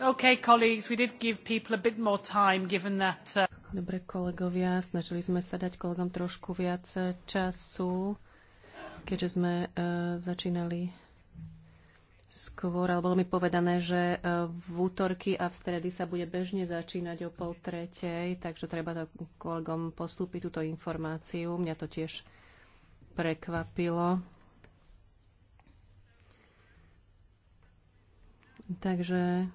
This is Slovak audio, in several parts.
Uh, Dobre kolegovia, snažili sme sa dať kolegom trošku viac uh, času, keďže sme uh, začínali skôr, ale bolo mi povedané, že uh, v útorky a v stredy sa bude bežne začínať o pol tretej, takže treba to kolegom postúpiť túto informáciu. Mňa to tiež prekvapilo. Takže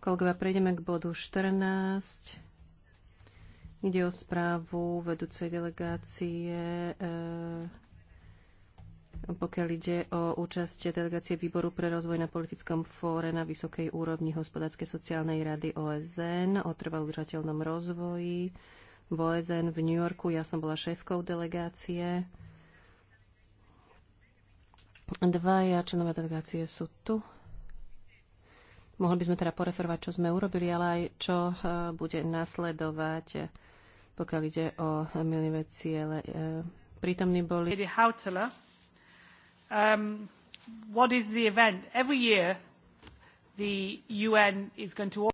Kolegovia, prejdeme k bodu 14. Ide o správu vedúcej delegácie, eh, pokiaľ ide o účasť delegácie Výboru pre rozvoj na politickom fóre na vysokej úrovni Hospodárskej sociálnej rady OSN o trvalúžateľnom rozvoji v OSN v New Yorku. Ja som bola šéfkou delegácie. Dvaja členovia delegácie sú tu. Mohli by sme teda poreferovať, čo sme urobili, ale aj čo e, bude nasledovať, e, pokiaľ ide o milivé ciele. E, prítomní boli... Um, what is the event? Every year the UN is going to...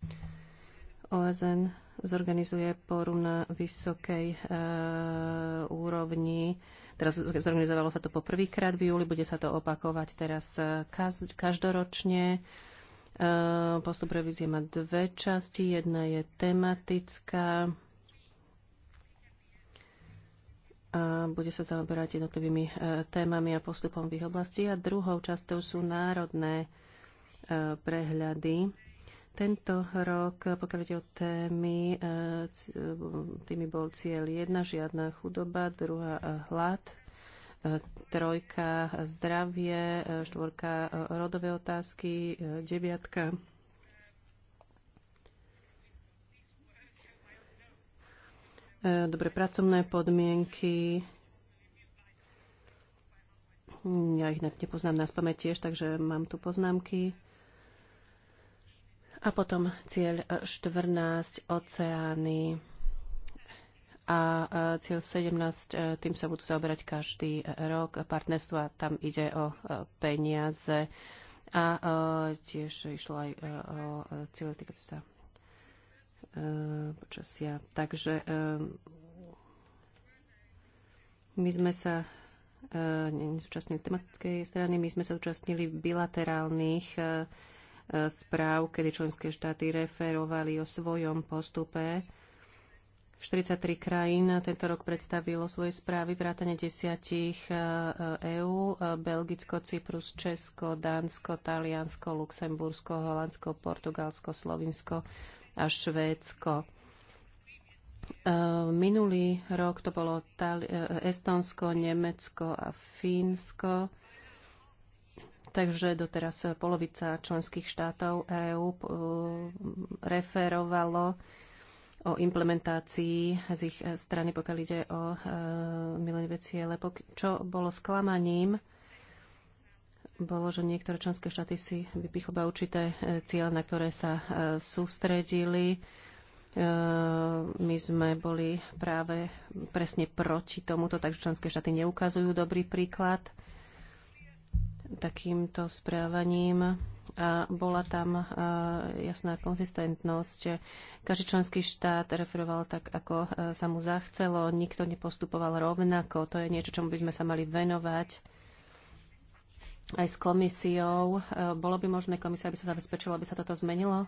OSN zorganizuje porum na vysokej úrovni. Teraz zorganizovalo sa to poprvýkrát v júli, bude sa to opakovať teraz každoročne. E, Ehm, postup revízie má dve časti. Jedna je tematická a bude sa zaoberať jednotlivými e, témami a postupom v ich oblasti. A druhou časťou sú národné e, prehľady. Tento rok, pokiaľ ide o témy, e, tými bol cieľ jedna, žiadna chudoba, druhá hlad, trojka zdravie, štvorka rodové otázky, deviatka dobre pracovné podmienky. Ja ich nepoznám na spame tiež, takže mám tu poznámky. A potom cieľ 14, oceány a cieľ 17, e, tým sa budú zaoberať každý rok partnerstva. Tam ide o e, peniaze a e, tiež išlo aj o cieľ týkajúce sa počasia. Takže my sme sa nezúčastnili tematickej strany, my sme sa účastnili bilaterálnych správ, kedy členské štáty referovali o svojom postupe 43 krajín tento rok predstavilo svoje správy, vrátane desiatich EÚ, e e, Belgicko, Cyprus, Česko, Dánsko, Taliansko, Luxembursko, Holandsko, Portugalsko, Slovinsko a Švédsko. E, minulý rok to bolo Estonsko, Nemecko a Fínsko. Takže doteraz polovica členských štátov EÚ referovalo o implementácii z ich eh, strany, pokiaľ ide o e, eh, mileniové ciele. Čo bolo sklamaním, bolo, že niektoré členské štáty si vypichli určité eh, ciele, na ktoré sa sústredili. My sme boli práve presne proti tomuto, takže členské štáty neukazujú dobrý príklad takýmto správaním. A bola tam e, jasná konzistentnosť. Každý členský štát referoval tak, ako e, sa mu zachcelo. Nikto nepostupoval rovnako. To je niečo, čomu by sme sa mali venovať aj s komisiou. E, bolo by možné komisia, aby sa zabezpečila, aby sa toto zmenilo?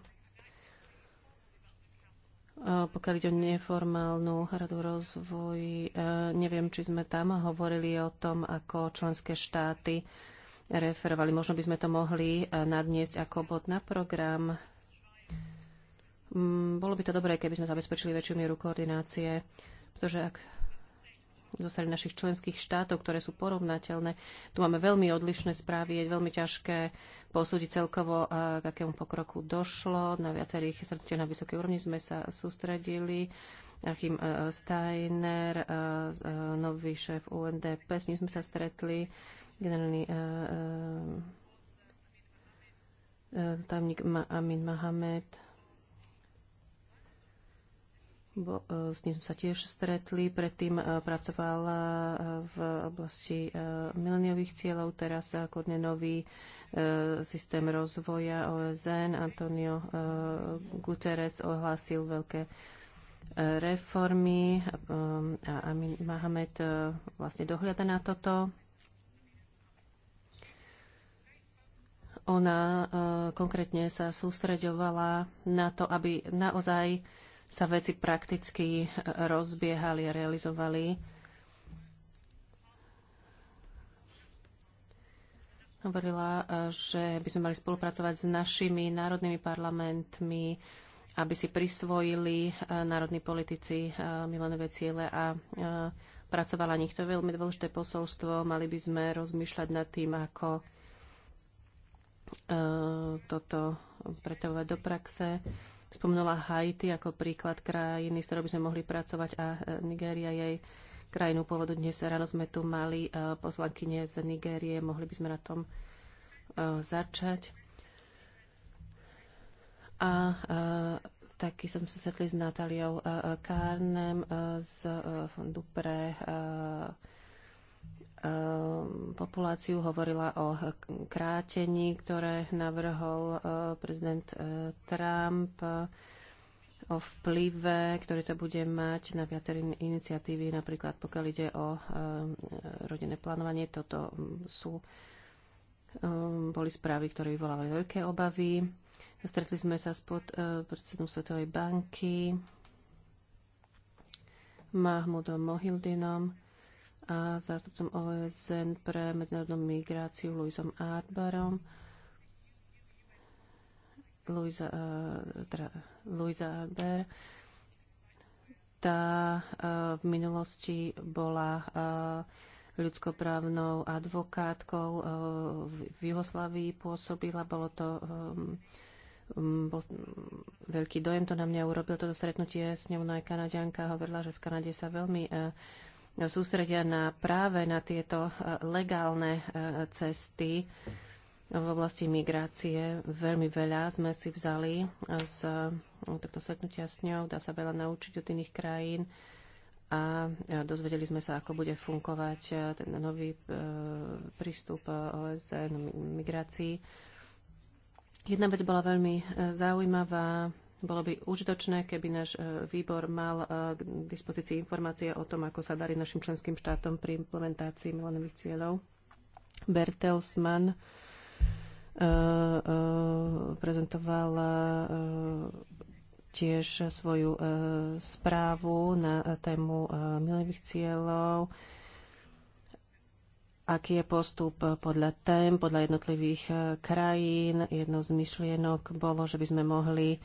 Pokiaľ ide o neformálnu radu rozvoj, neviem, či sme tam hovorili o tom, ako členské štáty referovali. Možno by sme to mohli eh, nadniesť ako bod na program. Mm, bolo by to dobré, keby sme zabezpečili väčšiu mieru koordinácie, pretože ak zostali našich členských štátov, ktoré sú porovnateľné. Tu máme veľmi odlišné správy, je veľmi ťažké posúdiť celkovo, eh, k akému pokroku došlo. Na viacerých stretnutiach na vysokej úrovni sme sa sústredili. Achim eh, Steiner, nový šéf UNDP, s ním sme sa stretli generálny eh, eh, eh, tajomník Amin Mahamed. Bo, s ním sme sa tiež stretli. Predtým uh, v oblasti mileniových cieľov, teraz ako nový systém rozvoja OSN. Antonio Guterres ohlásil veľké reformy a Amin Mahamed vlastne dohliada na toto. Ona e, konkrétne sa sústreďovala na to, aby naozaj sa veci prakticky e, rozbiehali a realizovali. Hovorila, e, že by sme mali spolupracovať s našimi národnými parlamentmi, aby si prisvojili národní politici milenové ciele a pracovala nich. To je veľmi dôležité posolstvo. Mali by sme rozmýšľať nad tým, ako E, toto pretavovať do praxe. Spomnula Haiti ako príklad krajiny, s ktorou by sme mohli pracovať a e, Nigéria jej krajinu pôvodu. Dnes ráno sme tu mali e, poslankyne z Nigérie, mohli by sme na tom začať. A, taký som sa stretli s Natáliou Kárnem z Fondu pre Ehm, populáciu, hovorila o krátení, ktoré navrhol eh, prezident eh, Trump, o vplyve, ktorý to bude mať na viaceré iniciatívy, napríklad pokiaľ ide o ehm, rodinné plánovanie. Toto mm, sú, ehm, boli správy, ktoré vyvolávali veľké obavy. Stretli sme sa s eh, predsedom Svetovej banky Mahmudom Mohildinom a zástupcom OSN pre medzinárodnú migráciu Luisom Arbarom. Luisa, e, teda Luisa Arber. Tá e, v minulosti bola e, ľudskoprávnou advokátkou v Jugoslavii pôsobila. Bolo to bol veľký dojem, to na mňa urobil toto stretnutie s ňou, no aj Kanadianka hovorila, že v Kanade sa veľmi sústredia na práve na tieto e, legálne e, cesty v oblasti migrácie. Veľmi veľa sme si vzali e, z no, tohto stretnutia s ňou. Dá sa veľa naučiť od iných krajín a dozvedeli sme sa, ako bude fungovať ten nový prístup OSN migrácii. Jedna vec bola veľmi zaujímavá, bolo by užitočné, keby náš e, výbor mal e, k dispozícii informácie o tom, ako sa darí našim členským štátom pri implementácii milenových cieľov. Bertelsmann e, prezentoval tiež svoju správu na tému milenových cieľov aký je postup podľa tém, podľa jednotlivých krajín. Jednou z myšlienok bolo, že by sme mohli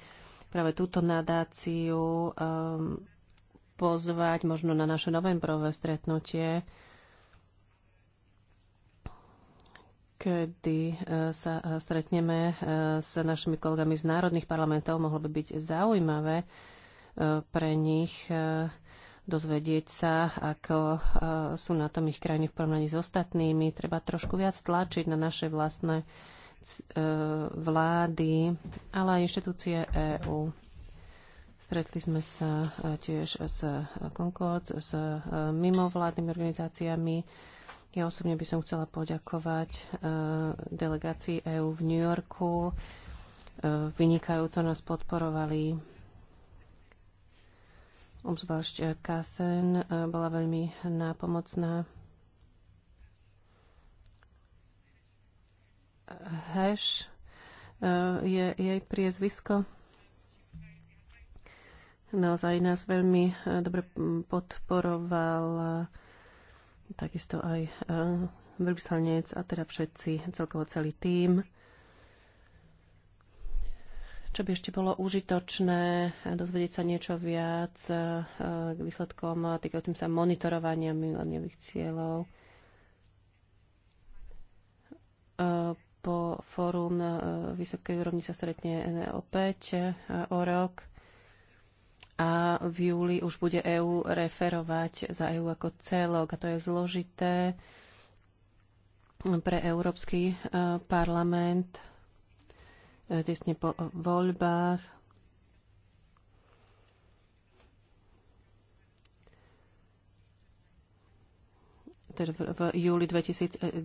práve túto nadáciu um, pozvať možno na naše novembrové stretnutie, kedy e, sa e, stretneme e, s našimi kolegami z národných parlamentov. Mohlo by byť zaujímavé pre nich dozvedieť sa, ako sú na tom ich krajiny v porovnaní s ostatnými. Treba trošku viac tlačiť na naše vlastné vlády, ale aj inštitúcie EÚ. Stretli sme sa e, tiež s e, Concord, s e, mimovládnymi organizáciami. Ja osobne by som chcela poďakovať delegácii EÚ v New Yorku. Vynikajúco nás podporovali. Obzvlášť Kathen bola veľmi nápomocná. Hash e, je jej priezvisko. Naozaj nás veľmi e, dobre podporoval e, takisto aj veľvyslanec a teda všetci, celkovo celý tím. Čo by ešte bolo užitočné, dozvedieť sa niečo viac k výsledkom týkajúcim sa monitorovania mileniových cieľov po fórum na e, vysokej úrovni sa stretne opäť e, o rok a v júli už bude EÚ referovať za EÚ ako celok a to je zložité pre Európsky e, parlament tesne po voľbách. Teda v, v júli 2019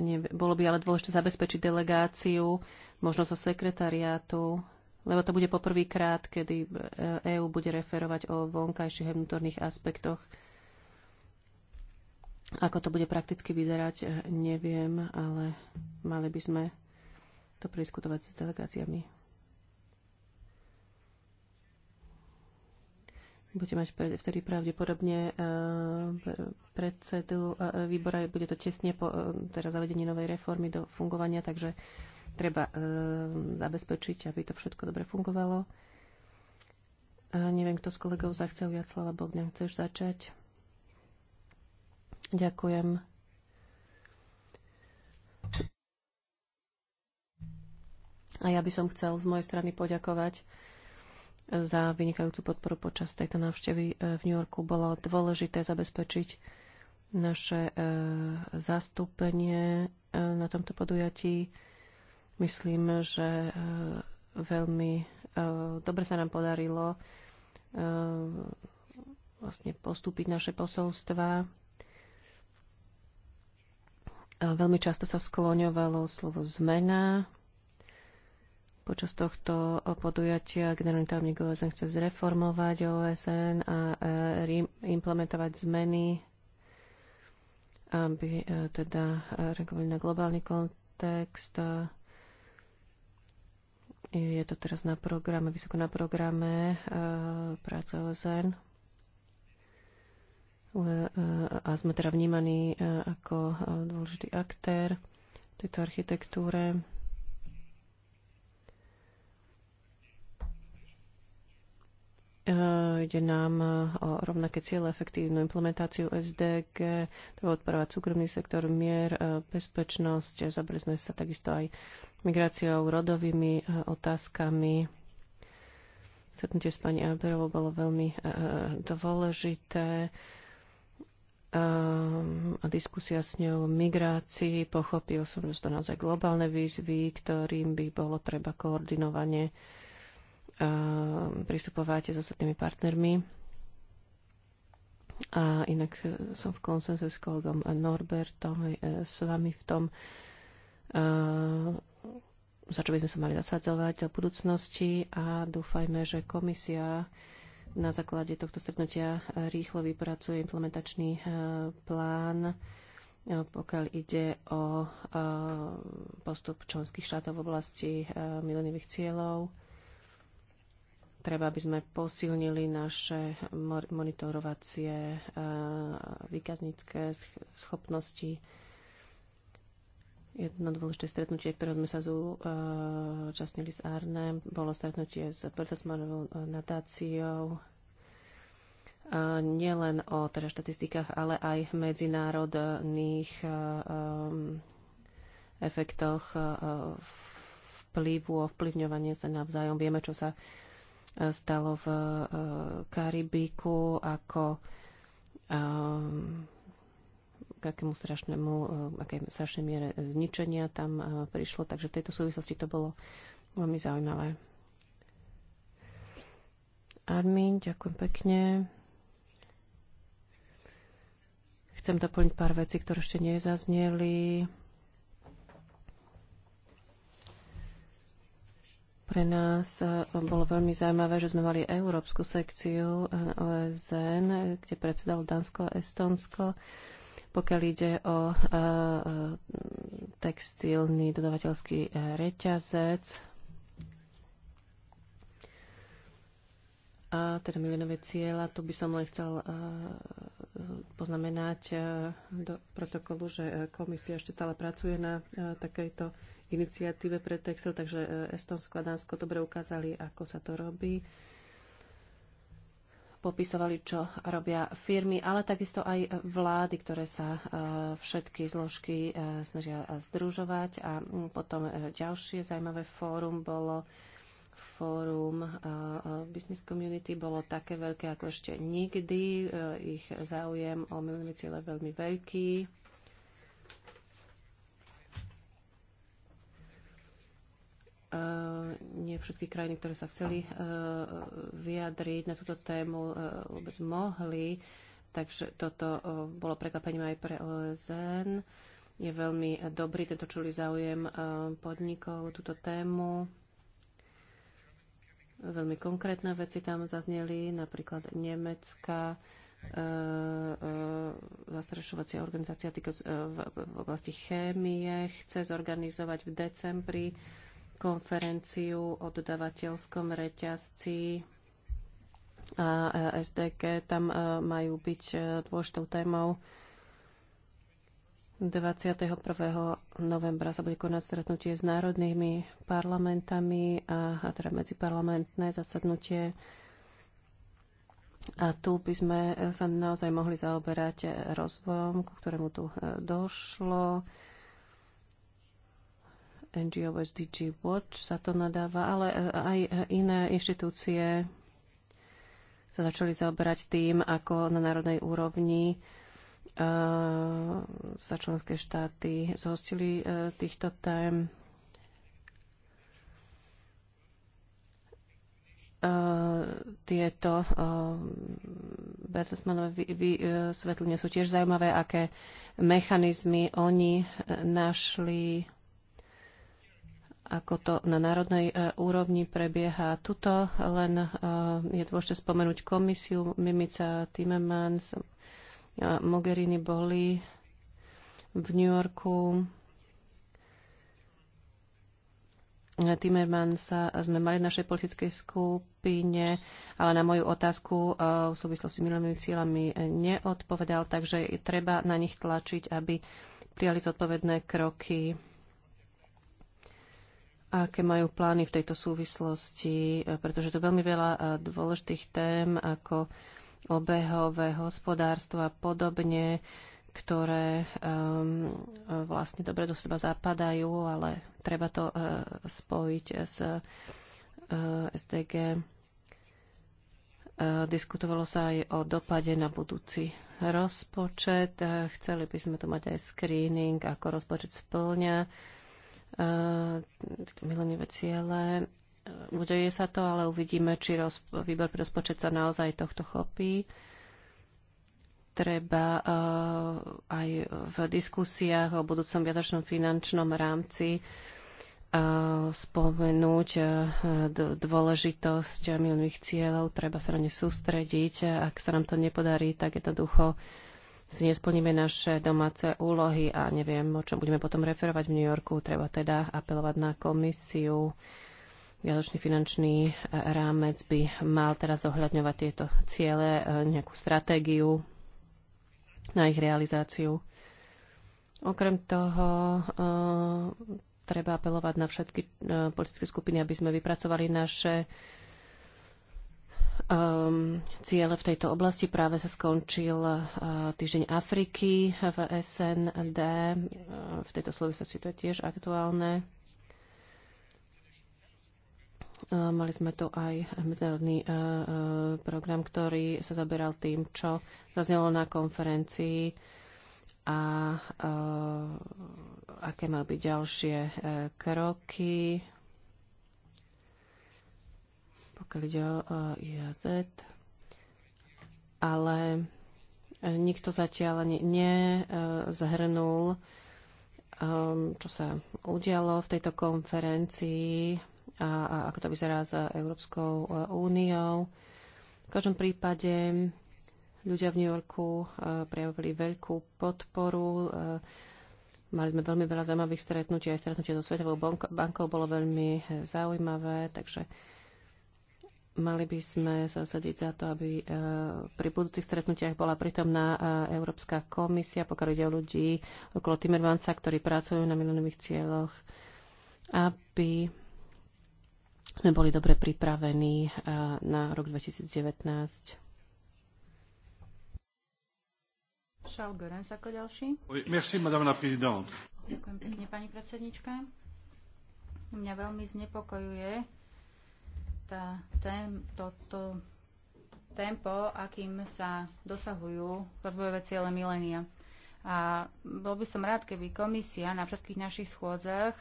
nie, bolo by ale dôležité zabezpečiť delegáciu, možno zo sekretariátu, lebo to bude poprvýkrát, kedy EÚ e bude referovať o vonkajších a vnútorných aspektoch. Ako to bude prakticky vyzerať, e, neviem, ale mali by sme to prediskutovať s delegáciami. Bude mať vtedy pravdepodobne eh, predsedu eh, výbora, bude to tesne po eh, teda zavedení novej reformy do fungovania, takže treba zabezpečiť, aby to všetko dobre fungovalo. A neviem, kto z kolegov zachcel viac slova, Bogdan, chceš začať? Ďakujem. A ja by som chcel z mojej strany poďakovať za vynikajúcu podporu počas tejto návštevy e, v New Yorku. Bolo dôležité zabezpečiť naše e, zastúpenie e, na tomto podujatí. Myslím, že veľmi dobre sa nám podarilo vlastne postúpiť naše posolstva Veľmi často sa skloňovalo slovo zmena Počas tohto podujatia generálny tajomník OSN chce zreformovať OSN a e, implementovať zmeny, aby e, teda e, reagovali na globálny kontext. Je to teraz na programe, vysoko na programe práce OSN a sme teda vnímaní ako dôležitý aktér tejto architektúre. Eh, ide nám eh, o rovnaké cieľe, efektívnu implementáciu SDG, treba odporovať súkromný sektor, mier, eh, bezpečnosť. Zabrali sme sa takisto aj migráciou, rodovými otázkami. Stretnutie s pani Alberovou bolo veľmi dôležité. Ehm, a diskusia s ňou o migrácii. Pochopil som, že to naozaj globálne výzvy, ktorým by bolo treba koordinovanie Ehm, pristupovať s ostatnými partnermi. A inak e, som v konsenze s kolegom Norbertom aj e, s vami v tom, ehm, za čo by sme sa mali zasadzovať o budúcnosti a dúfajme, že komisia na základe tohto stretnutia rýchlo vypracuje implementačný e, plán, pokiaľ ide o postup členských štátov v oblasti mileniových cieľov Treba, aby sme posilnili naše monitorovacie e, výkaznícke schopnosti. Jedno dôležité stretnutie, ktorého sme sa e, zúčastnili s Arnem, bolo stretnutie s Bertelsmanovou e, nadáciou nielen o teda štatistikách, ale aj medzinárodných efektoch vplyvu, o vplyvňovanie sa navzájom. Vieme, čo sa stalo v eh, Karibiku, ako eh, k akému strašnému, eh, akej strašnej miere zničenia tam prišlo. Takže v tejto súvislosti to bolo veľmi zaujímavé. Armin, ďakujem pekne. Chcem doplniť pár vecí, ktoré ešte nezazneli. Pre nás eh, bolo veľmi zaujímavé, že sme mali európsku sekciu eh, OSN, kde predsedalo Dánsko a Estonsko. Pokiaľ ide o eh, textilný dodavateľský reťazec, A teda milionové cieľa, tu by som len chcel poznamenať do protokolu, že komisia ešte stále pracuje na takejto iniciatíve pre textil, takže e, Estonsko a Dánsko dobre ukázali, ako sa to robí. Popisovali, čo robia firmy, ale takisto aj vlády, ktoré sa e, všetky zložky e, snažia združovať. A potom ďalšie zaujímavé fórum bolo fórum Business Community bolo také veľké ako ešte nikdy. Ich záujem o mileniové cieľe veľmi veľký E, nie všetky krajiny, ktoré sa chceli e, vyjadriť na túto tému, e, vôbec mohli. Takže toto bolo prekvapením aj pre OSN. Je veľmi dobrý tento čuli záujem podnikov, túto tému. Veľmi konkrétne veci tam zazneli, napríklad Nemecka, zastrešovacia organizácia v oblasti chémie chce zorganizovať v decembri konferenciu o dodavateľskom reťazci a SDK. Tam majú byť dôležitou témou. 21. novembra sa bude konať stretnutie s národnými parlamentami a, a teda medziparlamentné zasadnutie. A tu by sme sa naozaj mohli zaoberať rozvojom, ku ktorému tu e, došlo. NGO SDG Watch sa to nadáva, ale e, aj e, iné inštitúcie sa začali zaoberať tým, ako na národnej úrovni e, sa členské štáty zhostili týchto tém. tieto Bertelsmanové vysvetlenia sú tiež zaujímavé, aké mechanizmy oni našli ako to na národnej e, úrovni prebieha. Tuto len e, je dôležité spomenúť komisiu Mimica Timmermans, e, Mogherini boli v New Yorku. sa sme mali v našej politickej skupine, ale na moju otázku v súvislosti s minulými cieľami neodpovedal, takže treba na nich tlačiť, aby prijali zodpovedné kroky aké majú plány v tejto súvislosti, e, pretože to veľmi veľa e, dôležitých tém ako obehové hospodárstvo a podobne, ktoré um, vlastne dobre do seba zapadajú, ale treba to uh, spojiť s uh, SDG. Uh, diskutovalo sa aj o dopade na budúci rozpočet. Chceli by sme tu mať aj screening, ako rozpočet splňa. Uh, Eh, mileniové ciele. Eh, udeje sa to, ale uvidíme, či roz, výbor pre rozpočet sa naozaj tohto chopí. Treba uh, aj v diskusiách o budúcom viadačnom finančnom rámci uh, spomenúť uh, dôležitosť milných cieľov. Treba sa na ne sústrediť. Ak sa nám to nepodarí, tak jednoducho uh, si nesplníme naše domáce úlohy a neviem, o čom budeme potom referovať v New Yorku. Treba teda apelovať na komisiu. Viazočný finančný e, rámec by mal teraz ohľadňovať tieto ciele, e, nejakú stratégiu na ich realizáciu. Okrem toho e, treba apelovať na všetky politické skupiny, aby sme vypracovali naše um, ciele v tejto oblasti. Práve sa skončil uh, týždeň Afriky v SND. Uh, eh, v tejto súvislosti to je tiež aktuálne. Eh, mali sme tu aj medzinárodný program, ktorý sa zaberal tým, čo zaznelo na konferencii a aké mali byť ďalšie kroky pokiaľ ide o IAZ, ale e, nikto zatiaľ nezahrnul, e, e, čo sa udialo v tejto konferencii a, a ako to vyzerá s Európskou úniou. V každom prípade ľudia v New Yorku prejavili veľkú podporu. Mali sme veľmi veľa zaujímavých stretnutí, aj stretnutie so Svetovou bankou bolo veľmi zaujímavé, takže Mali by sme sa sadiť za to, aby e, pri budúcich stretnutiach bola pritomná e, Európska komisia, pokiaľ ide o ľudí okolo Timmermansa, ktorí pracujú na milionových cieľoch, aby sme boli dobre pripravení e, na rok 2019. Charles Görens ako ďalší. merci, madame la présidente. Ďakujem pekne, pani predsednička. Mňa veľmi znepokojuje tá, tém, to tempo, akým sa dosahujú rozvojové ciele milénia. A bol by som rád, keby komisia na všetkých našich schôdzach,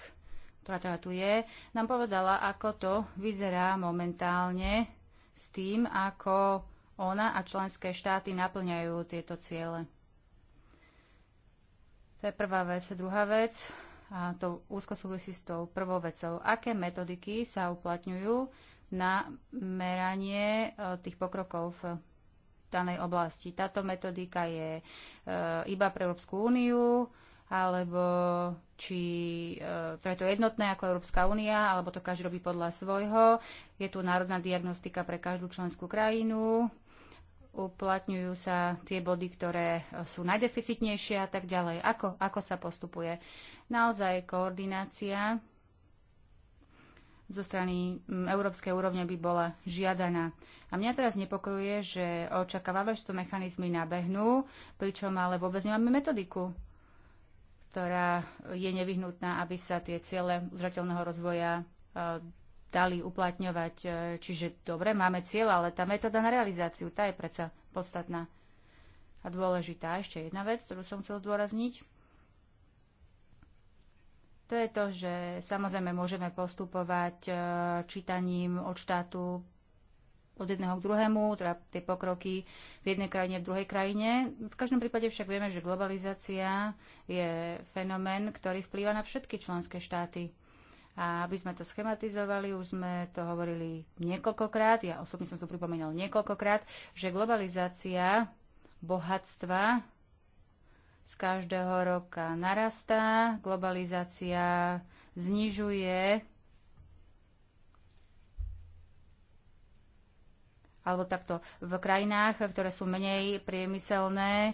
ktorá teda tu je, nám povedala, ako to vyzerá momentálne s tým, ako ona a členské štáty naplňajú tieto ciele. To je prvá vec. Druhá vec, a to úzko súvisí s tou prvou vecou, aké metodiky sa uplatňujú na meranie e, tých pokrokov v danej oblasti. Táto metodika je e, iba pre Európsku úniu, alebo či e, to je to jednotné ako Európska únia, alebo to každý robí podľa svojho. Je tu národná diagnostika pre každú členskú krajinu, uplatňujú sa tie body, ktoré sú najdeficitnejšie a tak ďalej. Ako, ako sa postupuje? Naozaj koordinácia zo strany mm, európskej úrovne by bola žiadaná. A mňa teraz nepokojuje, že očakávame, že tu mechanizmy nabehnú, pričom ale vôbec nemáme metodiku, ktorá je nevyhnutná, aby sa tie ciele udržateľného rozvoja e, dali uplatňovať. E, čiže dobre, máme cieľ, ale tá metóda na realizáciu, tá je predsa podstatná a dôležitá. Ešte jedna vec, ktorú som chcel zdôrazniť to je to, že samozrejme môžeme postupovať e, čítaním od štátu od jedného k druhému, teda tie pokroky v jednej krajine, v druhej krajine. V každom prípade však vieme, že globalizácia je fenomén, ktorý vplýva na všetky členské štáty. A aby sme to schematizovali, už sme to hovorili niekoľkokrát, ja osobne som to pripomínal niekoľkokrát, že globalizácia bohatstva z každého roka narastá, globalizácia znižuje alebo takto v krajinách, ktoré sú menej priemyselné e,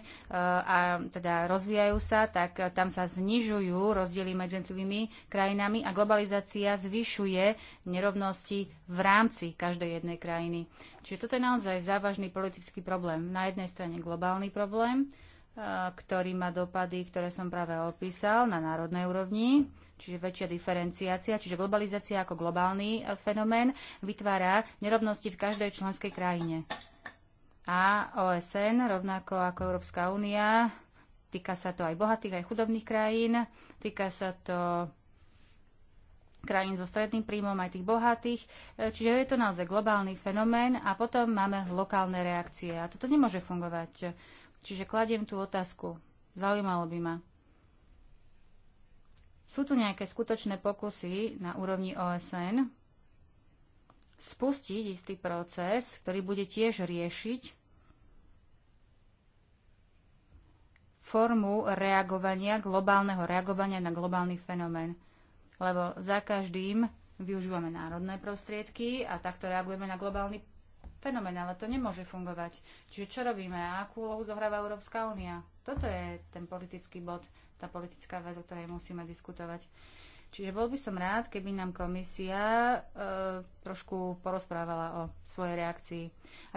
a teda rozvíjajú sa, tak tam sa znižujú rozdiely medzi jednotlivými krajinami a globalizácia zvyšuje nerovnosti v rámci každej jednej krajiny. Čiže toto je naozaj závažný politický problém. Na jednej strane globálny problém, ktorý má dopady, ktoré som práve opísal na národnej úrovni, čiže väčšia diferenciácia, čiže globalizácia ako globálny e, fenomén vytvára nerovnosti v každej členskej krajine. A OSN, rovnako ako Európska únia, týka sa to aj bohatých, aj chudobných krajín, týka sa to krajín so stredným príjmom, aj tých bohatých. E, čiže je to naozaj globálny fenomén a potom máme lokálne reakcie a toto nemôže fungovať Čiže kladiem tú otázku. Zaujímalo by ma. Sú tu nejaké skutočné pokusy na úrovni OSN spustiť istý proces, ktorý bude tiež riešiť formu reagovania, globálneho reagovania na globálny fenomén. Lebo za každým využívame národné prostriedky a takto reagujeme na globálny fenomén, ale to nemôže fungovať. Čiže čo robíme a akú úlohu zohráva Európska únia? Toto je ten politický bod, tá politická vec, o ktorej musíme diskutovať. Čiže bol by som rád, keby nám komisia e, trošku porozprávala o svojej reakcii.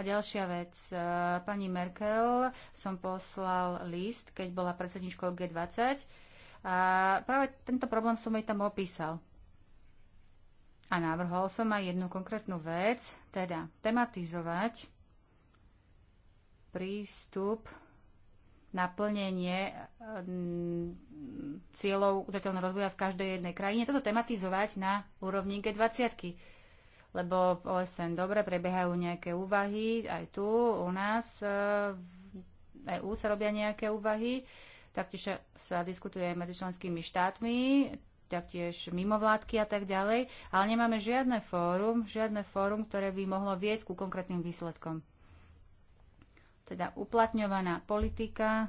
A ďalšia vec. E, pani Merkel som poslal list, keď bola predsedničkou G20 a práve tento problém som jej tam opísal. A navrhol som aj jednu konkrétnu vec, teda tematizovať prístup naplnenie e, mm, cieľov udateľného rozvoja v každej jednej krajine, toto tematizovať na úrovni G20. Lebo v OSN dobre prebiehajú nejaké úvahy, aj tu u nás e, v EU sa robia nejaké úvahy, taktiež sa diskutuje aj medzi členskými štátmi, taktiež mimovládky a tak ďalej, ale nemáme žiadne fórum, žiadne fórum, ktoré by mohlo viesť ku konkrétnym výsledkom. Teda uplatňovaná politika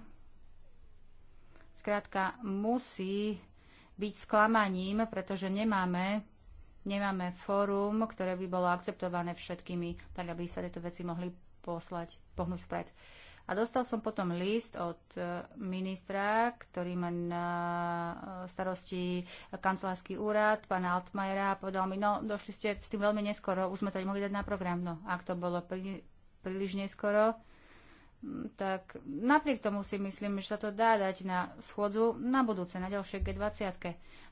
zkrátka musí byť sklamaním, pretože nemáme, nemáme fórum, ktoré by bolo akceptované všetkými, tak aby sa tieto veci mohli poslať, pohnúť vpred. Uh, a dostal som potom list od e, ministra, ktorý má na e, starosti kancelársky úrad, pána Altmajera, a povedal mi, no došli ste s tým veľmi neskoro, už sme to mohli dať na program. No, ak to bolo príliš neskoro, tak napriek tomu si myslím, že sa to dá dať na schôdzu na budúce, na ďalšie G20.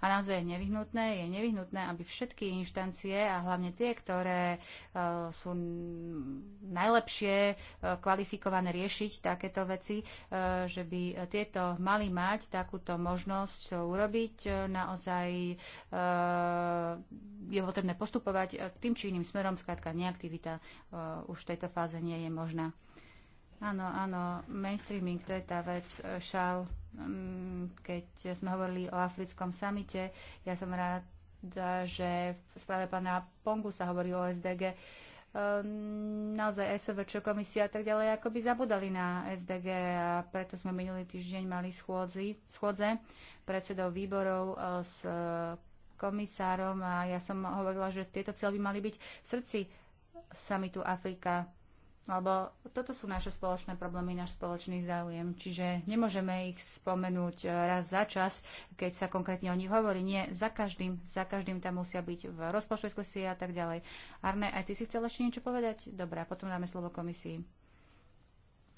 A naozaj je nevyhnutné, je nevyhnutné, aby všetky inštancie a hlavne tie, ktoré uh, sú najlepšie uh, kvalifikované riešiť takéto veci, uh, že by tieto mali mať takúto možnosť to urobiť. Naozaj je potrebné postupovať k tým či iným smerom, skrátka neaktivita už v tejto fáze nie je možná. Áno, áno, mainstreaming, to je tá vec, e, šal. Mm, keď sme hovorili o africkom samite, ja som rada, že v správe pána Pongu sa hovorí o SDG. E, naozaj SVČ, komisia a tak ďalej, ako by zabudali na SDG a preto sme minulý týždeň mali schôdzi, schôdze predsedov výborov e, s komisárom a ja som hovorila, že tieto cieľ by mali byť v srdci samitu Afrika lebo toto sú naše spoločné problémy, náš spoločný záujem. Čiže nemôžeme ich spomenúť e, raz za čas, keď sa konkrétne o nich hovorí. Nie, za každým, za každým tam musia byť v rozpočtovej diskusii a tak ďalej. Arne, aj ty si chcel ešte niečo povedať? Dobre, potom dáme slovo komisii.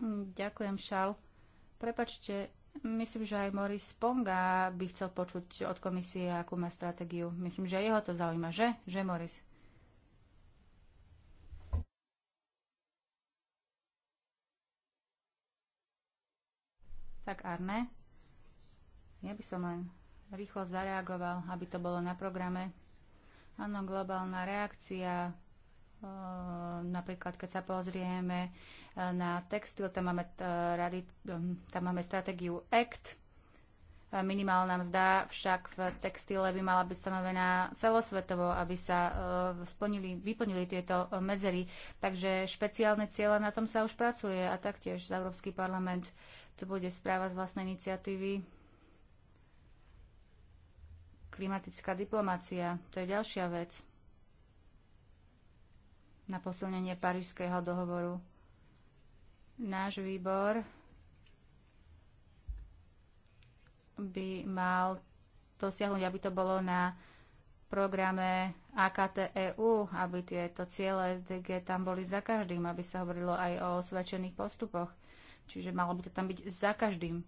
Mm, ďakujem, Šal. Prepačte, Myslím, že aj Moris Ponga by chcel počuť od komisie, akú má stratégiu. Myslím, že jeho to zaujíma, že? Že, Moris? Tak Arne, ja by som len rýchlo zareagoval, aby to bolo na programe. Áno, globálna reakcia, napríklad keď sa pozrieme e, na textil, tam máme, e, rady, tam máme stratégiu ACT, e, Minimálna mzda však v textile by mala byť stanovená celosvetovo, aby sa splnili, vyplnili tieto medzery. Takže špeciálne cieľa na tom sa už pracuje a taktiež Európsky parlament to bude správa z vlastnej iniciatívy. Klimatická diplomácia, to je ďalšia vec na posilnenie Parížského dohovoru. Náš výbor by mal dosiahnuť, aby to bolo na programe AKT EU, aby tieto ciele SDG tam boli za každým, aby sa hovorilo aj o osvedčených postupoch. Čiže malo by to tam byť za každým.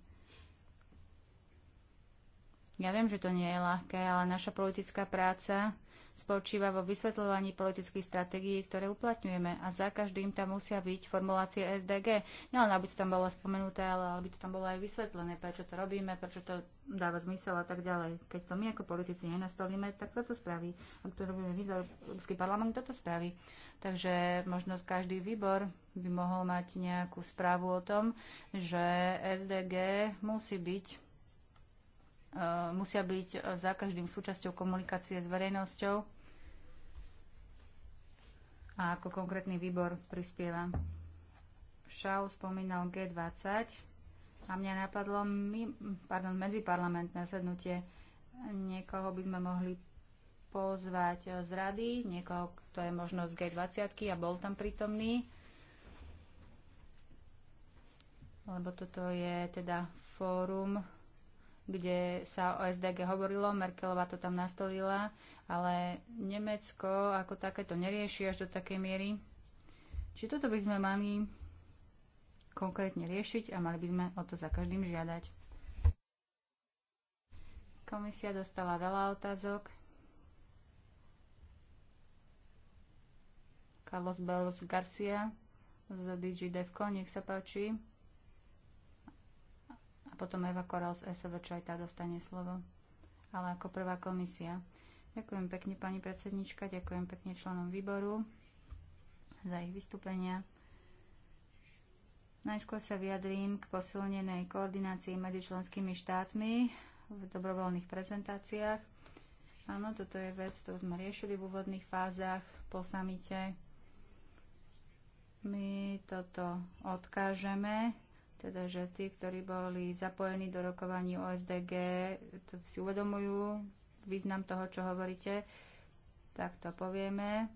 Ja viem, že to nie je ľahké, ale naša politická práca spočíva vo vysvetľovaní politických stratégií, ktoré uplatňujeme a za každým tam musia byť formulácie SDG. Nielen aby to tam bolo spomenuté, ale aby to tam bolo aj vysvetlené, prečo to robíme, prečo to dáva zmysel a tak ďalej. Keď to my ako politici nenastolíme, tak toto spraví. Ak to robíme my, Európsky parlament toto spraví. Takže možno každý výbor by mohol mať nejakú správu o tom, že SDG musí byť Eh, musia byť eh, za každým súčasťou komunikácie s verejnosťou a ako konkrétny výbor prispieva. Šau spomínal G20 a mňa napadlo my, pardon, medziparlamentné sednutie. Niekoho by sme mohli pozvať eh, z rady, niekoho, kto je možno z G20 a bol tam prítomný, lebo toto je teda fórum kde sa o SDG hovorilo, Merkelová to tam nastolila, ale Nemecko ako také to nerieši až do takej miery. Či toto by sme mali konkrétne riešiť a mali by sme o to za každým žiadať. Komisia dostala veľa otázok. Carlos Belos Garcia z DG nech sa páči potom Eva Koral z čo aj tá dostane slovo, ale ako prvá komisia. Ďakujem pekne pani predsednička, ďakujem pekne členom výboru za ich vystúpenia. Najskôr sa vyjadrím k posilnenej koordinácii medzi členskými štátmi v dobrovoľných prezentáciách. Áno, toto je vec, ktorú sme riešili v úvodných fázach po samite. My toto odkážeme teda že tí, ktorí boli zapojení do rokovaní OSDG, to si uvedomujú význam toho, čo hovoríte, tak to povieme.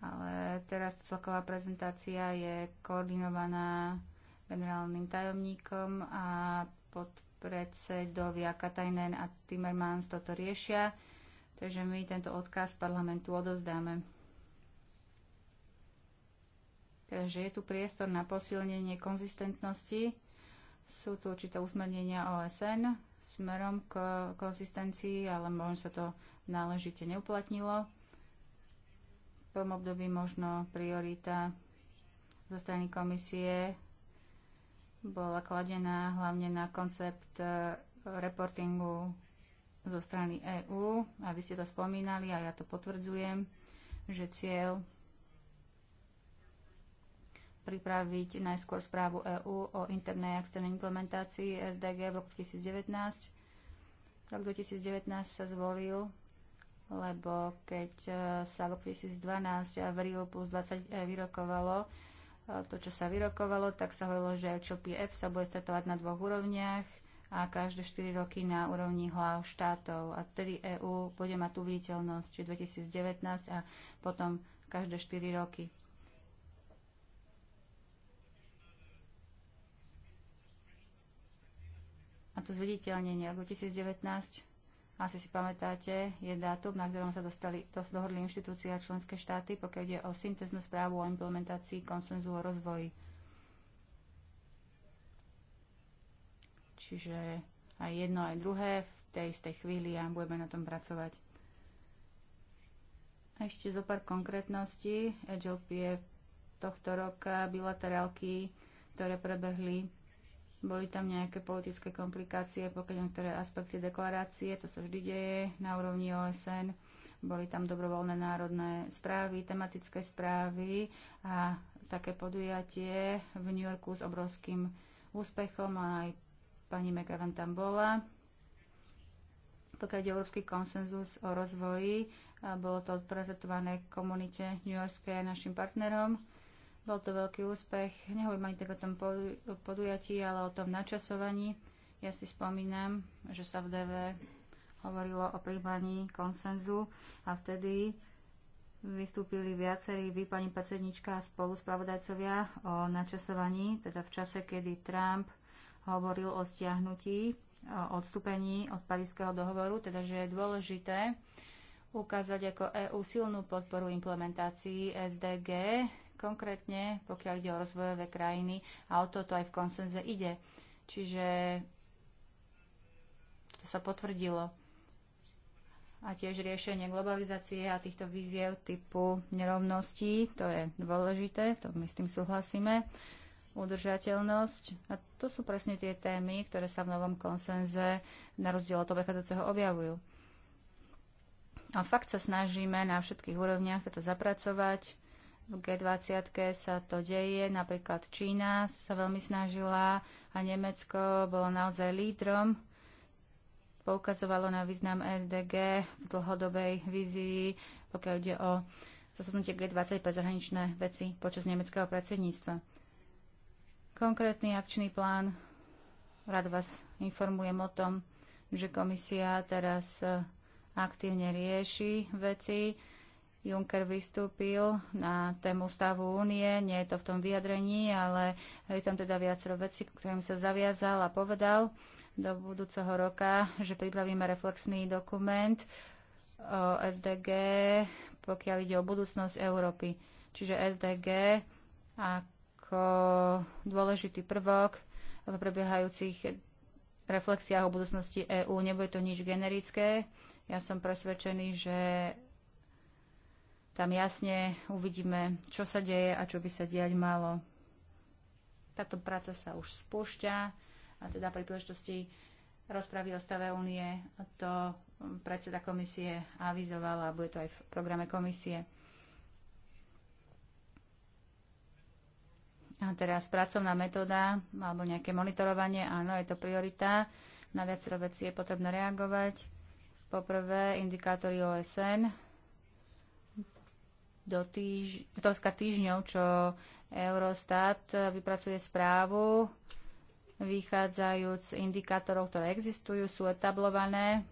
Ale teraz celková prezentácia je koordinovaná generálnym tajomníkom a podpredsedovia Katajnen a Timmermans toto riešia. Takže my tento odkaz parlamentu odozdáme teda, že je tu priestor na posilnenie konzistentnosti. Sú tu určité usmernenia OSN smerom k konzistencii, ale možno sa to náležite neuplatnilo. V tom období možno priorita zo strany komisie bola kladená hlavne na koncept e, reportingu zo strany EÚ a vy ste to spomínali a ja to potvrdzujem, že cieľ pripraviť najskôr správu EÚ o internej externej implementácii SDG v roku 2019. Rok 2019 sa zvolil, lebo keď e, sa v roku 2012 v Rio plus 20 e, vyrokovalo e, to, čo sa vyrokovalo, tak sa hovorilo, že HLPF sa bude stretovať na dvoch úrovniach a každé 4 roky na úrovni hlav štátov. A vtedy EÚ bude mať tú viditeľnosť, či 2019 a potom každé 4 roky. a to zviditeľnenie roku 2019 asi si pamätáte, je dátum, na ktorom sa dostali, to dohodli inštitúcie a členské štáty, pokiaľ ide o synteznú správu o implementácii konsenzu o rozvoji. Čiže aj jedno, aj druhé v tej istej chvíli a budeme na tom pracovať. A ešte zo pár konkrétností. Agile je tohto roka bilaterálky, ktoré prebehli boli tam nejaké politické komplikácie, pokiaľ niektoré aspekty deklarácie, to sa vždy deje na úrovni OSN. Boli tam dobrovoľné národné správy, tematické správy a také podujatie v New Yorku s obrovským úspechom a aj pani McEwan tam bola. Pokiaľ je európsky konsenzus o rozvoji, bolo to odprezentované komunite New Yorkskej našim partnerom bol to veľký úspech. Nehovorím ani tak o tom podujatí, ale o tom načasovaní. Ja si spomínam, že sa v DV hovorilo o príjmaní konsenzu a vtedy vystúpili viacerí, vy pani predsednička a spravodajcovia o načasovaní, teda v čase, kedy Trump hovoril o stiahnutí, o odstúpení od Parížského dohovoru, teda že je dôležité ukázať ako EÚ silnú podporu implementácii SDG konkrétne, pokiaľ ide o rozvojové krajiny a o toto aj v konsenze ide. Čiže to sa potvrdilo. A tiež riešenie globalizácie a týchto víziev typu nerovností, to je dôležité, to my s tým súhlasíme udržateľnosť. A to sú presne tie témy, ktoré sa v novom konsenze na rozdiel od toho, prechádzajúceho objavujú. A fakt sa snažíme na všetkých úrovniach toto zapracovať. V G20 sa to deje, napríklad Čína sa veľmi snažila a Nemecko bolo naozaj lídrom. Poukazovalo na význam SDG v dlhodobej vízii, pokiaľ ide o zasadnutie G20 pre zahraničné veci počas nemeckého predsedníctva. Konkrétny akčný plán, rád vás informujem o tom, že komisia teraz eh, aktívne rieši veci Juncker vystúpil na tému stavu únie. Nie je to v tom vyjadrení, ale je tam teda viacero vecí, ktorým sa zaviazal a povedal do budúceho roka, že pripravíme reflexný dokument o SDG, pokiaľ ide o budúcnosť Európy. Čiže SDG ako dôležitý prvok v prebiehajúcich reflexiách o budúcnosti EÚ. Nebude to nič generické. Ja som presvedčený, že tam jasne uvidíme, čo sa deje a čo by sa diať malo. Táto práca sa už spúšťa a teda pri príležitosti rozpravy o stave únie to predseda komisie avizovala a bude to aj v programe komisie. A teraz pracovná metóda alebo nejaké monitorovanie, áno, je to priorita. Na viacero vecí je potrebné reagovať. Poprvé, indikátory OSN, do, týž, do týždňov, čo Eurostat vypracuje správu, vychádzajúc z indikátorov, ktoré existujú, sú etablované.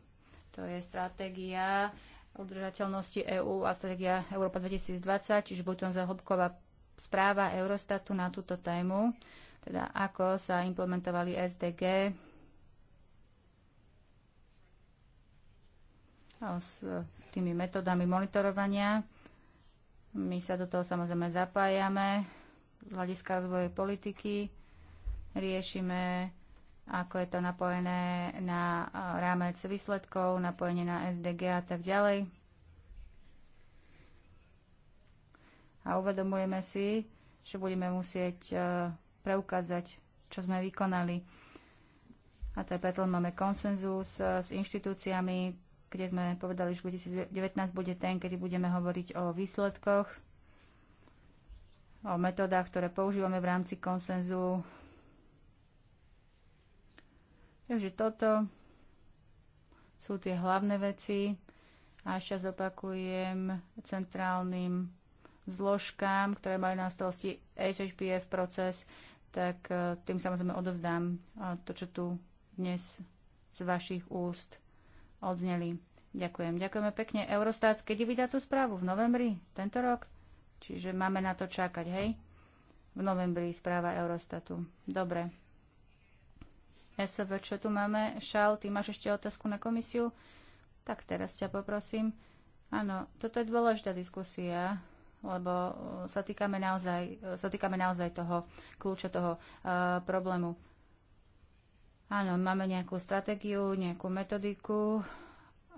To je stratégia udržateľnosti EÚ a stratégia Európa 2020, čiže bude to zahlbková správa Eurostatu na túto tému, teda ako sa implementovali SDG s tými metodami monitorovania my sa do toho samozrejme zapájame z hľadiska rozvoje politiky, riešime, ako je to napojené na rámec výsledkov, napojenie na SDG a tak ďalej. A uvedomujeme si, že budeme musieť preukázať, čo sme vykonali. A to je preto máme konsenzus s inštitúciami, kde sme povedali, že 2019 bude ten, kedy budeme hovoriť o výsledkoch, o metodách, ktoré používame v rámci konsenzu. Takže toto sú tie hlavné veci. A ešte zopakujem centrálnym zložkám, ktoré majú na starosti HHPF proces, tak eh, tým samozrejme odovzdám eh, to, čo tu dnes z vašich úst odzneli. Ďakujem. Ďakujeme pekne. Eurostat, kedy vydá tú správu? V novembri tento rok? Čiže máme na to čakať, hej? V novembri správa Eurostatu. Dobre. SV, čo tu máme? Šal, ty máš ešte otázku na komisiu? Tak teraz ťa poprosím. Áno, toto je dôležitá diskusia, lebo uh, sa týkame naozaj, uh, sa týkame naozaj toho kľúča, toho uh, problému. Áno, máme nejakú stratégiu, nejakú metodiku,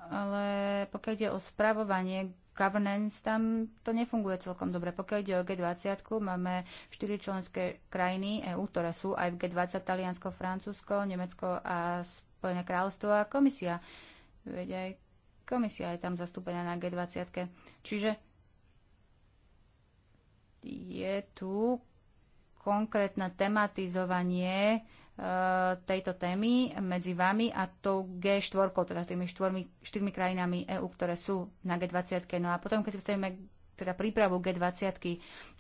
ale pokiaľ ide o spravovanie, governance, tam to nefunguje celkom dobre. Pokiaľ ide o G20, máme 4 členské krajiny EU, ktoré sú aj v G20, Taliansko, Francúzsko, Nemecko a Spojené kráľovstvo a komisia. Veď aj komisia je tam zastúpená na G20. Čiže je tu konkrétne tematizovanie E, tejto témy medzi vami a tou G4, teda tými štvormi, štyrmi krajinami EÚ, ktoré sú na G20. No a potom, keď si chceme teda prípravu G20,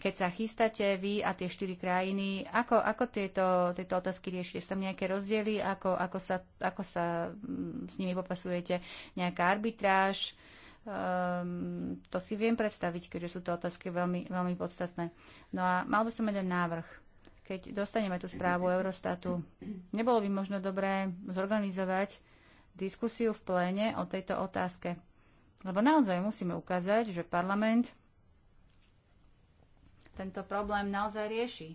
keď sa chystáte vy a tie štyri krajiny, ako, ako tieto, tieto otázky riešite? Sú tam nejaké rozdiely? Ako, ako, sa, ako sa mm, s nimi popasujete? Nejaká arbitráž? Um, to si viem predstaviť, keďže sú to otázky veľmi, veľmi podstatné. No a mal by som jeden návrh keď dostaneme tú správu Eurostatu. Nebolo by možno dobré zorganizovať diskusiu v pléne o tejto otázke. Lebo naozaj musíme ukázať, že parlament tento problém naozaj rieši.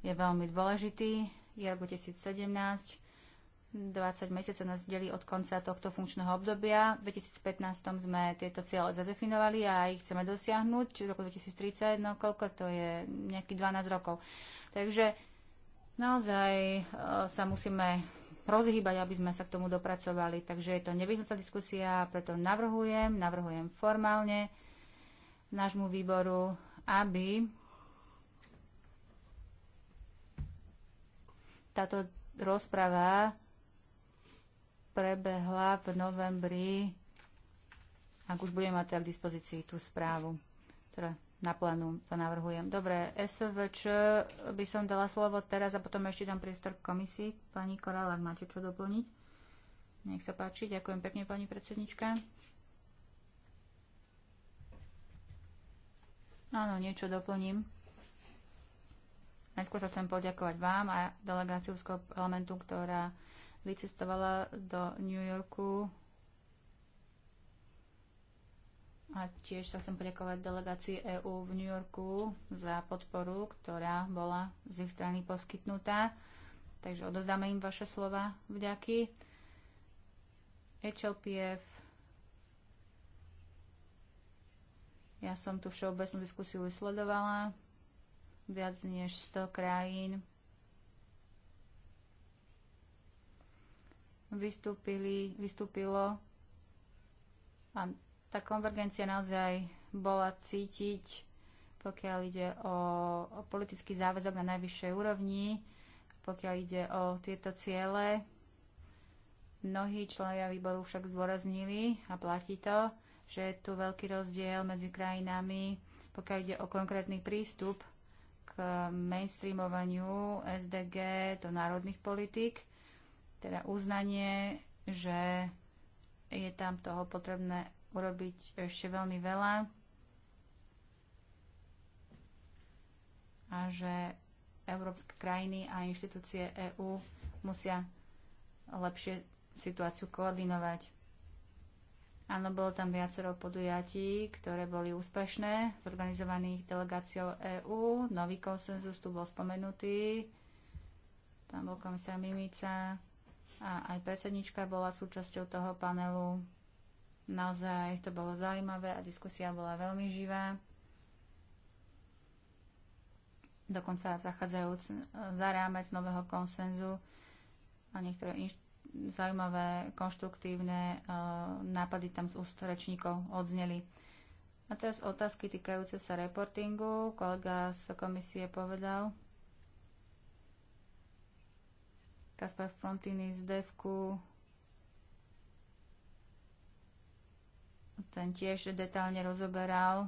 Je veľmi dôležitý. Je rok 2017. 20 mesiacov nás delí od konca tohto funkčného obdobia. V 2015 sme tieto ciele zadefinovali a ich chceme dosiahnuť v roku 2030, no koľko to je, nejakých 12 rokov. Takže naozaj e, sa musíme rozhýbať, aby sme sa k tomu dopracovali. Takže je to nevyhnutá diskusia, preto navrhujem, navrhujem formálne nášmu výboru, aby táto rozprava prebehla v novembri, ak už budeme mať teda k dispozícii tú správu, ktorá teda na plénum to navrhujem. Dobre, SVČ by som dala slovo teraz a potom ešte dám priestor k komisii. Pani Korál, ak máte čo doplniť. Nech sa páči. Ďakujem pekne, pani predsednička. Áno, niečo doplním. Najskôr sa chcem poďakovať vám a delegáciu z parlamentu, ktorá vycestovala do New Yorku a tiež sa chcem poďakovať delegácii EÚ v New Yorku za podporu, ktorá bola z ich strany poskytnutá. Takže odozdáme im vaše slova vďaky. HLPF. Ja som tú všeobecnú diskusiu vysledovala Viac než 100 krajín vystúpili, vystúpilo a tá konvergencia naozaj bola cítiť, pokiaľ ide o, o politický záväzok na najvyššej úrovni, pokiaľ ide o tieto ciele. Mnohí členovia výboru však zdôraznili a platí to, že je tu veľký rozdiel medzi krajinami, pokiaľ ide o konkrétny prístup k mainstreamovaniu SDG do národných politik, teda uznanie, že je tam toho potrebné urobiť ešte veľmi veľa a že európske krajiny a inštitúcie EÚ musia lepšie situáciu koordinovať. Áno, bolo tam viacero podujatí, ktoré boli úspešné, organizovaných delegáciou EÚ. Nový konsenzus tu bol spomenutý. Tam bol komisár Mimica a aj predsednička bola súčasťou toho panelu. Naozaj to bolo zaujímavé a diskusia bola veľmi živá. Dokonca zachádzajúc e, za rámec nového konsenzu a niektoré inš- zaujímavé, konštruktívne uh, nápady tam z úst rečníkov odzneli. A teraz otázky týkajúce sa reportingu. Kolega z komisie povedal. Kaspar Frontini z DEVKu ten tiež detálne rozoberal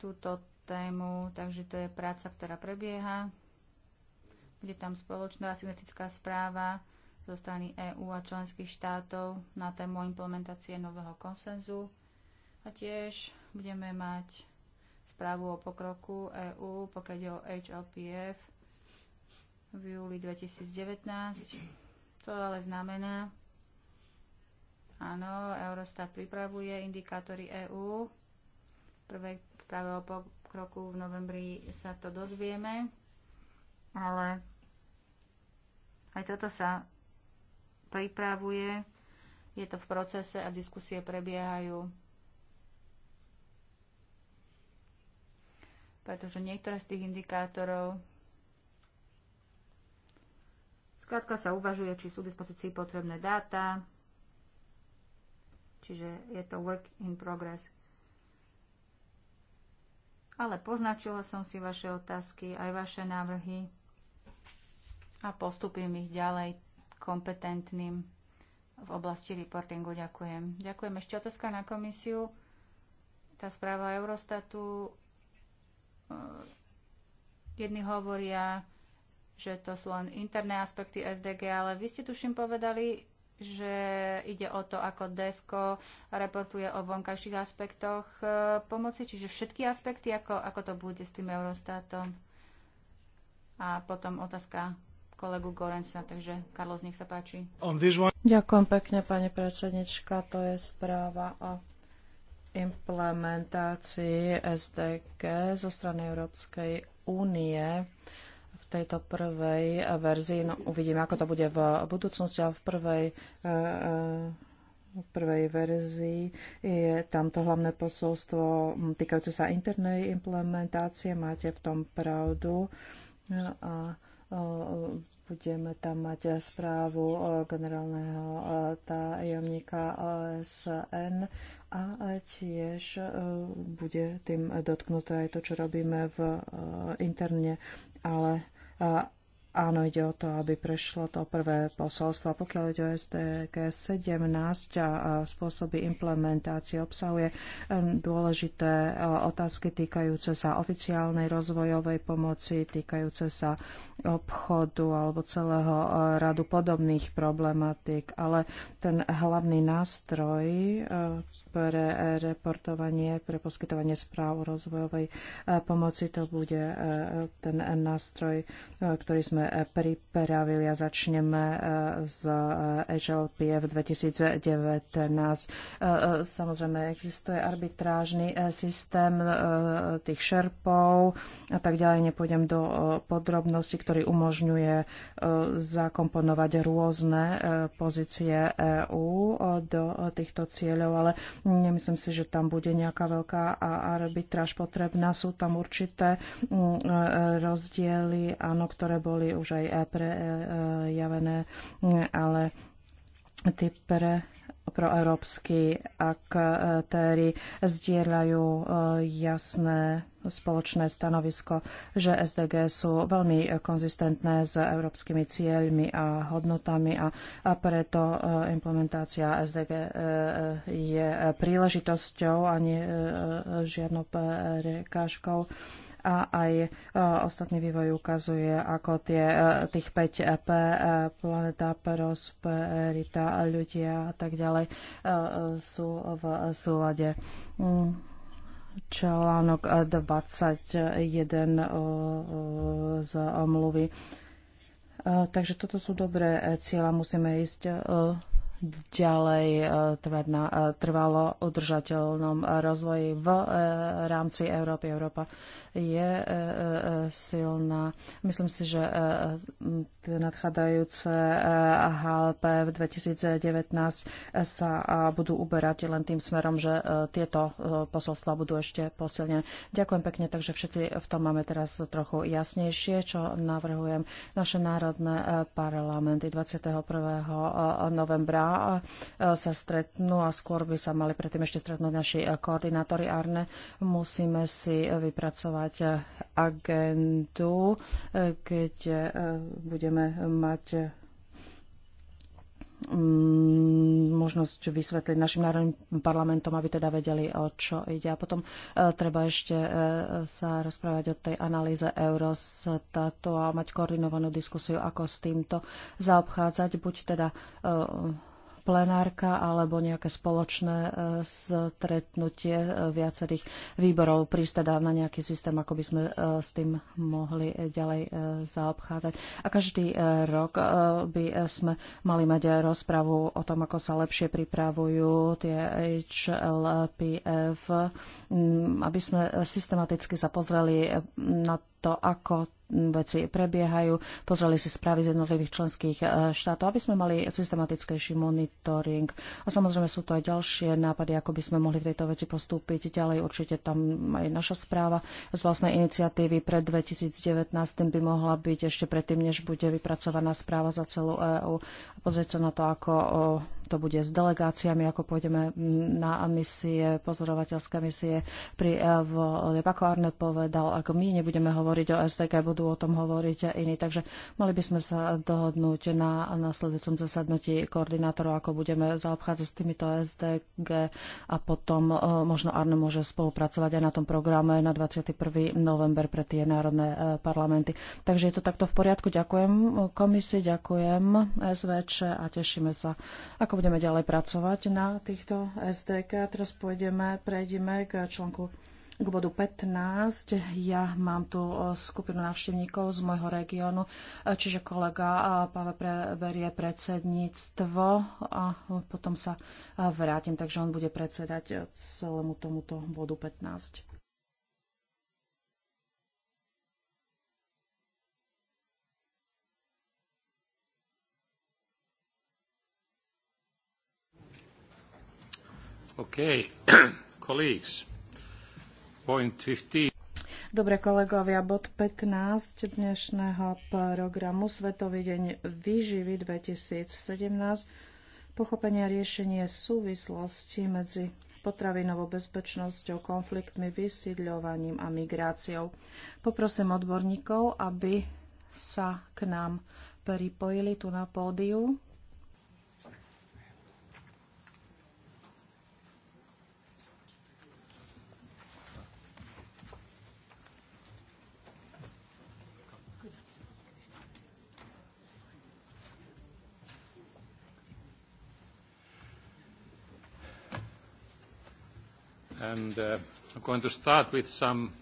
túto tému, takže to je práca, ktorá prebieha. Bude tam spoločná asymetrická správa zo strany EÚ a členských štátov na tému implementácie nového konsenzu. A tiež budeme mať správu o pokroku EÚ, pokiaľ je o HLPF v júli 2019. To ale znamená, Áno, Eurostat pripravuje indikátory EÚ. Prvé pravého pokroku v novembri sa to dozvieme, ale aj toto sa pripravuje. Je to v procese a diskusie prebiehajú. Pretože niektoré z tých indikátorov Skrátka sa uvažuje, či sú v dispozícii potrebné dáta, čiže je to work in progress. Ale poznačila som si vaše otázky, aj vaše návrhy a postupím ich ďalej kompetentným v oblasti reportingu. Ďakujem. Ďakujem. Ešte otázka na komisiu. Tá správa Eurostatu. Eh, jedni hovoria, že to sú len interné aspekty SDG, ale vy ste tuším povedali, že ide o to, ako DEVKO reportuje o vonkajších aspektoch e, pomoci, čiže všetky aspekty, ako, ako to bude s tým Eurostátom. A potom otázka kolegu Gorensa, takže Carlos, nech sa páči. Ďakujem pekne, pani predsednička, to je správa o implementácii SDG zo strany Európskej únie tejto prvej eh, verzii. No, uvidíme, ako to bude v budúcnosti, ale v prvej eh, eh, v prvej verzii je tamto hlavné posolstvo hm, týkajúce sa internej implementácie. Máte v tom pravdu. No a budeme tam mať správu generálneho tajomníka OSN a tiež bude tým dotknuté aj to, čo robíme v interne, ale a Áno, ide o to, aby prešlo to prvé posolstvo. Pokiaľ ide o SDG 17 a spôsoby implementácie obsahuje dôležité e, otázky týkajúce sa oficiálnej rozvojovej pomoci, týkajúce sa obchodu alebo celého e, radu podobných problematík. Ale ten hlavný nástroj e, pre reportovanie, pre poskytovanie správ o rozvojovej eh, pomoci. To bude eh, ten nástroj, eh, ktorý sme pripravili a začneme z HLPF 2019. Samozrejme, existuje arbitrážny systém tých šerpov a tak ďalej. Nepôjdem do podrobností, ktorý umožňuje zakomponovať rôzne pozície EÚ do týchto cieľov, ale Nemyslím si, že tam bude nejaká veľká arbitráž potrebná. Sú tam určité mm, e, rozdiely, áno, ktoré boli už aj e, prejavené, e, mm, ale ty pre proeurópsky aktéry zdieľajú jasné spoločné stanovisko, že SDG sú veľmi konzistentné s európskymi cieľmi a hodnotami a, a preto e, implementácia SDG e, e, je príležitosťou a nie žiadnou prekážkou a aj ostatný vývoj ukazuje, ako tie, tých 5 P, planeta, prosperita, ľudia a tak ďalej sú v súlade. Mm článok 21 e, e, z mluvy. E, takže toto sú dobré cieľa, musíme ísť ďalej e, trvať na e, trvalo udržateľnom rozvoji v e, rámci Európy. Európa je silná. Myslím si, že nadchádzajúce HLP v 2019 sa budú uberať len tým smerom, že tieto posolstva budú ešte posilnené. Ďakujem pekne, takže všetci v tom máme teraz trochu jasnejšie, čo navrhujem naše národné parlamenty 21. novembra E, sa stretnú a skôr by sa mali predtým ešte stretnúť naši e, koordinátori Arne. Musíme si vypracovať e, agendu, keď budeme mať možnosť vysvetliť našim národným parlamentom, aby teda vedeli, o čo ide. A potom treba ešte sa rozprávať o tej analýze Eurostatu a mať koordinovanú diskusiu, ako s týmto zaobchádzať. Buď teda plenárka alebo nejaké spoločné e, stretnutie e, viacerých výborov, prísť teda na nejaký systém, ako by sme e, s tým mohli ďalej zaobchádzať. A každý rok by sme mali mať rozpravu o tom, ako sa lepšie pripravujú tie HLPF, mm, aby sme systematicky sa pozreli na to, ako veci prebiehajú. Pozreli si správy z jednotlivých členských e, štátov, aby sme mali systematickejší monitoring. A samozrejme sú to aj ďalšie nápady, ako by sme mohli v tejto veci postúpiť ďalej. Určite tam aj naša správa z vlastnej iniciatívy pre 2019 tým by mohla byť ešte predtým, než bude vypracovaná správa za celú EÚ. A pozrieť sa na to, ako to bude s delegáciami, ako pôjdeme na misie, pozorovateľské misie pri e Lepakovárne povedal, ako my nebudeme hovoriť o SDK. budú budú o tom hovoriť a iní. Takže mali by sme sa dohodnúť na nasledujúcom zasadnutí koordinátorov, ako budeme zaobchádzať s týmito SDG a potom e, možno Arne môže spolupracovať aj na tom programe na 21. november pre tie národné e, parlamenty. Takže je to takto v poriadku. Ďakujem komisii, ďakujem SVČ a tešíme sa, ako budeme ďalej pracovať na týchto SDK. teraz pôjdeme, prejdeme k článku k bodu 15 ja mám tu e, skupinu návštevníkov z môjho regiónu, e, čiže kolega e, Pavel preberie predsedníctvo a potom sa vrátim, takže on bude predsedať celému tomuto bodu 15. Okay, colleagues. Dobre kolegovia, bod 15 dnešného programu Svetový deň výživy 2017 pochopenie a riešenie súvislosti medzi potravinovou bezpečnosťou, konfliktmi, vysídľovaním a migráciou. Poprosím odborníkov, aby sa k nám pripojili tu na pódiu. And uh, I'm going to start with some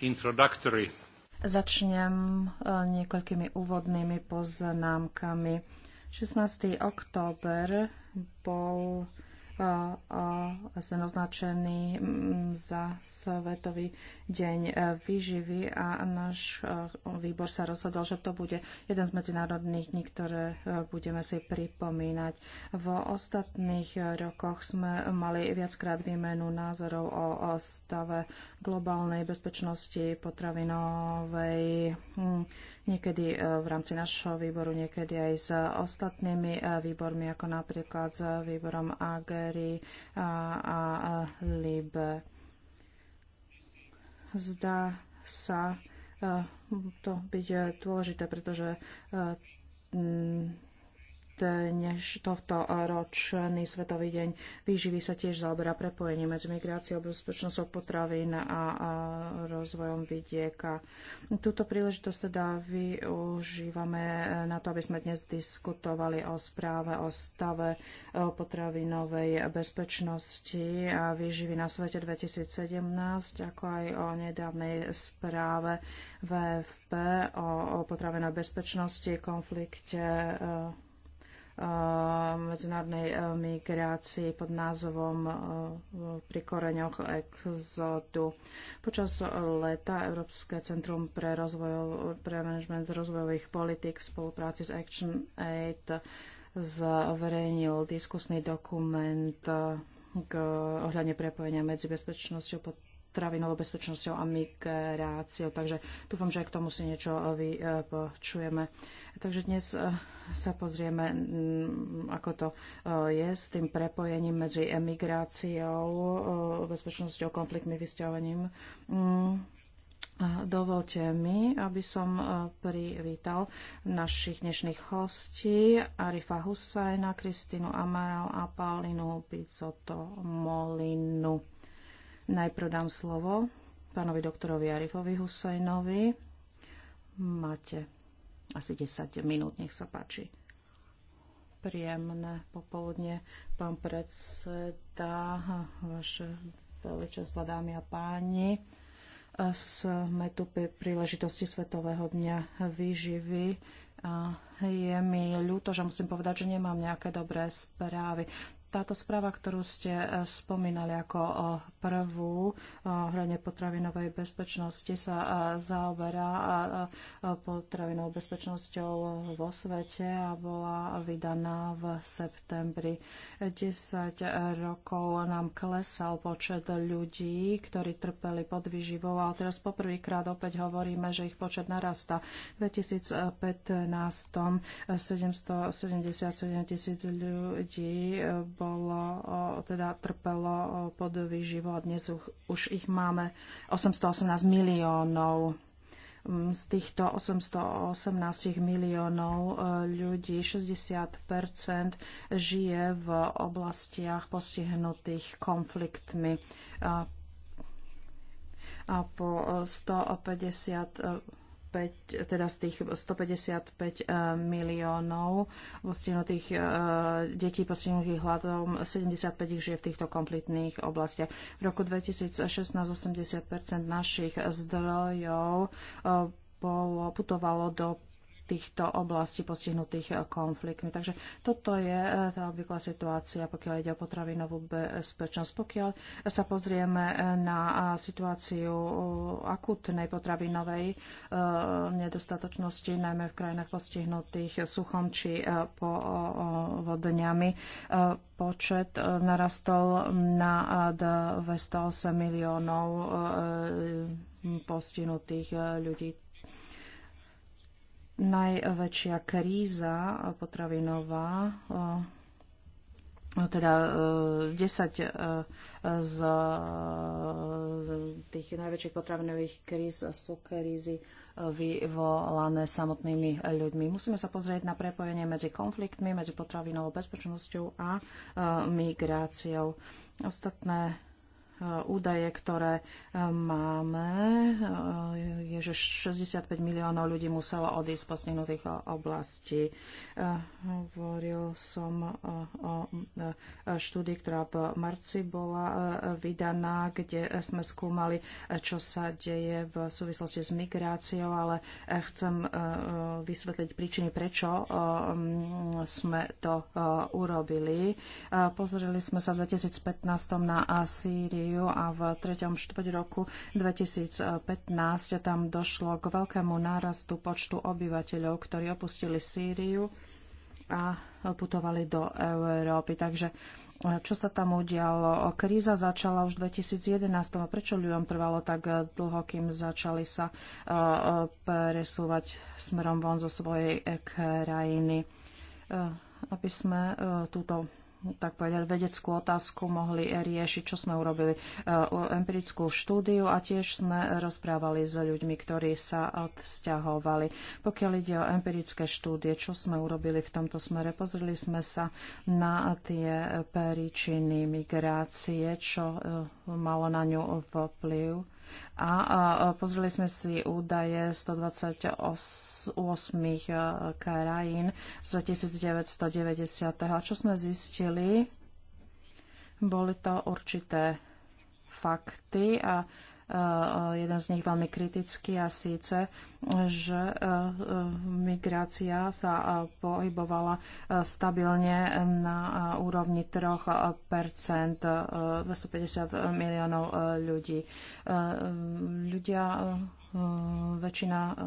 introductory Začnem uh, niekoľkými úvodnými poznámkami. 16. október bol sen označený mm, za Svetový deň e, výživy a náš e, výbor sa rozhodol, že to bude jeden z medzinárodných dní, ktoré e, budeme si pripomínať. V ostatných rokoch sme mali viackrát výmenu názorov o stave globálnej bezpečnosti potravinovej hm, niekedy e, v rámci našho výboru, niekedy aj s ostatnými e, výbormi, ako napríklad s výborom Agery a, a Libe. Zdá sa e, to byť dôležité, pretože než tohto ročný Svetový deň výživy sa tiež zaoberá prepojenie medzi migráciou, bezpečnosťou potravín a rozvojom vidieka. Túto príležitosť teda využívame na to, aby sme dnes diskutovali o správe o stave potravinovej bezpečnosti a výživy na svete 2017, ako aj o nedávnej správe VFP o potravinovej bezpečnosti, konflikte e, Eh, medzinárodnej eh, migrácii pod názvom eh, pri koreňoch exodu. Počas leta Európske centrum pre, rozvoj pre management rozvojových politik v spolupráci s Action Aid zverejnil diskusný dokument k ohľadne prepojenia medzi bezpečnosťou pod potravinovou bezpečnosťou a migráciou. Takže dúfam, že aj k tomu si niečo eh, vypočujeme. Takže dnes eh, sa pozrieme, mm, ako to eh, je s tým prepojením medzi emigráciou, bezpečnosťou, konfliktmi, vysťahovaním. Mm. Dovolte mi, aby som privítal našich dnešných hostí Arifa Husajna, Kristínu Amaral a Paulinu Picoto Molinu. Najprv dám slovo pánovi doktorovi Arifovi Husajnovi. Máte asi 10 minút, nech sa páči. Príjemné popoludne, pán predseda, vaše veličenstva dámy a páni. Sme tu pri príležitosti Svetového dňa výživy je mi ľúto, že musím povedať, že nemám nejaké dobré správy táto správa, ktorú ste e, spomínali ako e, prvú e, hrane potravinovej bezpečnosti, sa zaoberá potravinovou bezpečnosťou vo svete a bola vydaná v septembri. 10 rokov nám klesal počet ľudí, ktorí trpeli pod vyživou, ale teraz poprvýkrát opäť hovoríme, že ich počet narastá. V 2015 777 tisíc ľudí bol bol, teda trpelo pod výživo a dnes už ich máme 818 miliónov. Mm, z týchto 818 miliónov e, ľudí 60 žije v oblastiach postihnutých konfliktmi. A po 150 105, teda z tých 155 eh, miliónov postihnutých eh, detí postihnutých hladom, 75 ich žije v týchto konfliktných oblastiach. V roku 2016 80 našich zdrojov eh, bolo, putovalo do týchto oblastí postihnutých eh, konfliktmi. Takže toto je eh, tá obvyklá situácia, pokiaľ ide o potravinovú bezpečnosť. Pokiaľ sa pozrieme eh, na situáciu akutnej potravinovej nedostatočnosti, najmä v krajinách postihnutých suchom či povodňami, počet narastol na 208 miliónov postihnutých ľudí najväčšia kríza potravinová, eh, no teda 10 eh, eh, z tých najväčších potravinových kríz sú krízy vyvolané samotnými ľuďmi. Musíme sa pozrieť na prepojenie medzi konfliktmi, medzi potravinovou bezpečnosťou a migráciou. Ostatné Eh, údaje, ktoré eh, máme, eh, je, že 65 miliónov ľudí muselo odísť z postihnutých oblastí. Hovoril som o štúdii, ktorá v marci bola vydaná, kde sme skúmali, čo sa deje v súvislosti s migráciou, ale chcem vysvetliť príčiny, prečo mm, sme to urobili. Pozreli sme sa v 2015 na Asýrii Sýriu a v treťom štvrť roku 2015 tam došlo k veľkému nárastu počtu obyvateľov, ktorí opustili Sýriu a putovali do Európy. Takže eh, čo sa tam udialo? Kríza začala už v 2011 a prečo ľuďom trvalo tak eh, dlho, kým začali sa eh, presúvať smerom von zo svojej krajiny? Aby sme túto tak povedať, vedeckú otázku mohli riešiť, čo sme urobili e, empirickú štúdiu a tiež sme rozprávali s ľuďmi, ktorí sa odsťahovali. Pokiaľ ide o empirické štúdie, čo sme urobili v tomto smere, pozreli sme sa na tie príčiny migrácie, čo e, malo na ňu vplyv a pozreli sme si údaje 128 krajín z 1990. A čo sme zistili? Boli to určité fakty a Eh, jeden z nich veľmi kritický a síce, že eh, migrácia sa eh, pohybovala stabilne na úrovni 3 250 miliónov ľudí. Ľudia Mm, väčšina e, e,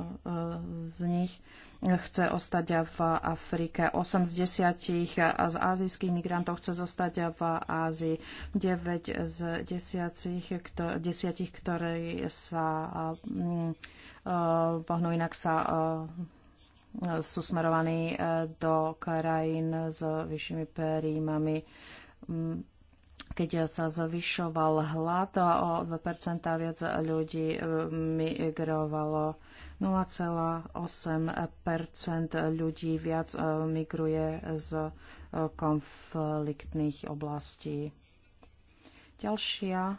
z nich chce ostať v Afrike. 8 z 10 z azijských migrantov chce zostať v Ázii. 9 z 10, kto, 10 ktorí sa mm, e, pohnú inak sa sú smerovaní do krajín s vyššími príjmami mm, keď sa zvyšoval hlad o 2% viac ľudí e, migrovalo. 0,8 ľudí viac e, migruje z e, konfliktných oblastí. Ďalšia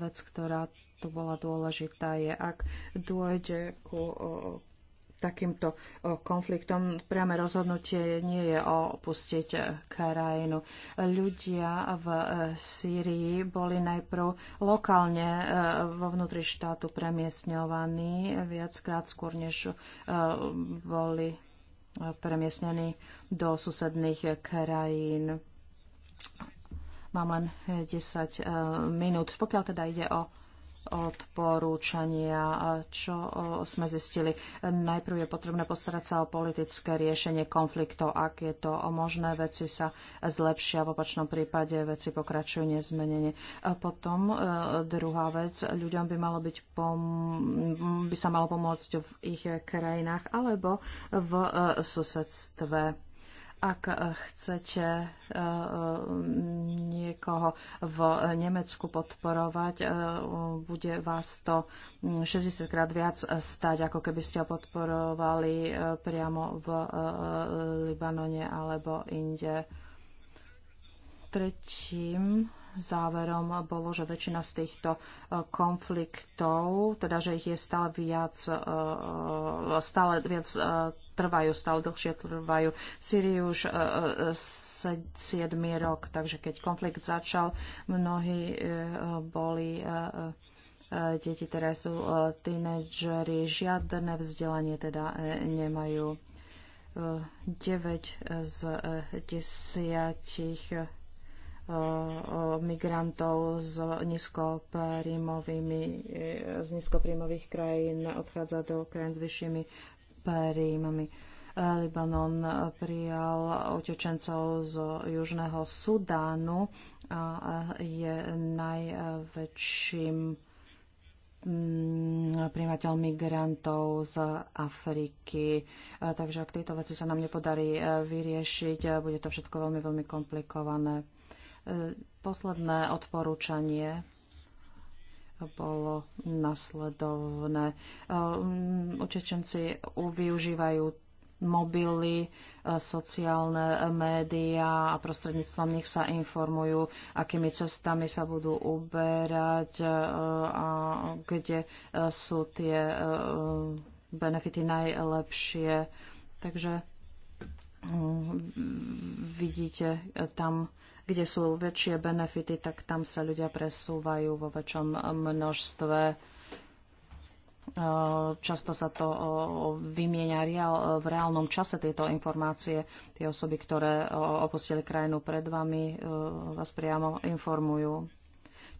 vec, ktorá tu bola dôležitá, je, ak dôjde ku takýmto konfliktom. Priame rozhodnutie nie je opustiť e, krajinu. Ľudia v e, Sýrii boli najprv lokálne e, vo vnútri štátu premiesňovaní viackrát skôr, než boli premiesnení do susedných krajín. Mám len 10 minút. Pokiaľ teda ide o odporúčania, čo sme zistili. Najprv je potrebné postarať sa o politické riešenie konfliktov, ak je to možné, veci sa zlepšia, v opačnom prípade veci pokračujú A Potom e, druhá vec, ľuďom by, malo byť pom- by sa malo pomôcť v ich krajinách alebo v e, susedstve ak eh, chcete eh, eh, niekoho v Nemecku podporovať, bude vás to 60 hm, krát viac stať, ako keby ste ho podporovali priamo v Libanone alebo inde. Tretím záverom bolo, že väčšina z týchto e, konfliktov, teda že ich je stále viac, e, e, stále viac trvajú, stále dlhšie trvajú. Syrii už 7 rok, takže keď konflikt začal, mnohí boli deti, ktoré sú tínedžeri, žiadne vzdelanie teda nemajú. 9 z 10 migrantov z, e, z nízkopríjmových krajín odchádza do krajín s vyššími príjmami. E, Libanon prijal utečencov z Južného Sudánu a je najväčším mm, príjmateľ migrantov z Afriky. E, takže ak tieto veci sa nám nepodarí vyriešiť, bude to všetko veľmi, veľmi komplikované. Posledné odporúčanie bolo nasledovné. Ehm, Učečenci využívajú mobily, e, sociálne médiá a prostredníctvom nich sa informujú, akými cestami sa budú uberať e, a kde e, sú tie benefity najlepšie. Takže mm, vidíte tam kde sú väčšie benefity, tak tam sa ľudia presúvajú vo väčšom množstve. E, často sa to vymieňa v reálnom čase tieto informácie. Tie osoby, ktoré opustili krajinu pred vami, e, vás priamo informujú.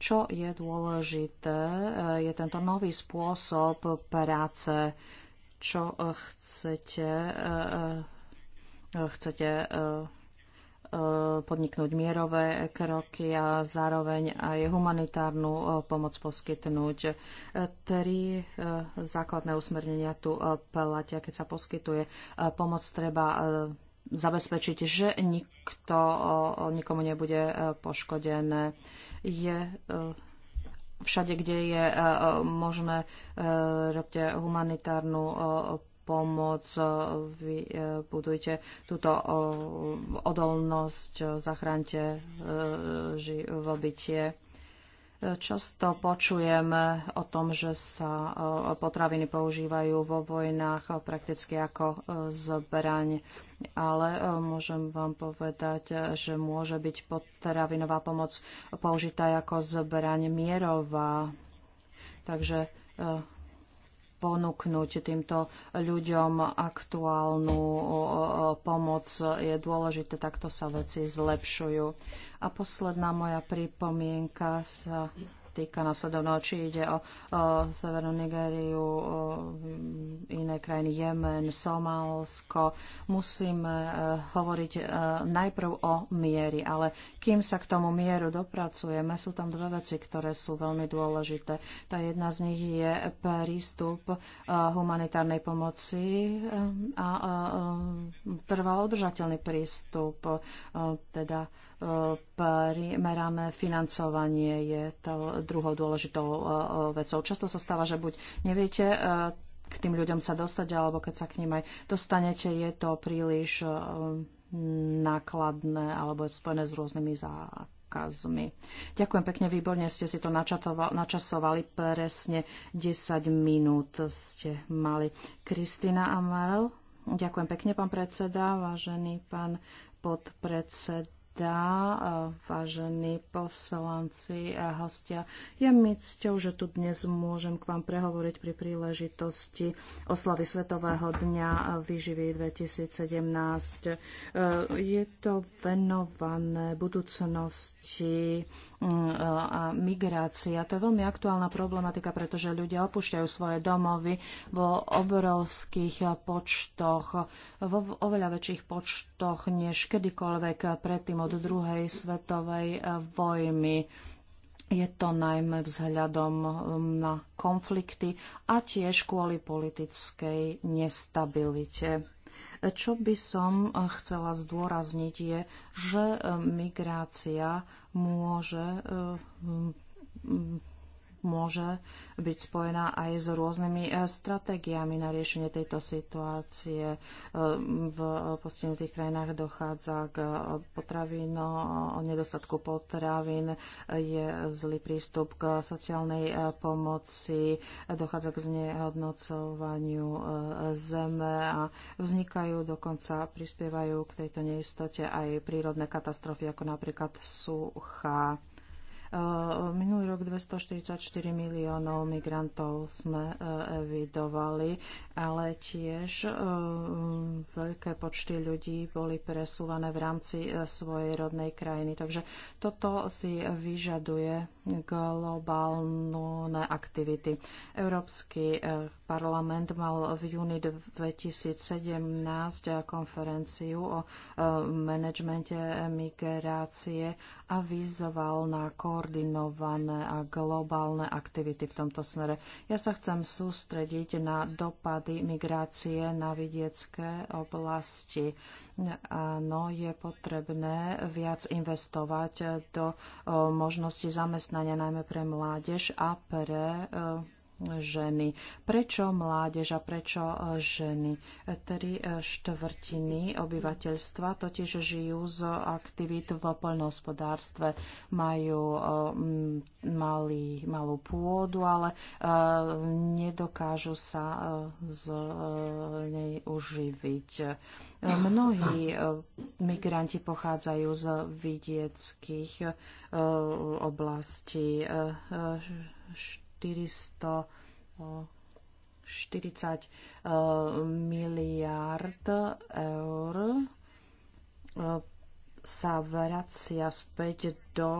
Čo je dôležité, e, je tento nový spôsob práce, čo chcete, chcete podniknúť mierové kroky a zároveň aj humanitárnu e, pomoc poskytnúť. E, tri e, základné usmernenia tu platia, keď sa poskytuje pomoc, treba zabezpečiť, že nikto, nikomu nebude poškodené. Je všade, kde je možné, robte humanitárnu pomoc, e, vy e, budujte túto e, odolnosť, zachránte živobytie. Často počujeme o tom, že sa potraviny používajú vo vojnách prakticky ako zbraň, ale môžem vám povedať, že môže byť potravinová pomoc použitá ako zbraň mierová. Takže ponúknuť týmto ľuďom aktuálnu pomoc. Je dôležité, takto sa veci zlepšujú. A posledná moja pripomienka sa týka následovného, či ide o, o Severnú Nigériu, o mm, iné krajiny, Jemen, Somálsko. Musíme e, hovoriť e, najprv o miery, ale kým sa k tomu mieru dopracujeme, sú tam dve veci, ktoré sú veľmi dôležité. Tá jedna z nich je prístup e, humanitárnej pomoci a trvalo udržateľný prístup, teda primerané financovanie je to druhou dôležitou e, e, vecou. Často sa stáva, že buď neviete e, k tým ľuďom sa dostať, alebo keď sa k ním aj dostanete, je to príliš nákladné alebo je spojené s rôznymi základmi Ďakujem pekne, výborne ste si to načasovali, presne 10 minút ste mali. Kristina Amarel, ďakujem pekne, pán predseda, vážený pán podpredseda teda, vážení poslanci a hostia. Je mi cťou, že tu dnes môžem k vám prehovoriť pri príležitosti oslavy Svetového dňa výživy 2017. E, je to venované budúcnosti mm, a migrácia. To je veľmi aktuálna problematika, pretože ľudia opúšťajú svoje domovy vo obrovských počtoch, vo oveľa väčších počtoch, než kedykoľvek predtým od druhej svetovej eh, vojny. Je to najmä vzhľadom eh, na konflikty a tiež kvôli politickej nestabilite. Eh, čo by som chcela zdôrazniť je, že migrácia môže môže byť spojená aj s rôznymi e, stratégiami na riešenie tejto situácie. E, v postihnutých krajinách dochádza k e, potravino, o nedostatku potravín, je zlý prístup k sociálnej pomoci, dochádza k znehodnocovaniu zeme a vznikajú dokonca, prispievajú k tejto neistote aj prírodné katastrofy, ako napríklad sucha. Eh, minulý rok 244 miliónov migrantov sme eh, evidovali, ale tiež eh, veľké počty ľudí boli presúvané v rámci svojej rodnej krajiny. Takže toto si vyžaduje globálne aktivity. Európsky parlament mal v júni 2017 konferenciu o manažmente migrácie a vyzval na koordinované a globálne aktivity v tomto smere. Ja sa chcem sústrediť na dopady migrácie na vidiecké oblasti. Áno, je potrebné viac investovať do možnosti zamestnania najmä pre mládež a pre ženy. Prečo mládež a prečo e, ženy? Tri e, štvrtiny obyvateľstva totiž žijú z aktivít v poľnohospodárstve. Majú e, malý, malú pôdu, ale nedokážu sa z nej uživiť. Mnohí migranti pochádzajú z vidieckých oblastí 440 miliard miliárd eur sa vracia späť do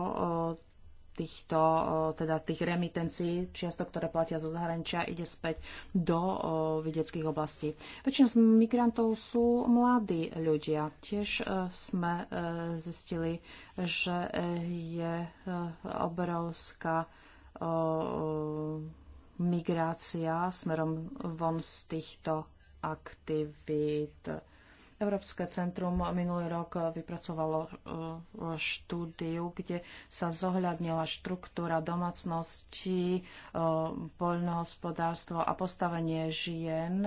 týchto, teda tých remitencií, čiastok, ktoré platia zo zahraničia, ide späť do vedeckých oblastí. Väčšina z migrantov sú mladí ľudia. Tiež e, sme e, zistili, že e, je obrovská migrácia smerom von z týchto aktivít. Európske centrum minulý rok eh, vypracovalo eh, štúdiu, kde sa zohľadnila štruktúra domácnosti, eh, poľnohospodárstvo a postavenie žien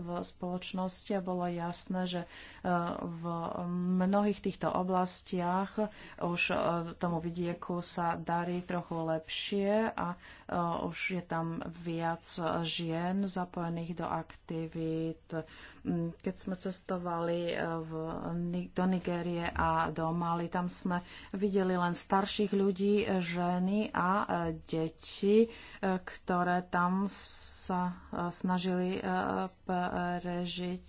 v spoločnosti. A bolo jasné, že v mnohých týchto oblastiach už tomu vidieku sa darí trochu lepšie a už je tam viac žien zapojených do aktivít Mm, keď sme cestovali eh, v, do Nigérie a do Mali, tam sme videli len starších ľudí, ženy a eh, deti, eh, ktoré tam sa snažili prežiť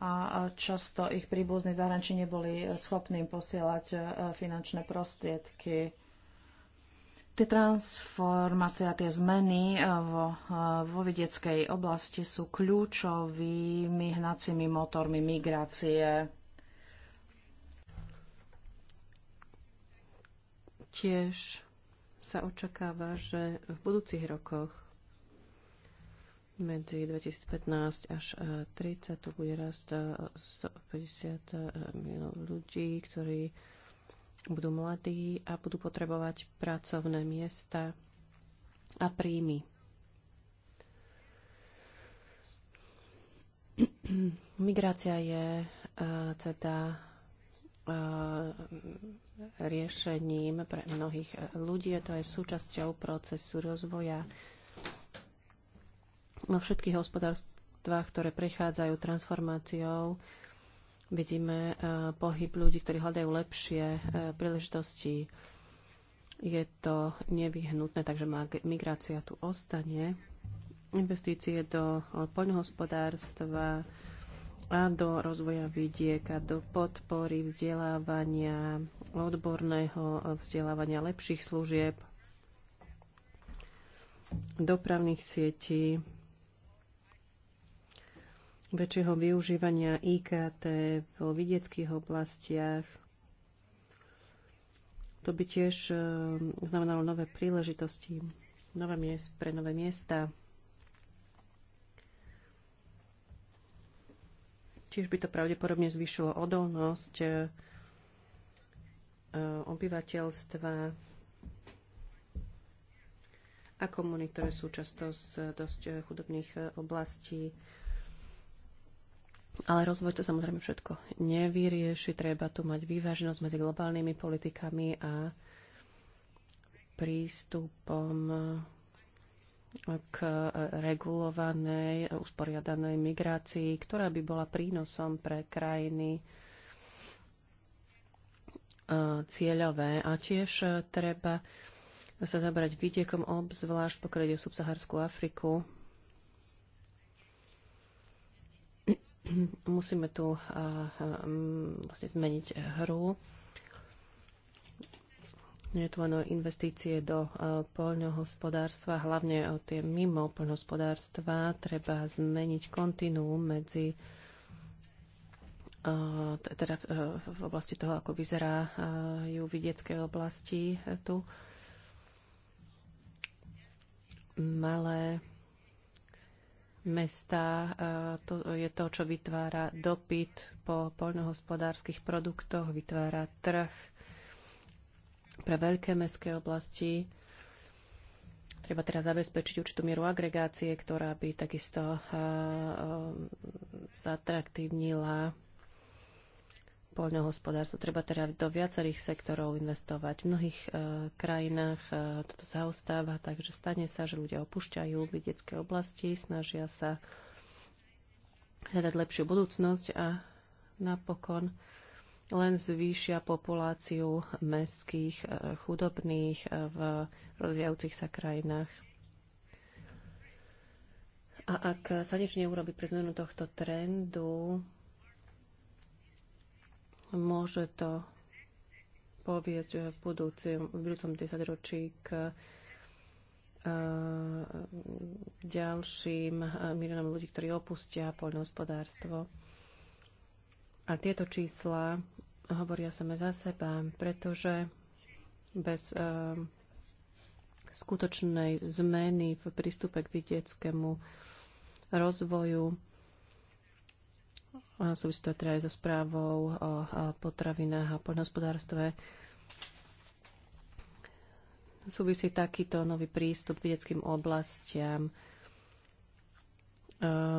a často ich príbuzní zahraničí neboli schopní posielať finančné prostriedky. Tie transformácie a tie zmeny eh, vo, eh, vo vidieckej oblasti sú kľúčovými hnacími motormi migrácie. Tiež sa očakáva, že v budúcich rokoch medzi 2015 až 30 eh, to bude rast 150 miliónov ľudí, ktorí budú mladí a budú potrebovať pracovné miesta a príjmy. Migrácia je uh, teda uh, riešením pre mnohých ľudí. Je to aj súčasťou procesu rozvoja. Vo všetkých hospodárstvách, ktoré prechádzajú transformáciou, uh, Vidíme e, pohyb ľudí, ktorí hľadajú lepšie e, príležitosti. Je to nevyhnutné, takže migrácia tu ostane. Investície do e, poľnohospodárstva a do rozvoja vidieka, do podpory vzdelávania, odborného vzdelávania lepších služieb, dopravných sietí, väčšieho využívania IKT vo vidieckých oblastiach. To by tiež e, znamenalo nové príležitosti, nové miest, pre nové miesta. Tiež by to pravdepodobne zvýšilo odolnosť e, obyvateľstva a komunít, ktoré sú často z dosť e, chudobných oblastí. Ale rozvoj to samozrejme všetko nevyrieši. Treba tu mať vyváženosť medzi globálnymi politikami a prístupom k regulovanej, usporiadanej migrácii, ktorá by bola prínosom pre krajiny e, cieľové. A tiež treba sa zabrať vidiekom, obzvlášť pokrytie subsaharskú Afriku, Musíme tu eh, eh, vlastne zmeniť hru. Nie je tu len investície do eh, poľnohospodárstva, hlavne o tie mimo poľnohospodárstva. Treba zmeniť kontinuum medzi teda v oblasti toho, ako vyzerá ju vidiecké oblasti tu. Malé mesta. E, to je to, čo vytvára dopyt po poľnohospodárskych produktoch, vytvára trh pre veľké mestské oblasti. Treba teraz zabezpečiť určitú mieru agregácie, ktorá by takisto e, e, zatraktívnila Poľnohospodárstvo. Treba teda do viacerých sektorov investovať. V mnohých e, krajinách e, toto zaostáva, takže stane sa, že ľudia opúšťajú vidiecké oblasti, snažia sa hľadať lepšiu budúcnosť a napokon len zvýšia populáciu mestských, e, chudobných e, v rozvíjajúcich sa krajinách. A ak sa nič neurobi pre zmenu tohto trendu, Môže to poviesť v, budúcim, v budúcom desaťročí k e, ďalším e, miliónom ľudí, ktorí opustia poľnohospodárstvo. A tieto čísla hovoria same za seba, pretože bez e, skutočnej zmeny v prístupe k vidieckému rozvoju Súvisí to teda aj so správou o potravinách a poľnohospodárstve. Súvisí takýto nový prístup k vedeckým oblastiam, e,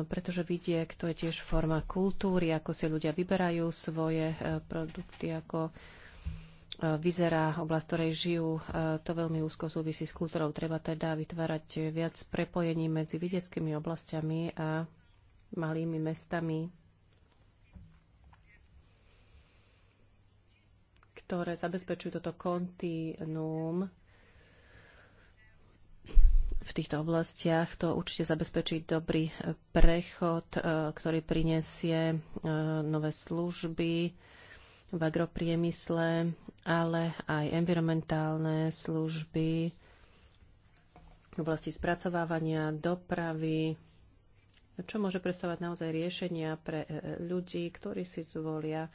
pretože vidiek to je tiež forma kultúry, ako si ľudia vyberajú svoje e, produkty, ako e, vyzerá oblasť, ktorej žijú. To veľmi úzko súvisí s kultúrou. Treba teda vytvárať viac prepojení medzi vidieckými oblastiami a malými mestami, ktoré zabezpečujú toto kontinuum v týchto oblastiach. To určite zabezpečí dobrý eh, prechod, eh, ktorý prinesie eh, nové služby v agropriemysle, ale aj environmentálne služby v oblasti spracovávania, dopravy, čo môže predstavovať naozaj riešenia pre ľudí, ktorí si zvolia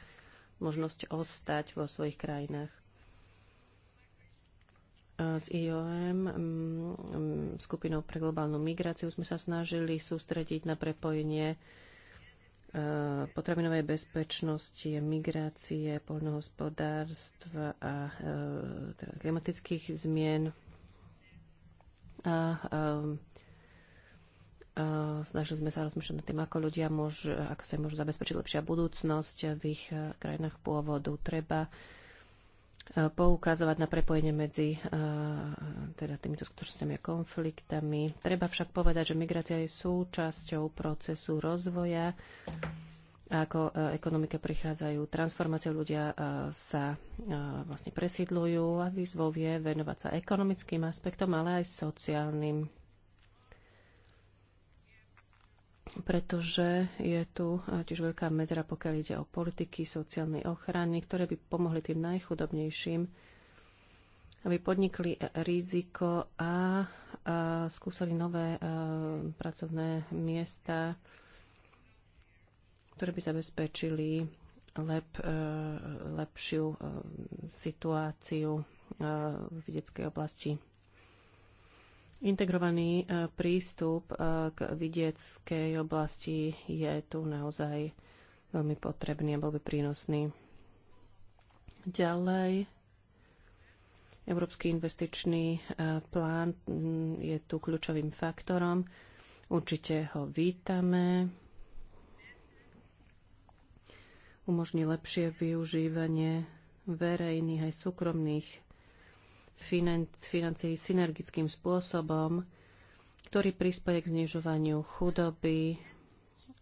možnosť ostať vo svojich krajinách. S IOM, mm, mm, skupinou pre globálnu migráciu, sme sa snažili sústrediť na prepojenie e, potravinovej bezpečnosti, migrácie, poľnohospodárstva a e, teda klimatických zmien a e, E, snažili sme sa rozmýšľať nad tým, ako ľudia môžu, ako sa im môžu zabezpečiť lepšia budúcnosť v ich e, krajinách pôvodu. Treba e, poukazovať na prepojenie medzi teda týmito skutočnosťami a konfliktami. Treba však povedať, že migrácia je súčasťou procesu rozvoja. A ako ekonomike prichádzajú transformácie, ľudia sa vlastne presídľujú a výzvou je venovať sa ekonomickým aspektom, ale aj sociálnym pretože je tu e, tiež veľká medzera, pokiaľ ide o politiky sociálnej ochrany, ktoré by pomohli tým najchudobnejším, aby podnikli riziko a, a e, skúsali nové a, e, pracovné miesta, ktoré by zabezpečili lep, a, lepšiu situáciu v vedeckej oblasti. Integrovaný e, prístup e, k vidieckej oblasti je tu naozaj veľmi potrebný a bol by prínosný. Ďalej, Európsky investičný e, plán mm, je tu kľúčovým faktorom. Určite ho vítame. Umožní lepšie využívanie verejných aj súkromných financií synergickým spôsobom, ktorý prispieje k znižovaniu chudoby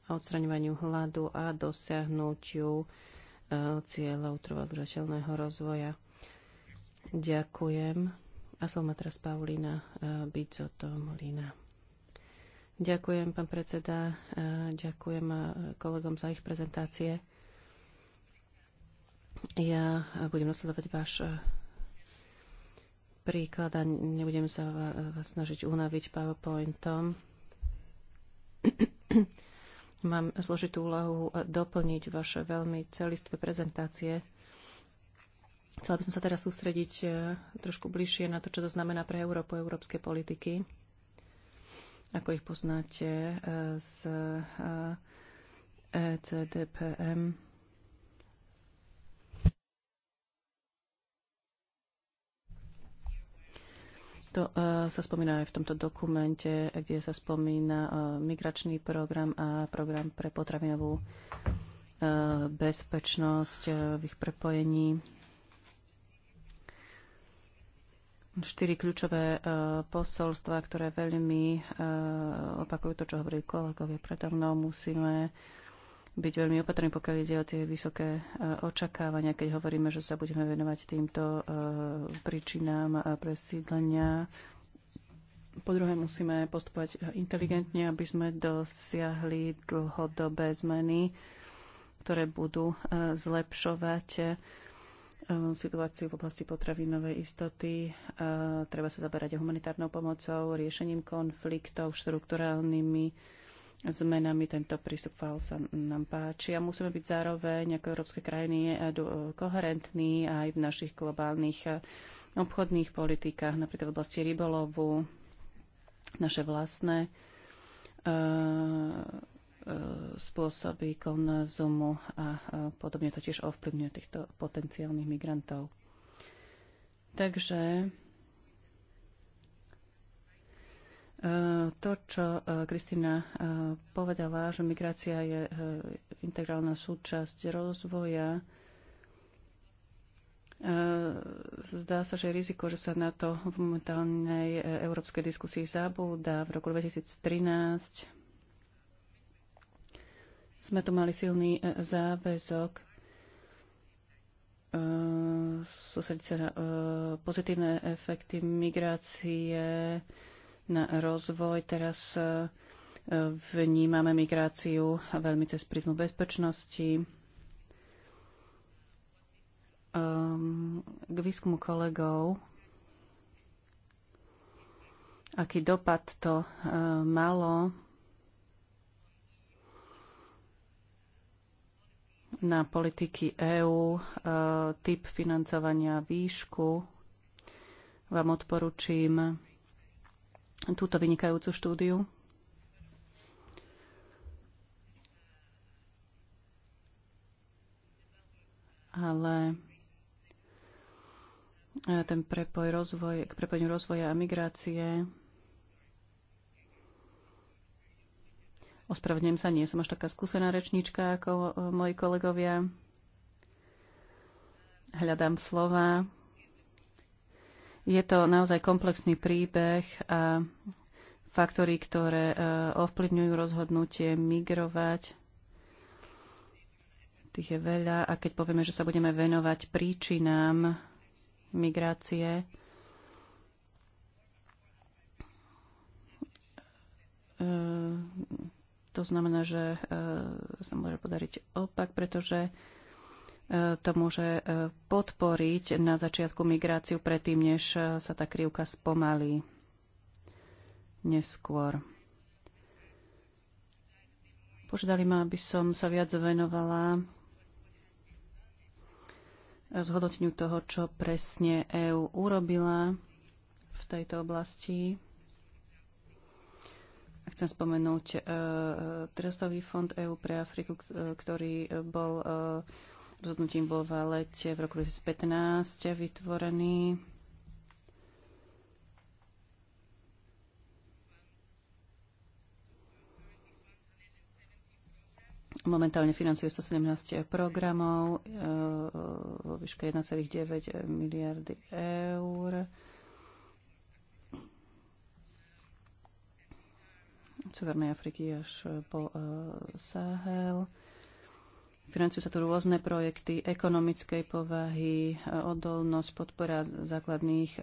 a odstraňovaniu hladu a dosiahnutiu e, cieľov trvalodržateľného rozvoja. Ďakujem. A som teraz Paulina e, Bicoto Molina. Ďakujem, pán predseda. E, ďakujem kolegom za ich prezentácie. Ja budem nasledovať váš príklad a nebudem sa vás snažiť unaviť PowerPointom. Mám zložitú úlohu doplniť vaše veľmi celistvé prezentácie. Chcela by som sa teraz sústrediť e, trošku bližšie na to, čo to znamená pre Európu, európske politiky, ako ich poznáte e, z e, CDPM. To e, sa spomína aj v tomto dokumente, kde sa spomína e, migračný program a program pre potravinovú e, bezpečnosť v ich prepojení. Štyri kľúčové posolstva, ktoré veľmi opakujú to, čo hovorili kolegovia predo mnou, musíme byť veľmi opatrní, pokiaľ ide o tie vysoké e, očakávania, keď hovoríme, že sa budeme venovať týmto e, príčinám e, presídlenia. Po druhé, musíme postupovať inteligentne, aby sme dosiahli dlhodobé zmeny, ktoré budú zlepšovať situáciu v oblasti potravinovej istoty. Treba sa zaberať humanitárnou pomocou, riešením konfliktov, štruktúrálnymi zmenami tento prístup FAO sa nám páči a musíme byť zároveň ako európske krajiny eh, eh, koherentní aj v našich globálnych eh, obchodných politikách, napríklad v oblasti rybolovu, naše vlastné spôsoby konzumu a podobne to tiež ovplyvňuje týchto potenciálnych migrantov. Takže To, čo e, Kristina e, povedala, že migrácia je e, integrálna súčasť rozvoja, zdá sa, že je riziko, že sa na to v momentálnej európskej diskusii zabúda. V roku 2013 sme tu mali silný záväzok sústrediť sa na pozitívne efekty migrácie, na rozvoj. Teraz e, vnímame migráciu veľmi cez prízmu bezpečnosti. Ehm, k výskumu kolegov, aký dopad to e, malo na politiky EÚ, e, typ financovania výšku, vám odporučím túto vynikajúcu štúdiu. Ale e, ten prepoj rozvoj, k prepojeniu rozvoja a migrácie Ospravedlňujem sa, nie som až taká skúsená rečníčka ako e, moji kolegovia. Hľadám slova. Je to naozaj komplexný príbeh a faktory, ktoré e, ovplyvňujú rozhodnutie migrovať. Tých je veľa a keď povieme, že sa budeme venovať príčinám migrácie, e, to znamená, že e, sa môže podariť opak, pretože to môže e, podporiť na začiatku migráciu predtým, než e, sa tá krivka spomalí neskôr. Požiadali ma, aby som sa viac venovala zhodnoteniu toho, čo presne EÚ urobila v tejto oblasti. Chcem spomenúť e, e Trestový fond EÚ pre Afriku, ktorý bol e, rozhodnutím bol v lete v roku 2015 vytvorený. Momentálne financuje 117 programov e, vo výške 1,9 miliardy eur. Severnej Afriky až po e, Sahel. Financujú sa tu rôzne projekty ekonomickej povahy, e, odolnosť, podpora základných e,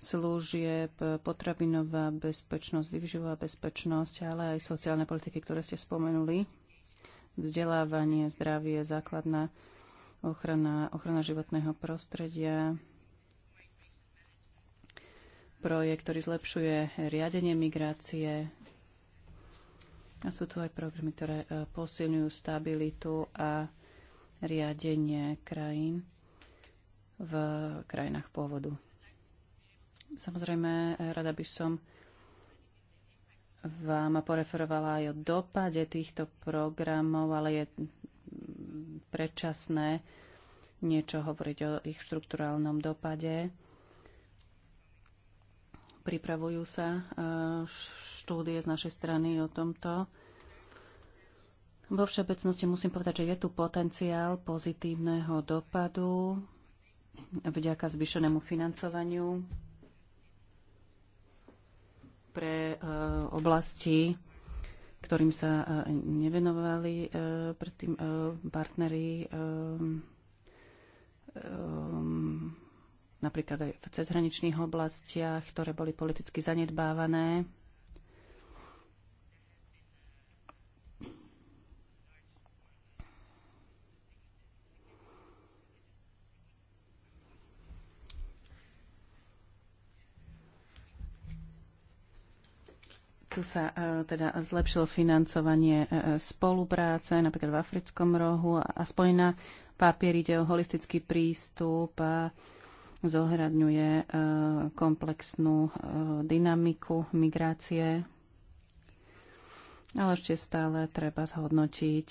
služieb, potravinová bezpečnosť, vyživová bezpečnosť, ale aj sociálne politiky, ktoré ste spomenuli, vzdelávanie, zdravie, základná ochrana, ochrana životného prostredia, projekt, ktorý zlepšuje riadenie migrácie, a sú tu aj programy, ktoré e, posilňujú stabilitu a riadenie krajín v krajinách pôvodu. Samozrejme, rada by som vám poreferovala aj o dopade týchto programov, ale je predčasné niečo hovoriť o ich štruktúrálnom dopade. Pripravujú sa e, štúdie z našej strany o tomto. Vo všeobecnosti musím povedať, že je tu potenciál pozitívneho dopadu vďaka zvyšenému financovaniu pre e, oblasti, ktorým sa e, nevenovali predtým partneri napríklad aj v cezhraničných oblastiach, ktoré boli politicky zanedbávané. Tu sa uh, teda zlepšilo financovanie uh, spolupráce napríklad v africkom rohu a, a na papier ide o holistický prístup a uh, zohradňuje e, komplexnú e, dynamiku migrácie, ale ešte stále treba zhodnotiť,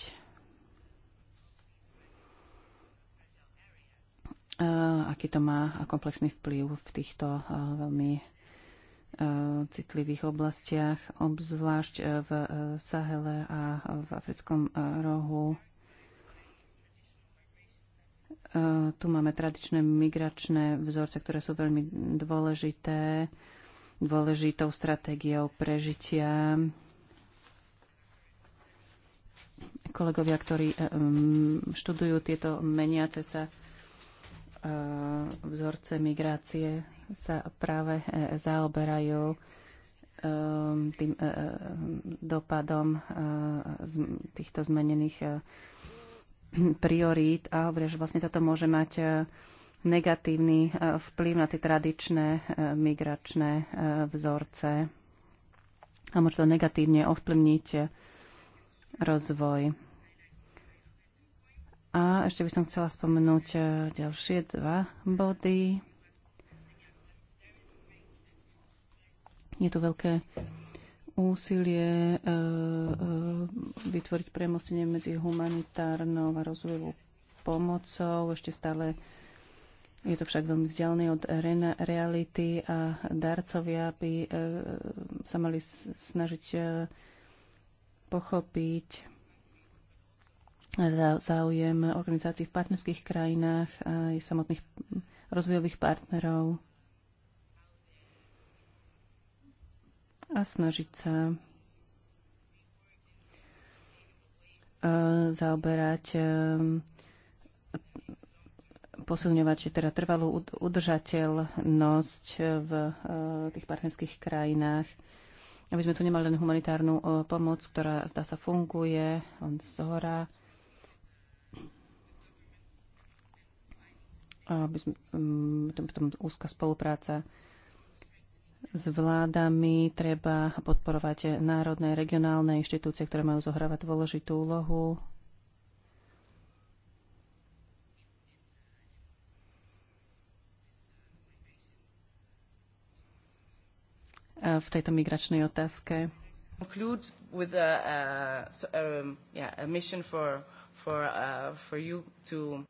e, aký to má komplexný vplyv v týchto veľmi citlivých oblastiach, obzvlášť v Sahele a v africkom rohu. Eh, tu máme tradičné migračné vzorce, ktoré sú veľmi dôležité, dôležitou stratégiou prežitia. Kolegovia, ktorí eh, mm, študujú tieto meniace sa eh, vzorce migrácie, sa práve zaoberajú tým dopadom týchto zmenených priorít a hovoria, že vlastne toto môže mať e, negatívny e, vplyv na tie tradičné e, migračné vzorce a môže to negatívne ovplyvniť rozvoj. A ešte by som chcela spomenúť ďalšie dva body. Je tu veľké úsilie e, e, vytvoriť premostenie medzi humanitárnou a rozvojovou pomocou. Ešte stále je to však veľmi vzdialené od reality a darcovia by e, sa mali snažiť pochopiť záujem organizácií v partnerských krajinách aj samotných rozvojových partnerov a snažiť sa e, zaoberať e, posilňovať teda trvalú udržateľnosť v e, tých partnerských krajinách, aby sme tu nemali len humanitárnu pomoc, ktorá zdá sa funguje, on zhora, aby sme, potom úzka spolupráca s vládami, treba podporovať národné, regionálne inštitúcie, ktoré majú zohrávať dôležitú úlohu. A v tejto migračnej otázke. Conclude with a, a, um, a, a mission for, for, uh, for you to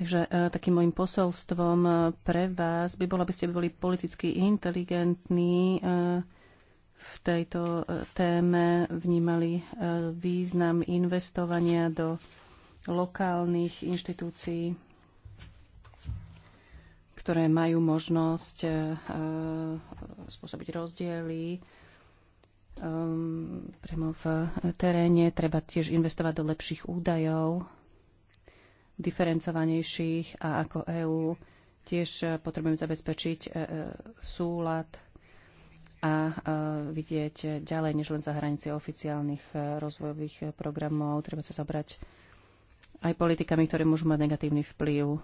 Takže e, takým môjim posolstvom e, pre vás by bolo, aby ste boli politicky inteligentní e, v tejto téme, vnímali význam investovania do lokálnych inštitúcií, ktoré majú možnosť spôsobiť rozdiely priamo v teréne. Treba tiež investovať do lepších údajov diferencovanejších a ako EÚ tiež e, potrebujeme zabezpečiť e, e, súlad a vidieť ďalej než len za hranice oficiálnych rozvojových programov. Treba sa zabrať aj politikami, ktoré môžu mať negatívny vplyv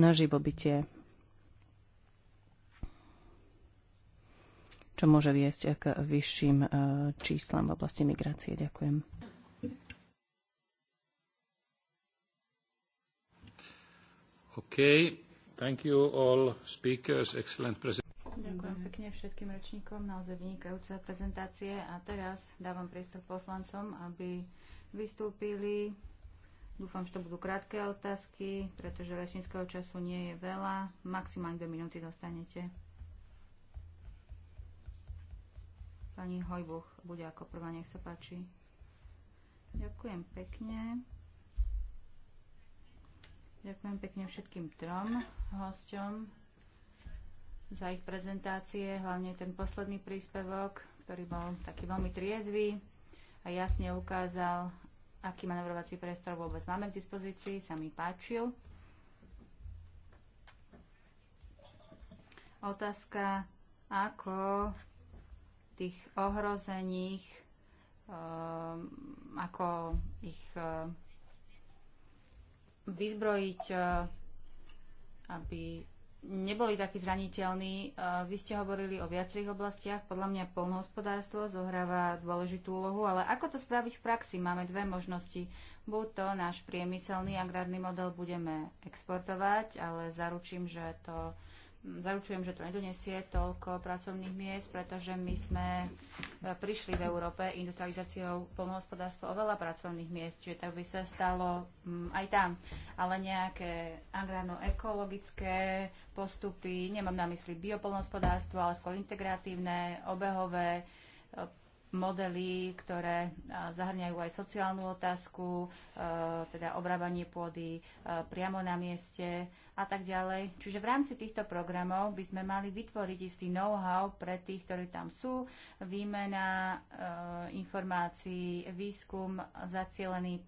na živobytie, čo môže viesť k vyšším číslam v oblasti migrácie. Ďakujem. Okay. Thank you all speakers. Excellent Ďakujem pekne všetkým rečníkom, naozaj vynikajúce prezentácie. A teraz dávam priestor poslancom, aby vystúpili. Dúfam, že to budú krátke otázky, pretože rečníckého času nie je veľa. Maximálne dve minúty dostanete. Pani Hojbuch bude ako prvá, nech sa páči. Ďakujem pekne. Ďakujem pekne všetkým trom hosťom za ich prezentácie, hlavne ten posledný príspevok, ktorý bol taký veľmi triezvy a jasne ukázal, aký manevrovací priestor vôbec máme k dispozícii, sa mi páčil. Otázka, ako tých ohrozených, um, ako ich um, vyzbrojiť, e, aby neboli takí zraniteľní. E, vy ste hovorili o viacerých oblastiach. Podľa mňa polnohospodárstvo zohráva dôležitú úlohu, ale ako to spraviť v praxi? Máme dve možnosti. Buď to náš priemyselný agrárny model budeme exportovať, ale zaručím, že to Zaručujem, že to nedonesie toľko pracovných miest, pretože my sme e, prišli v Európe industrializáciou polnohospodárstva o veľa pracovných miest, čiže tak by sa stalo mm, aj tam. Ale nejaké agrárno-ekologické postupy, nemám na mysli biopolnohospodárstvo, ale skôr integratívne, obehové, e, modely, ktoré zahrňajú aj sociálnu otázku, e, teda obrábanie pôdy e, priamo na mieste a tak ďalej. Čiže v rámci týchto programov by sme mali vytvoriť istý know-how pre tých, ktorí tam sú, výmena e, informácií, výskum zacielený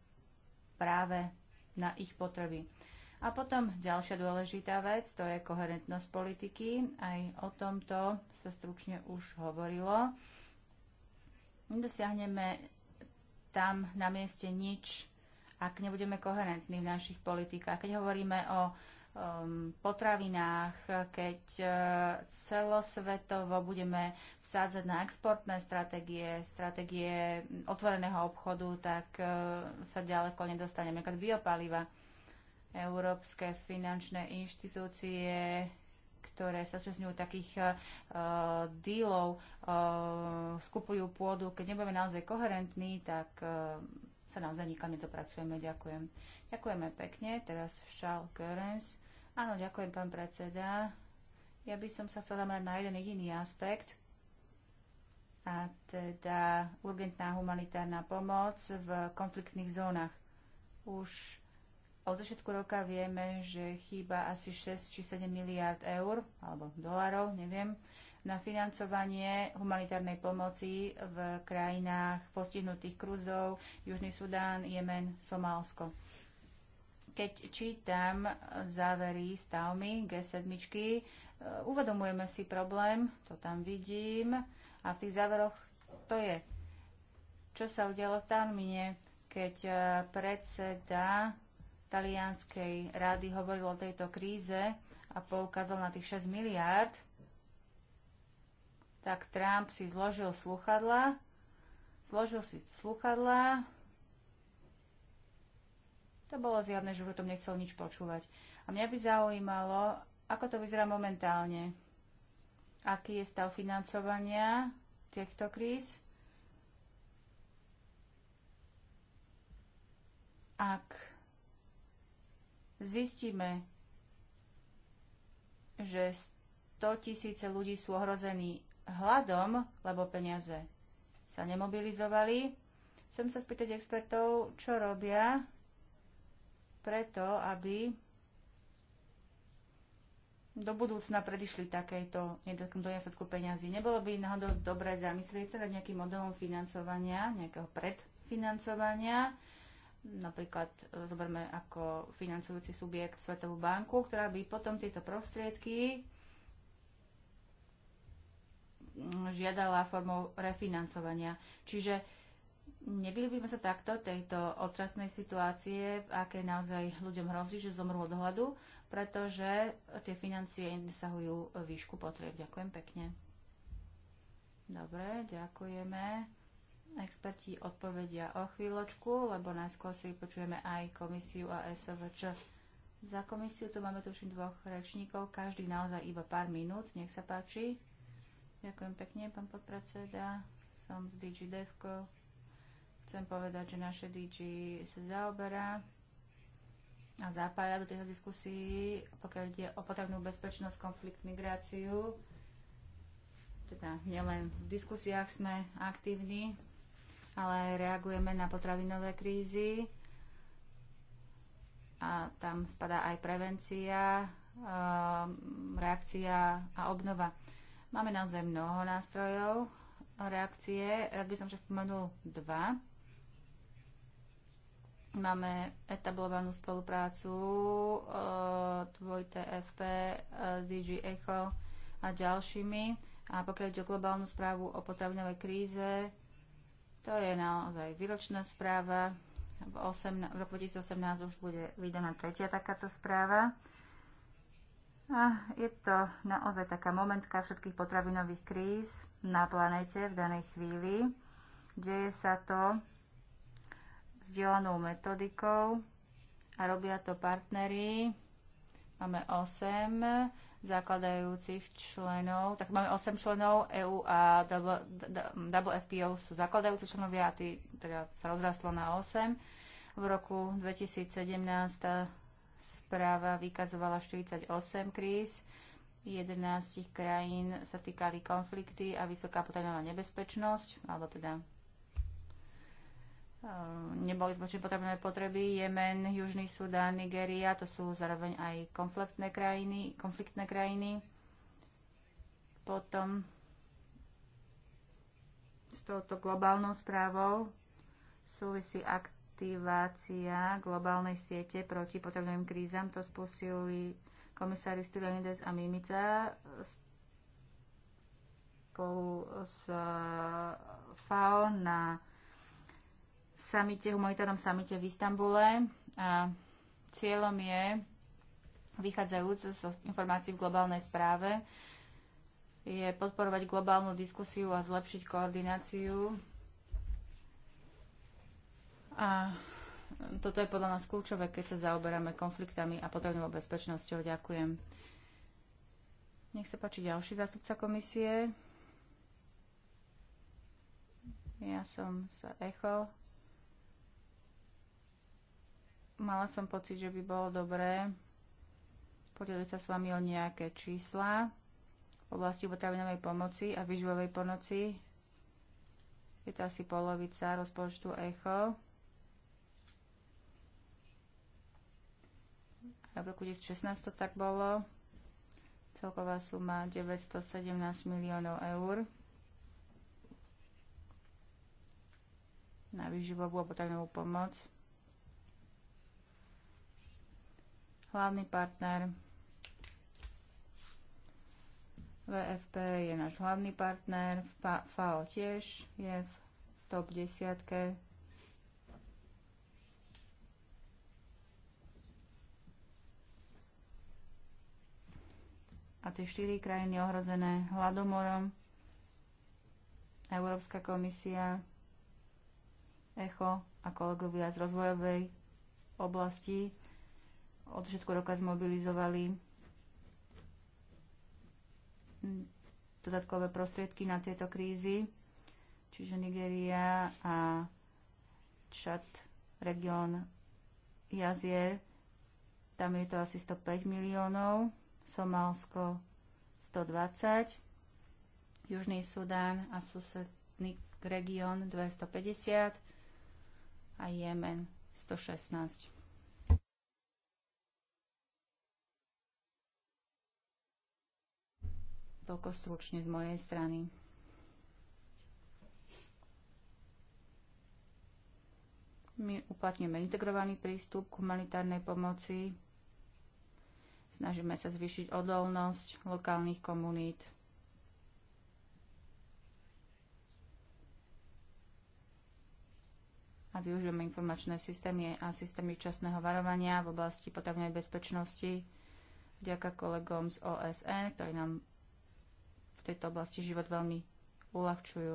práve na ich potreby. A potom ďalšia dôležitá vec, to je koherentnosť politiky. Aj o tomto sa stručne už hovorilo nedosiahneme tam na mieste nič, ak nebudeme koherentní v našich politikách. Keď hovoríme o um, potravinách, keď uh, celosvetovo budeme vsádzať na exportné stratégie, stratégie otvoreného obchodu, tak uh, sa ďaleko nedostaneme. Keď biopaliva, európske finančné inštitúcie ktoré sa súčasňujú takých uh, dílov, uh, skupujú pôdu. Keď nebudeme naozaj koherentní, tak uh, sa naozaj nikam nedopracujeme. Ďakujem. Ďakujeme pekne. Teraz Charles Görens. Áno, ďakujem, pán predseda. Ja by som sa chcel zamerať na jeden jediný aspekt, a teda urgentná humanitárna pomoc v konfliktných zónach. Už od začiatku roka vieme, že chýba asi 6 či 7 miliard eur alebo dolarov, neviem, na financovanie humanitárnej pomoci v krajinách postihnutých kruzov Južný Sudán, Jemen, Somálsko. Keď čítam závery stavmy G7, e, uvedomujeme si problém, to tam vidím a v tých záveroch to je. Čo sa udialo v Talmine, keď e, predseda talianskej rady hovoril o tejto kríze a poukázal na tých 6 miliárd, tak Trump si zložil sluchadla, zložil si sluchadla, to bolo zjavné, že o tom nechcel nič počúvať. A mňa by zaujímalo, ako to vyzerá momentálne. Aký je stav financovania týchto kríz? Ak zistíme, že 100 tisíce ľudí sú ohrození hladom, lebo peniaze sa nemobilizovali. Chcem sa spýtať expertov, čo robia preto, aby do budúcna predišli takéto nedotknuté do nedostatku peňazí. Nebolo by náhodou dobré zamyslieť sa nad nejakým modelom financovania, nejakého predfinancovania, Napríklad e, zoberme ako financujúci subjekt Svetovú banku, ktorá by potom tieto prostriedky mm, žiadala formou refinancovania. Čiže nebyli by sme sa takto tejto otrasnej situácie, v aké naozaj ľuďom hrozí, že zomrú od hladu, pretože tie financie nesahujú výšku potrieb. Ďakujem pekne. Dobre, ďakujeme. Experti odpovedia o chvíľočku, lebo najskôr si vypočujeme aj komisiu a SVČ. Za komisiu tu máme tuším dvoch rečníkov, každý naozaj iba pár minút, nech sa páči. Ďakujem pekne, pán podpredseda. Som z DG Devko. Chcem povedať, že naše DG sa zaoberá a zapája do tejto diskusii, pokiaľ ide o potrebnú bezpečnosť, konflikt, migráciu teda nielen v diskusiách sme aktívni, ale reagujeme na potravinové krízy a tam spadá aj prevencia, ehm, reakcia a obnova. Máme naozaj mnoho nástrojov reakcie. Rád by som však spomenul dva. Máme etablovanú spoluprácu ehm, dvojité FP, ehm, DG Echo a ďalšími. A pokiaľ ide o globálnu správu o potravinovej kríze, to je naozaj výročná správa. V, 8, v roku 2018 už bude vydaná tretia takáto správa. A je to naozaj taká momentka všetkých potravinových kríz na planete v danej chvíli. Deje sa to vzdelanou metodikou a robia to partnery. Máme 8 zakladajúcich členov, tak máme 8 členov EU a WFPO sú zakladajúci členovia a tý, teda sa rozrastlo na 8. V roku 2017 správa vykazovala 48 kríz, 11 krajín sa týkali konflikty a vysoká potravinová nebezpečnosť, alebo teda Eh, neboli zbočené potrebné potreby. Jemen, Južný Sudán, Nigeria, to sú zároveň aj konfliktné krajiny. Konfliktné krajiny. Potom s touto globálnou správou súvisí aktivácia globálnej siete proti potrebným krízam. To spustili komisári Stylianides a Mimica spolu s eh, FAO na samite, humanitárnom samite v Istambule a cieľom je, vychádzajúc z informácií v globálnej správe, je podporovať globálnu diskusiu a zlepšiť koordináciu. A toto je podľa nás kľúčové, keď sa zaoberáme konfliktami a potrebnou bezpečnosťou. Ďakujem. Nech sa páči ďalší zástupca komisie. Ja som z ECHO mala som pocit, že by bolo dobré podeliť sa s vami o nejaké čísla v oblasti potravinovej pomoci a vyživovej pomoci. Je to asi polovica rozpočtu ECHO. A v roku 2016 to tak bolo. Celková suma 917 miliónov eur na vyživovú a potravinovú pomoc. hlavný partner. VFP je náš hlavný partner, FAO tiež je v top 10. A tie štyri krajiny ohrozené hladomorom, Európska komisia, ECHO a kolegovia z rozvojovej oblasti od všetko roka zmobilizovali mm, dodatkové prostriedky na tieto krízy, čiže Nigeria a Čad, región jazier, tam je to asi 105 miliónov, Somálsko 120, Južný Sudán a susedný región 250 a Jemen 116. Toľko stručne z mojej strany. My uplatňujeme integrovaný prístup k humanitárnej pomoci. Snažíme sa zvýšiť odolnosť lokálnych komunít. a využijeme informačné systémy a systémy časného varovania v oblasti potravnej bezpečnosti. Ďaká kolegom z OSN, ktorí nám v tejto oblasti život veľmi uľahčujú.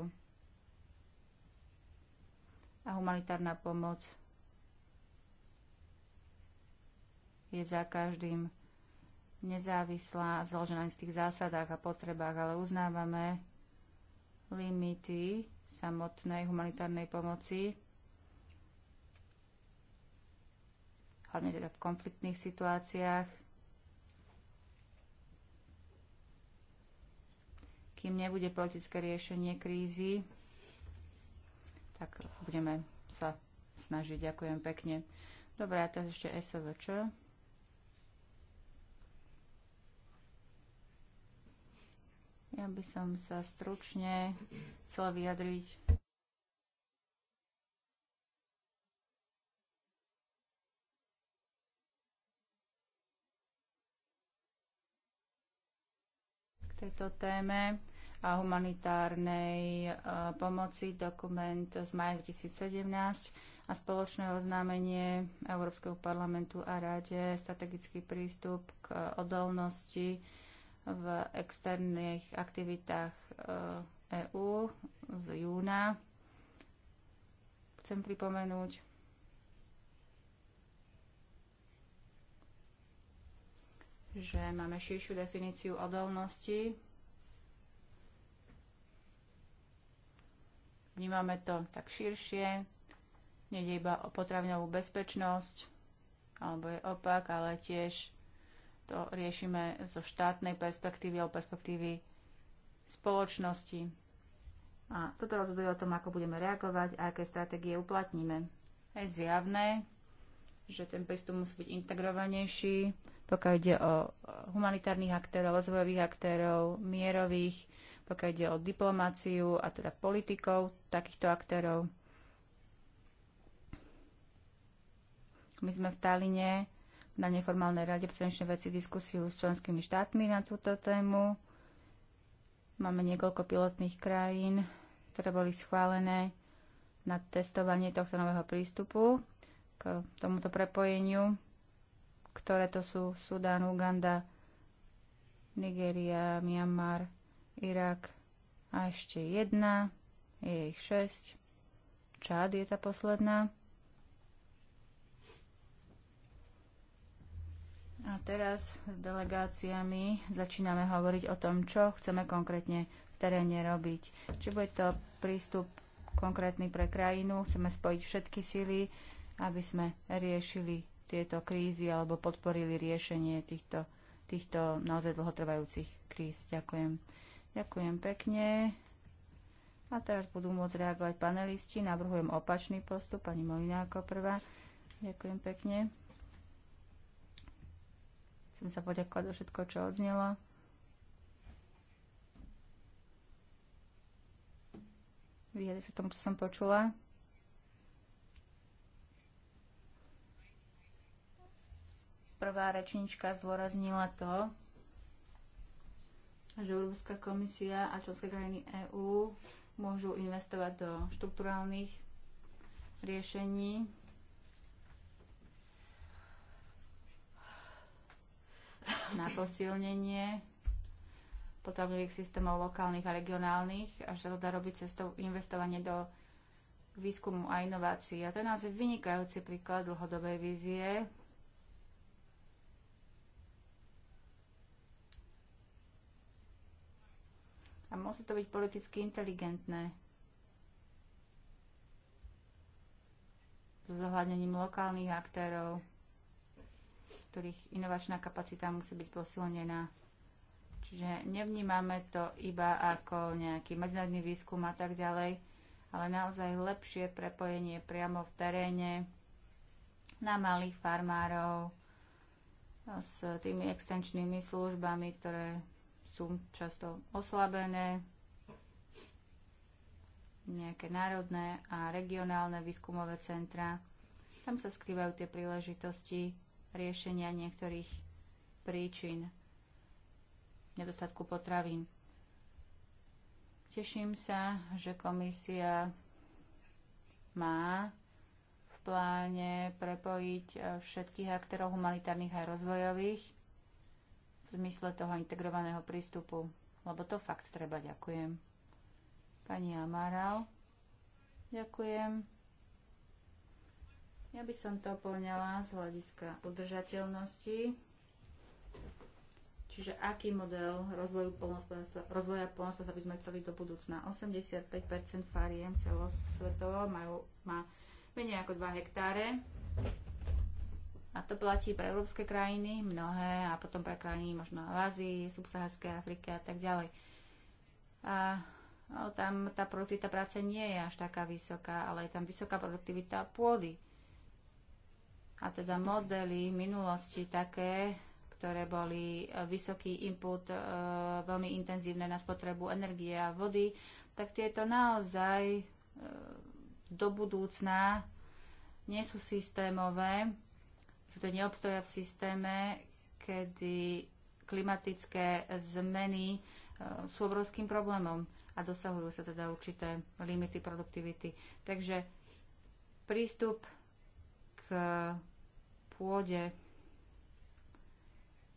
A humanitárna pomoc je za každým nezávislá, založená z tých zásadách a potrebách, ale uznávame limity samotnej humanitárnej pomoci, hlavne teda v konfliktných situáciách, Kým nebude politické riešenie krízy, tak budeme sa snažiť. Ďakujem pekne. Dobre, a teraz ešte SVČ. Ja by som sa stručne chcela vyjadriť tejto téme a humanitárnej e, pomoci, dokument z maja 2017 a spoločné oznámenie Európskeho parlamentu a Rade, strategický prístup k odolnosti v externých aktivitách EÚ e z júna. Chcem pripomenúť, že máme širšiu definíciu odolnosti. Vnímame to tak širšie. Nede iba o potravňovú bezpečnosť, alebo je opak, ale tiež to riešime zo štátnej perspektívy alebo perspektívy spoločnosti. A toto rozhoduje o tom, ako budeme reagovať a aké stratégie uplatníme. Je zjavné, že ten prístup musí byť integrovanejší, pokiaľ ide o humanitárnych aktérov, rozvojových aktérov, mierových, pokiaľ ide o diplomáciu a teda politikov takýchto aktérov. My sme v Taline na neformálnej rade pre veci diskusiu s členskými štátmi na túto tému. Máme niekoľko pilotných krajín, ktoré boli schválené na testovanie tohto nového prístupu k tomuto prepojeniu ktoré to sú Sudán, Uganda, Nigéria, Myanmar, Irak a ešte jedna, je ich šesť. Čad je tá posledná. A teraz s delegáciami začíname hovoriť o tom, čo chceme konkrétne v teréne robiť. Či bude to prístup konkrétny pre krajinu, chceme spojiť všetky síly, aby sme riešili tieto krízy alebo podporili riešenie týchto, týchto naozaj dlhotrvajúcich kríz. Ďakujem. Ďakujem pekne. A teraz budú môcť reagovať panelisti. Navrhujem opačný postup. Pani Molina ako prvá. Ďakujem pekne. Chcem sa poďakovať za všetko, čo odznelo. Vyjadri sa tomu, čo som počula. Prvá rečnička zdôraznila to, že Európska komisia a členské krajiny EÚ môžu investovať do štruktúrálnych riešení na posilnenie potravinových systémov lokálnych a regionálnych a že to dá robiť cestou investovanie do výskumu a inovácií. A to je naozaj vynikajúci príklad dlhodobej vízie, A musí to byť politicky inteligentné. S zohľadnením lokálnych aktérov, ktorých inovačná kapacita musí byť posilnená. Čiže nevnímame to iba ako nejaký medzinárodný výskum a tak ďalej, ale naozaj lepšie prepojenie priamo v teréne na malých farmárov s tými extenčnými službami, ktoré sú často oslabené, nejaké národné a regionálne výskumové centra. Tam sa skrývajú tie príležitosti riešenia niektorých príčin nedostatku potravín. Teším sa, že komisia má v pláne prepojiť všetkých aktérov humanitárnych a rozvojových v zmysle toho integrovaného prístupu, lebo to fakt treba. Ďakujem. Pani Amaral, ďakujem. Ja by som to poňala z hľadiska udržateľnosti, čiže aký model rozvoju polnospodárstva, rozvoja polnospodárstva by sme chceli do budúcna. 85% fariem celosvetovo majú, má menej ako 2 hektáre a to platí pre európske krajiny, mnohé, a potom pre krajiny možno v Ázii, subsaharskej Afrike a tak ďalej. A no, tam tá produktivita práce nie je až taká vysoká, ale je tam vysoká produktivita pôdy. A teda modely minulosti také, ktoré boli e, vysoký input, e, veľmi intenzívne na spotrebu energie a vody, tak tieto naozaj e, do budúcna nie sú systémové že to neobstoja v systéme, kedy klimatické zmeny e, sú obrovským problémom a dosahujú sa teda určité limity produktivity. Takže prístup k pôde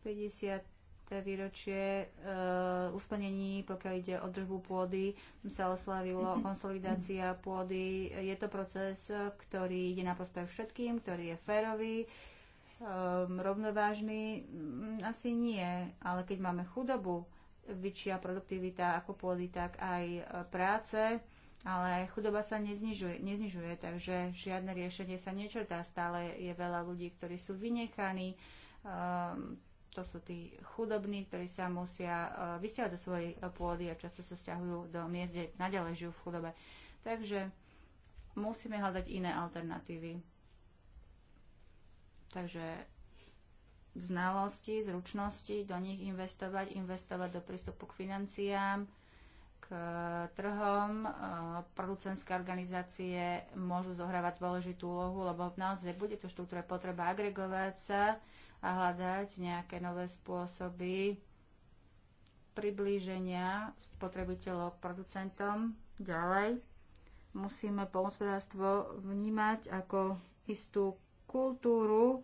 50. výročie uh, usplnení, pokiaľ ide o držbu pôdy, sa oslavilo konsolidácia pôdy. Je to proces, ktorý ide na prospech všetkým, ktorý je férový, um, rovnovážny? Mm, asi nie, ale keď máme chudobu, väčšia produktivita ako pôdy, tak aj e, práce, ale chudoba sa neznižuje, neznižuje, takže žiadne riešenie sa nečrtá. Stále je veľa ľudí, ktorí sú vynechaní. Um, to sú tí chudobní, ktorí sa musia uh, vysťahovať do svojej e, pôdy a často sa stiahujú do miest, kde naďalej žijú v chudobe. Takže musíme hľadať iné alternatívy. Takže znalosti, zručnosti, do nich investovať, investovať do prístupu k financiám, k trhom. E, Producentské organizácie môžu zohrávať dôležitú úlohu, lebo naozaj bude to štruktúra potreba agregovať sa a hľadať nejaké nové spôsoby priblíženia spotrebiteľov k producentom. Ďalej musíme poľnospodárstvo vnímať ako istú kultúru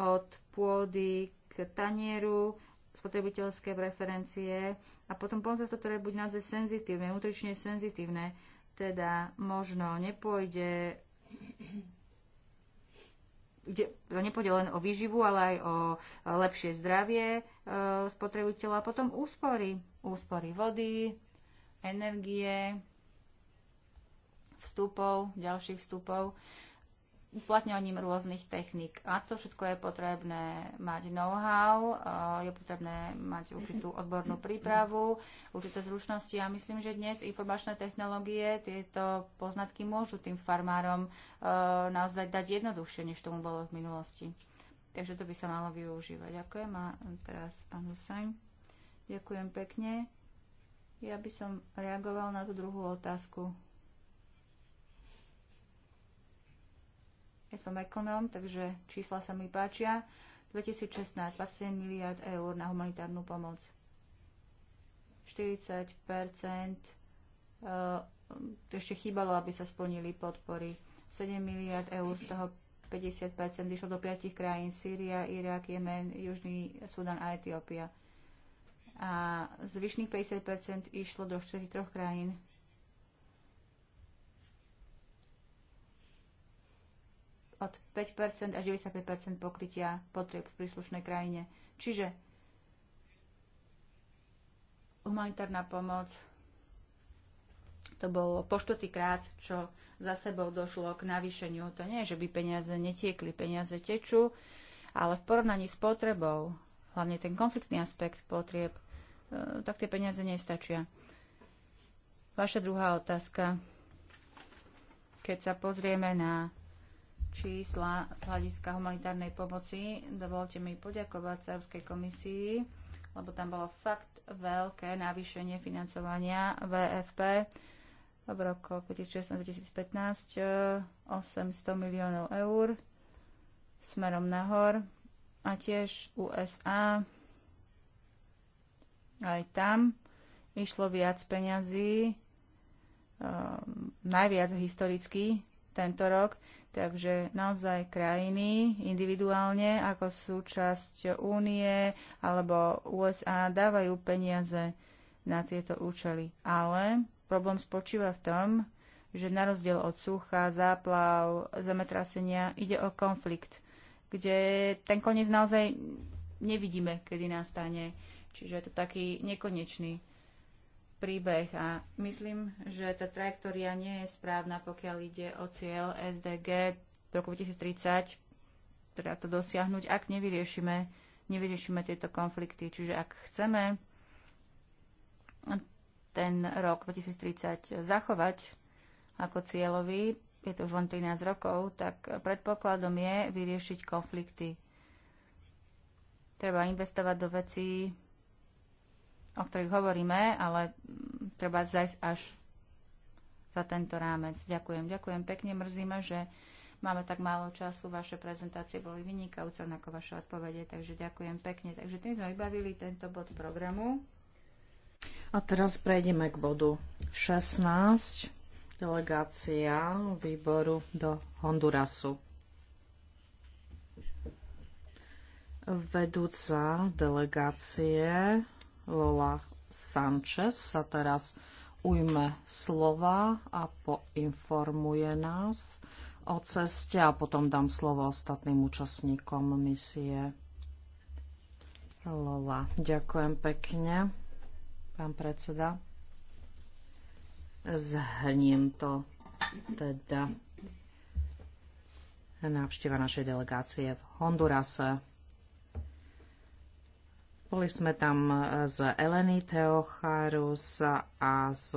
od pôdy k tanieru, spotrebiteľské preferencie a potom poľnohospodárstvo, ktoré buď naozaj senzitívne, nutrične senzitívne, teda možno nepôjde kde nepôjde len o výživu, ale aj o lepšie zdravie e, spotrebiteľa. Potom úspory. Úspory vody, energie, vstupov, ďalších vstupov uplatňovaním rôznych techník. A to všetko je potrebné mať know-how, je potrebné mať určitú odbornú prípravu, určité zručnosti. Ja myslím, že dnes informačné technológie tieto poznatky môžu tým farmárom e, naozaj dať jednoduchšie, než tomu bolo v minulosti. Takže to by sa malo využívať. Ďakujem. A teraz pán Husajn. Ďakujem pekne. Ja by som reagoval na tú druhú otázku. Ja som ekonóm, takže čísla sa mi páčia. 2016 27 miliard eur na humanitárnu pomoc. 40 eh, ešte chýbalo, aby sa splnili podpory. 7 miliard eur, z toho 50 išlo do 5 krajín Sýria, Irak, Jemen, Južný Sudan a Etiópia. A zvyšných 50 išlo do 43 krajín od 5% až 95% pokrytia potrieb v príslušnej krajine. Čiže humanitárna pomoc to bolo po krát, čo za sebou došlo k navýšeniu. To nie je, že by peniaze netiekli, peniaze tečú, ale v porovnaní s potrebou, hlavne ten konfliktný aspekt potrieb, e, tak tie peniaze nestačia. Vaša druhá otázka. Keď sa pozrieme na čísla z hľadiska humanitárnej pomoci. Dovolte mi poďakovať Európskej komisii, lebo tam bolo fakt veľké navýšenie financovania VFP v roku 2016-2015 800 eh, miliónov eur smerom nahor a tiež USA aj tam išlo viac peňazí, um, najviac historicky tento rok. Takže naozaj krajiny individuálne ako súčasť únie alebo USA dávajú peniaze na tieto účely. Ale problém spočíva v tom, že na rozdiel od sucha, záplav, zemetrasenia ide o konflikt, kde ten koniec naozaj nevidíme, kedy nastane. Čiže je to taký nekonečný príbeh a myslím, že tá trajektória nie je správna, pokiaľ ide o cieľ SDG v roku 2030, teda to dosiahnuť, ak nevyriešime, nevyriešime tieto konflikty. Čiže ak chceme ten rok 2030 zachovať ako cieľový, je to už len 13 rokov, tak predpokladom je vyriešiť konflikty. Treba investovať do vecí, o ktorých hovoríme, ale treba zajsť až za tento rámec. Ďakujem, ďakujem pekne. Mrzí ma, že máme tak málo času. Vaše prezentácie boli vynikajúce, ako vaše odpovede, takže ďakujem pekne. Takže tým sme vybavili tento bod programu. A teraz prejdeme k bodu 16. Delegácia výboru do Hondurasu. Vedúca delegácie Lola Sanchez sa teraz ujme slova a poinformuje nás o ceste a potom dám slovo ostatným účastníkom misie. Lola, ďakujem pekne, pán predseda. Zhrniem to teda návšteva našej delegácie v Hondurase boli sme tam s e, Eleny Teocharus a s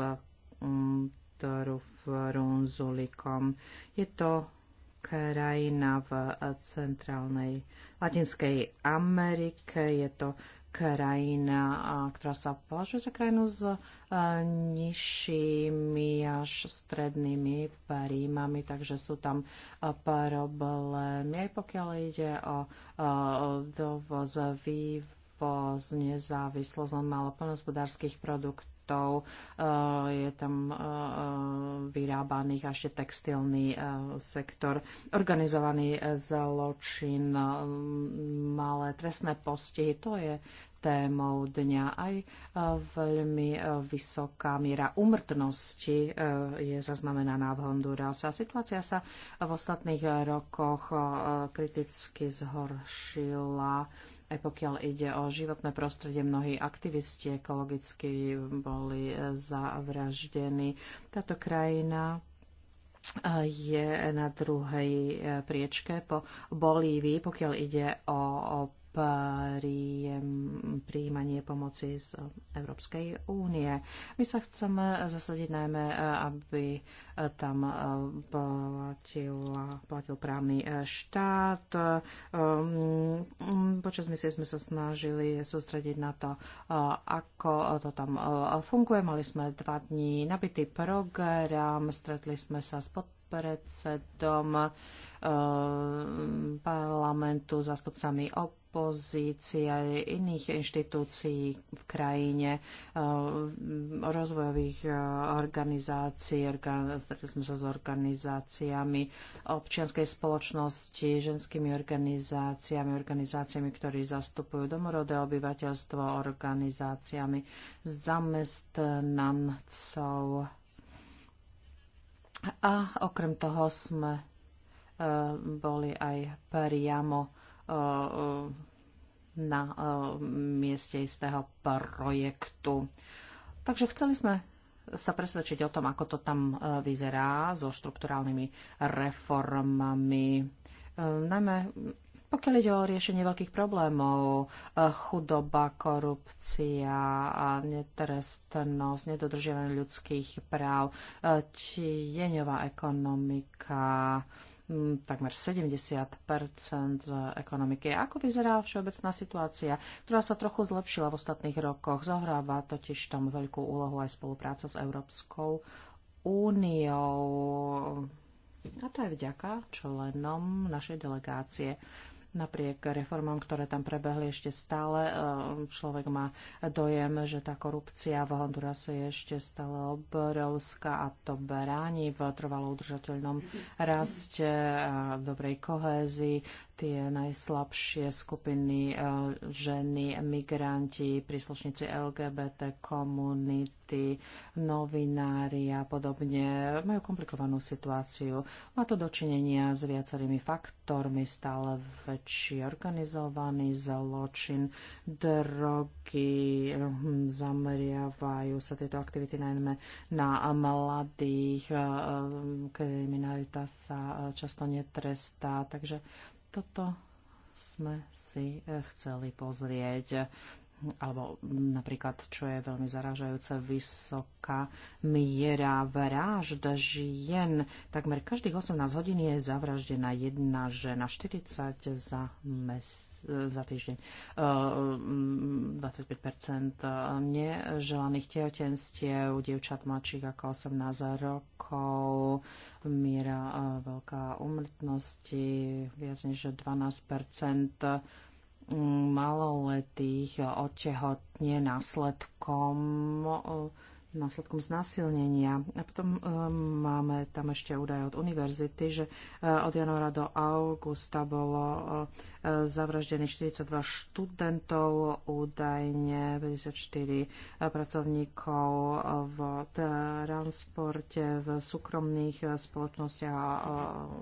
mm, Toru Frunzulikom. Je to krajina v e, centrálnej Latinskej Amerike. Je to krajina, ktorá sa považuje za krajinu s e, nižšími až strednými príjmami, takže sú tam problémy. Aj pokiaľ ide o dovoz, vývoz, z nezávislosť len malo poľnohospodárskych produktov, e, je tam e, e, vyrábaných ešte textilný sektor, organizovaný zločin, malé trestné postihy, to je témou dňa. Aj veľmi vysoká miera umrtnosti je zaznamenaná v Hondurase. A situácia sa v ostatných rokoch kriticky zhoršila aj pokiaľ ide o životné prostredie, mnohí aktivisti ekologicky boli zavraždení. Táto krajina e, je na druhej e, priečke po Bolívii, pokiaľ ide o príjmanie pomoci z Európskej únie. My sa chceme zasadiť najmä, aby tam platil, platil právny štát. Um, počas misie sme sa snažili sústrediť na to, ako to tam funguje. Mali sme dva dní nabitý program, stretli sme sa s pod predsedom um, parlamentu, zastupcami op pozícia iných inštitúcií v krajine, eh, rozvojových eh, organizácií, stretli sme sa s organizáciami občianskej spoločnosti, ženskými organizáciami, organizáciami, ktorí zastupujú domorodé obyvateľstvo, organizáciami zamestnancov. A okrem toho sme eh, boli aj priamo na mieste istého projektu. Takže chceli sme sa presvedčiť o tom, ako to tam e, vyzerá so štruktúrálnymi reformami. E, najmä pokiaľ ide o riešenie veľkých problémov, e, chudoba, korupcia, netrestnosť, nedodržiavanie ľudských práv, tieňová ekonomika, takmer 70 z ekonomiky. Ako vyzerá všeobecná situácia, ktorá sa trochu zlepšila v ostatných rokoch? Zohráva totiž tam veľkú úlohu aj spolupráca s Európskou úniou. A to aj vďaka členom našej delegácie. Napriek reformám, ktoré tam prebehli ešte stále, e, človek má dojem, že tá korupcia v Hondurase je ešte stále obrovská a to beráni v trvalo udržateľnom raste a dobrej kohézii tie najslabšie skupiny e, ženy, migranti, príslušníci LGBT komunity, novinári a podobne majú komplikovanú situáciu. Má to dočinenia s viacerými faktormi, stále väčší organizovaný zločin, drogy, hm, zameriavajú sa tieto aktivity najmä na mladých, e, e, kriminalita sa často netrestá, takže toto sme si e, chceli pozrieť alebo napríklad, čo je veľmi zaražajúce, vysoká miera vražd žien. Takmer každých 18 hodín je zavraždená jedna žena, 40 za mesiac za týždeň 25 uh, mm, uh, neželaných tehotenstiev, dievčat mladších ako 18 rokov, miera uh, veľká umrtnosti, viac než 12 mm, maloletých odtehotne následkom následkom znásilnenia. A potom um, máme tam ešte údaje od univerzity, že uh, od januára do augusta bolo zavraždených 42 študentov, údajne 54 pracovníkov v transporte, v súkromných spoločnostiach a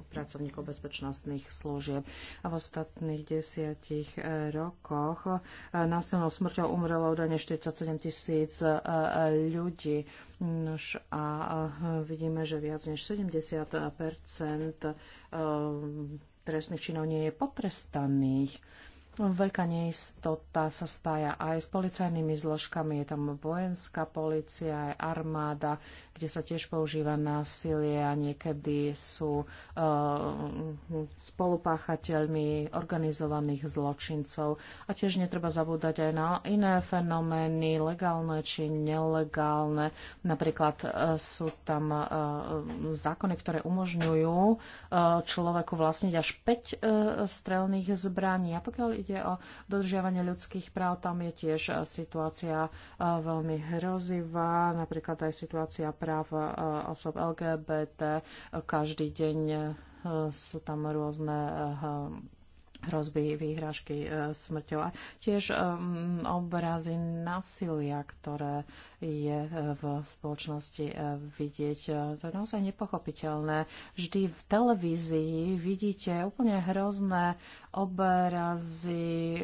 pracovníkov bezpečnostných služieb. v ostatných desiatich rokoch násilnou smrťou umrelo údajne 47 tisíc e, ľudí. Nož a vidíme, že viac než 70 trestných činov nie je potrestaných. Veľká neistota sa spája aj s policajnými zložkami. Je tam vojenská policia, aj armáda kde sa tiež používa násilie a niekedy sú uh, spolupáchateľmi organizovaných zločincov. A tiež netreba zabúdať aj na iné fenomény, legálne či nelegálne. Napríklad uh, sú tam uh, zákony, ktoré umožňujú človeku vlastniť až 5 strelných zbraní. A pokiaľ ide o dodržiavanie ľudských práv, tam je tiež situácia veľmi hrozivá, napríklad aj situácia pre práv eh, osob LGBT. Každý deň eh, sú tam rôzne eh, hrozby, výhražky smrťou a tiež obrazy násilia, ktoré je v spoločnosti vidieť. To je naozaj nepochopiteľné. Vždy v televízii vidíte úplne hrozné obrazy e,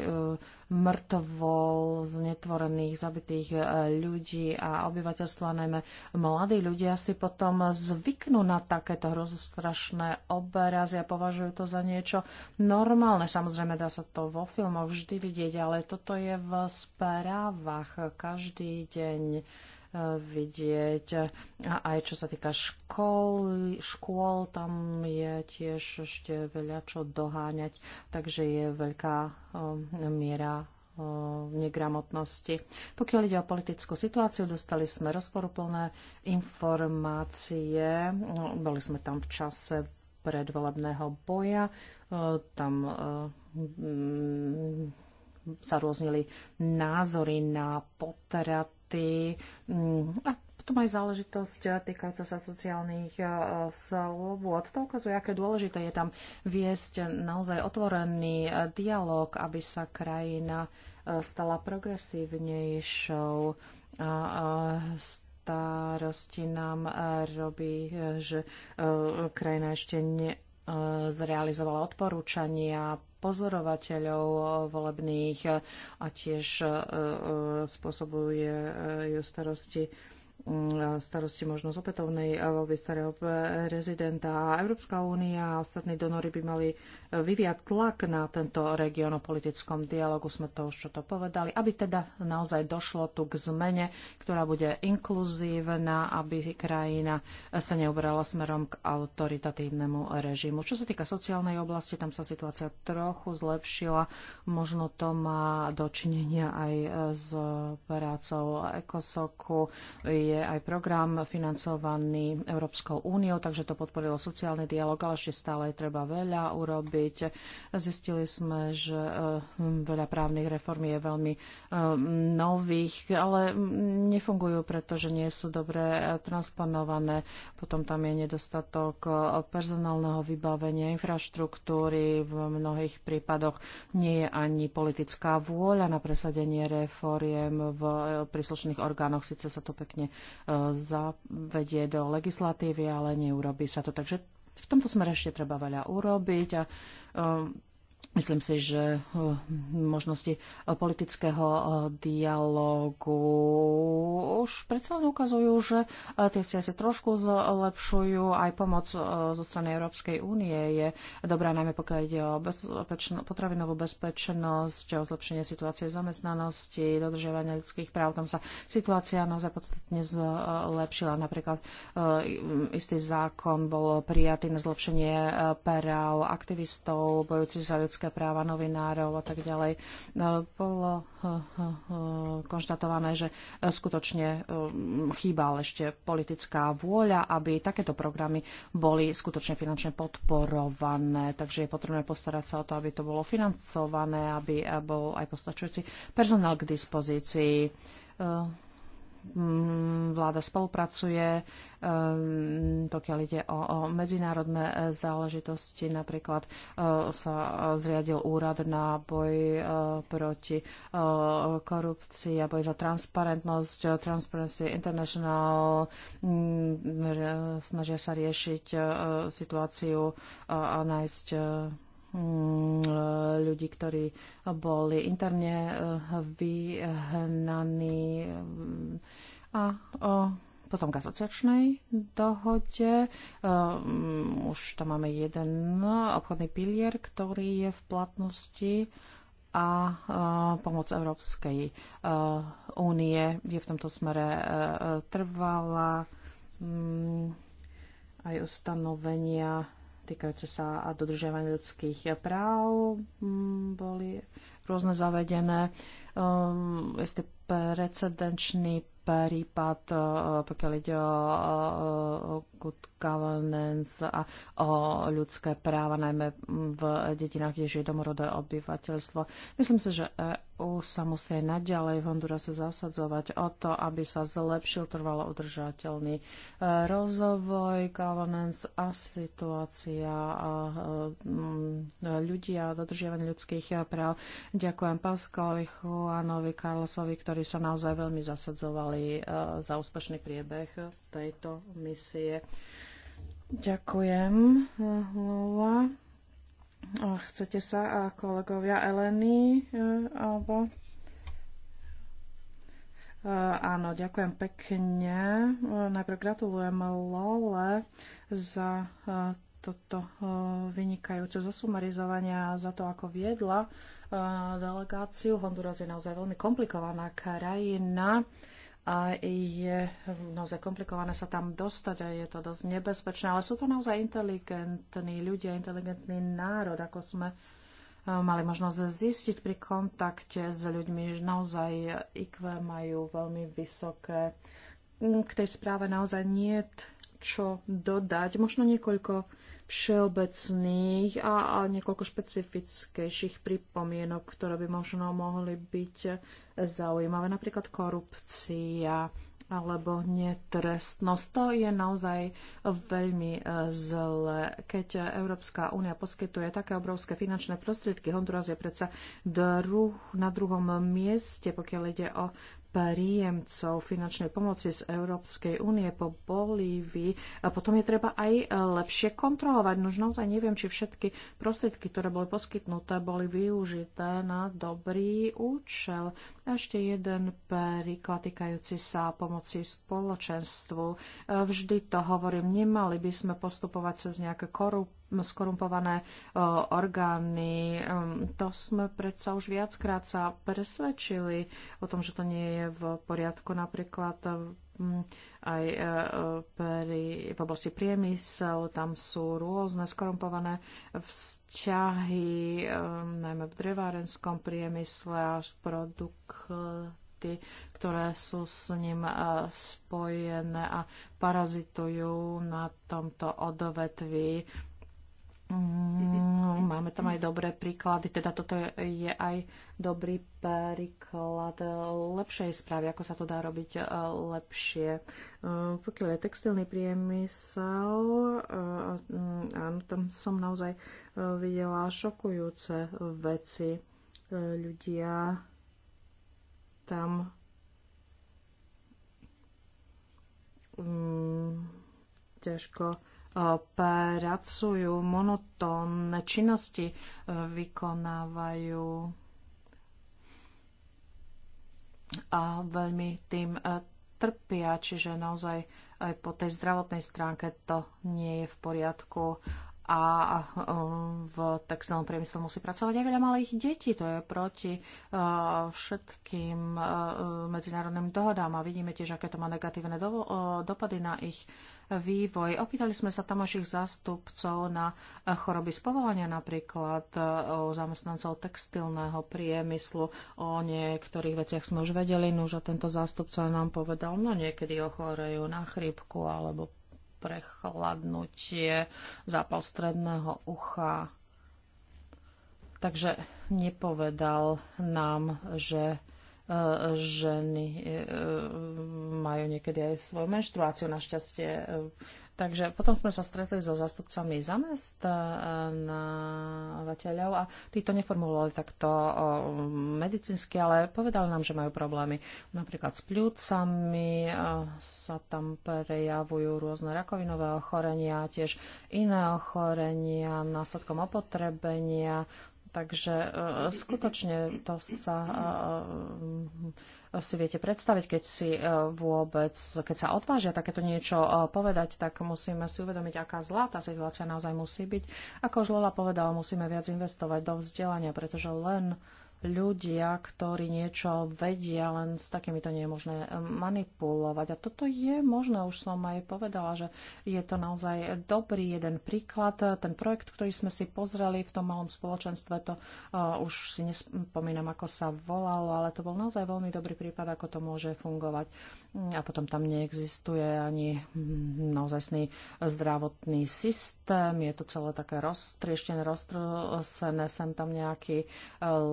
mŕtvol, znetvorených, zabitých e, ľudí a obyvateľstva, najmä mladí ľudia si potom zvyknú na takéto hrozostrašné obrazy a považujú to za niečo normálne. Samozrejme, dá sa to vo filmoch vždy vidieť, ale toto je v správach každý deň vidieť. A aj čo sa týka škôl, škôl, tam je tiež ešte veľa čo doháňať, takže je veľká eh, miera eh, negramotnosti. Pokiaľ ide o politickú situáciu, dostali sme rozporuplné informácie. Boli sme tam v čase predvolebného boja. Eh, tam sa rôznili názory na potrat hodnoty mm, a potom aj záležitosť eh, týkajúca sa sociálnych eh, slobôd. To ukazuje, aké dôležité je tam viesť naozaj otvorený eh, dialog, aby sa krajina stala progresívnejšou. A, starosti nám robí, že krajina ešte ne zrealizovala odporúčania pozorovateľov volebných a tiež e, e, spôsobuje ju starosti Mm, starosti možnosť opätovnej eh, voľby starého eh, A Európska únia a ostatní donory by mali eh, vyviať tlak na tento región o politickom dialogu, sme to už čo to povedali, aby teda naozaj došlo tu k zmene, ktorá bude inkluzívna, aby krajina sa neubrala smerom k autoritatívnemu režimu. Čo sa týka sociálnej oblasti, tam sa situácia trochu zlepšila. Možno to má dočinenia aj s prácou ECOSOKu je aj program financovaný Európskou úniou, takže to podporilo sociálny dialog, ale ešte stále je treba veľa urobiť. Zistili sme, že hm, veľa právnych reform je veľmi hm, nových, ale hm, nefungujú, pretože nie sú dobre eh, transponované. Potom tam je nedostatok eh, personálneho vybavenia, infraštruktúry. V mnohých prípadoch nie je ani politická vôľa na presadenie reforiem v eh, príslušných orgánoch. Sice sa to pekne zavedie do legislatívy, ale neurobi sa to. Takže v tomto smere ešte treba veľa urobiť a Myslím si, že eh, možnosti eh, politického eh, dialogu už predsa len ukazujú, že tie vzťahy trošku zlepšujú. Aj pomoc zo strany Európskej únie je dobrá, najmä pokiaľ ide o bezpečno, potravinovú bezpečnosť, o zlepšenie situácie zamestnanosti, dodržiavanie ľudských práv. Tam sa situácia naozaj podstatne zlepšila. Napríklad istý zákon bol prijatý na zlepšenie práv aktivistov bojúcich za ľudské ľudské práva novinárov a tak ďalej. E, bolo e, e, konštatované, že skutočne chýbal ešte politická vôľa, aby takéto programy boli skutočne finančne podporované. Takže je potrebné postarať sa o to, aby to bolo financované, aby bol aj postačujúci personál k dispozícii Mm, vláda spolupracuje, ehm, pokiaľ ide o, o medzinárodné e, záležitosti. Napríklad e, sa zriadil úrad na boj e, proti korupcii a boj za transparentnosť. Transparency International mm, snažia sa riešiť situáciu a nájsť Mm, ľudí, ktorí boli interne eh, vyhnaní mm, a o potom k asociačnej dohode. Um, už tam máme jeden obchodný pilier, ktorý je v platnosti a eh, pomoc Európskej únie je v tomto smere trvalá. Aj ustanovenia týkajúce sa dodržiavania ľudských práv mm, boli rôzne zavedené. Um, precedenčný prípad, uh, pokiaľ ide uh, o good governance a o ľudské práva, najmä v dedinách, kde žije domorodé obyvateľstvo. Myslím si, že EÚ sa aj naďalej v Hondurase zasadzovať o to, aby sa zlepšil trvalo udržateľný e, rozvoj, governance a situácia a e, ľudia dodržiavanie ľudských e, práv. Ďakujem Paskovi Juanovi, Carlosovi, ktorí sa naozaj veľmi zasadzovali za úspešný priebeh tejto misie. Ďakujem, Lula. Chcete sa, a kolegovia Eleny, e, alebo... E, áno, ďakujem pekne. E, najprv gratulujem Lole za toto vynikajúce zosumarizovanie a za to, ako viedla delegáciu. Honduras je naozaj veľmi komplikovaná krajina a je naozaj komplikované sa tam dostať a je to dosť nebezpečné. Ale sú to naozaj inteligentní ľudia, inteligentný národ, ako sme eh, mali možnosť zistiť pri kontakte s ľuďmi, že naozaj IQ majú veľmi vysoké. Hm, k tej správe naozaj nie čo dodať. Možno niekoľko všeobecných a, a niekoľko špecifickejších pripomienok, ktoré by možno mohli byť zaujímavé. Napríklad korupcia, alebo netrestnosť. To je naozaj veľmi e, zlé. Keď Európska únia poskytuje také obrovské finančné prostriedky, Honduras je predsa druh, na druhom mieste, pokiaľ ide o príjemcov finančnej pomoci z Európskej únie po Bolívii. A potom je treba aj e, lepšie kontrolovať. No, naozaj neviem, či všetky prostriedky, ktoré boli poskytnuté, boli využité na dobrý účel. Ešte jeden príklad týkajúci sa pomoci spoločenstvu. E, vždy to hovorím, nemali by sme postupovať cez nejaké korupcie skorumpované e, orgány. To sme predsa už viackrát sa presvedčili o tom, že to nie je v poriadku. Napríklad e, aj e, pri, v oblasti priemysel, tam sú rôzne skorumpované vzťahy, najmä v drevárenskom priemysle a produkty, ktoré sú s ním spojené a parazitujú na tomto odovetví. Mm, máme tam aj dobré príklady, teda toto je aj dobrý príklad lepšej správy, ako sa to dá robiť eh, lepšie. Eh, pokiaľ je textilný priemysel, eh, áno, tam som naozaj videla šokujúce veci. Ľudia tam mm, ťažko pracujú, monotónne činnosti e, vykonávajú a veľmi tým e, trpia, čiže naozaj aj po tej zdravotnej stránke to nie je v poriadku a e, v textilnom priemysle musí pracovať aj veľa malých detí. To je proti všetkým medzinárodným dohodám a vidíme tiež, aké to má negatívne dopady na ich vývoj. Opýtali sme sa tamojších zástupcov na choroby z povolania napríklad e, o zamestnancov textilného priemyslu. O niektorých veciach sme už vedeli, no že tento zástupca nám povedal, no niekedy ochorejú na chrypku alebo prechladnutie, zápal stredného ucha. Takže nepovedal nám, že ženy e, majú niekedy aj svoju menštruáciu našťastie. Takže potom sme sa stretli so zastupcami zamestnávateľov a tí to neformulovali takto e, medicínsky, ale povedali nám, že majú problémy napríklad s pľúcami, e, sa tam prejavujú rôzne rakovinové ochorenia, tiež iné ochorenia, následkom opotrebenia, Takže e, skutočne to sa e, si viete predstaviť, keď si e, vôbec, keď sa odvážia takéto niečo povedať, tak musíme si uvedomiť, aká zlá tá situácia naozaj musí byť. Ako už Lola povedala, musíme viac investovať do vzdelania, pretože len uh, ľudia, ktorí niečo vedia, len s takými to nie je možné eh, manipulovať. A toto je možné, už som aj povedala, že je to naozaj dobrý jeden príklad. Ten projekt, ktorý sme si pozreli v tom malom spoločenstve, to uh, už si nespomínam, ako sa volalo, ale to bol naozaj veľmi dobrý prípad, ako to môže fungovať a potom tam neexistuje ani naozajstný zdravotný systém, je to celé také roztrieštené, roztrsené, sem tam nejaký e,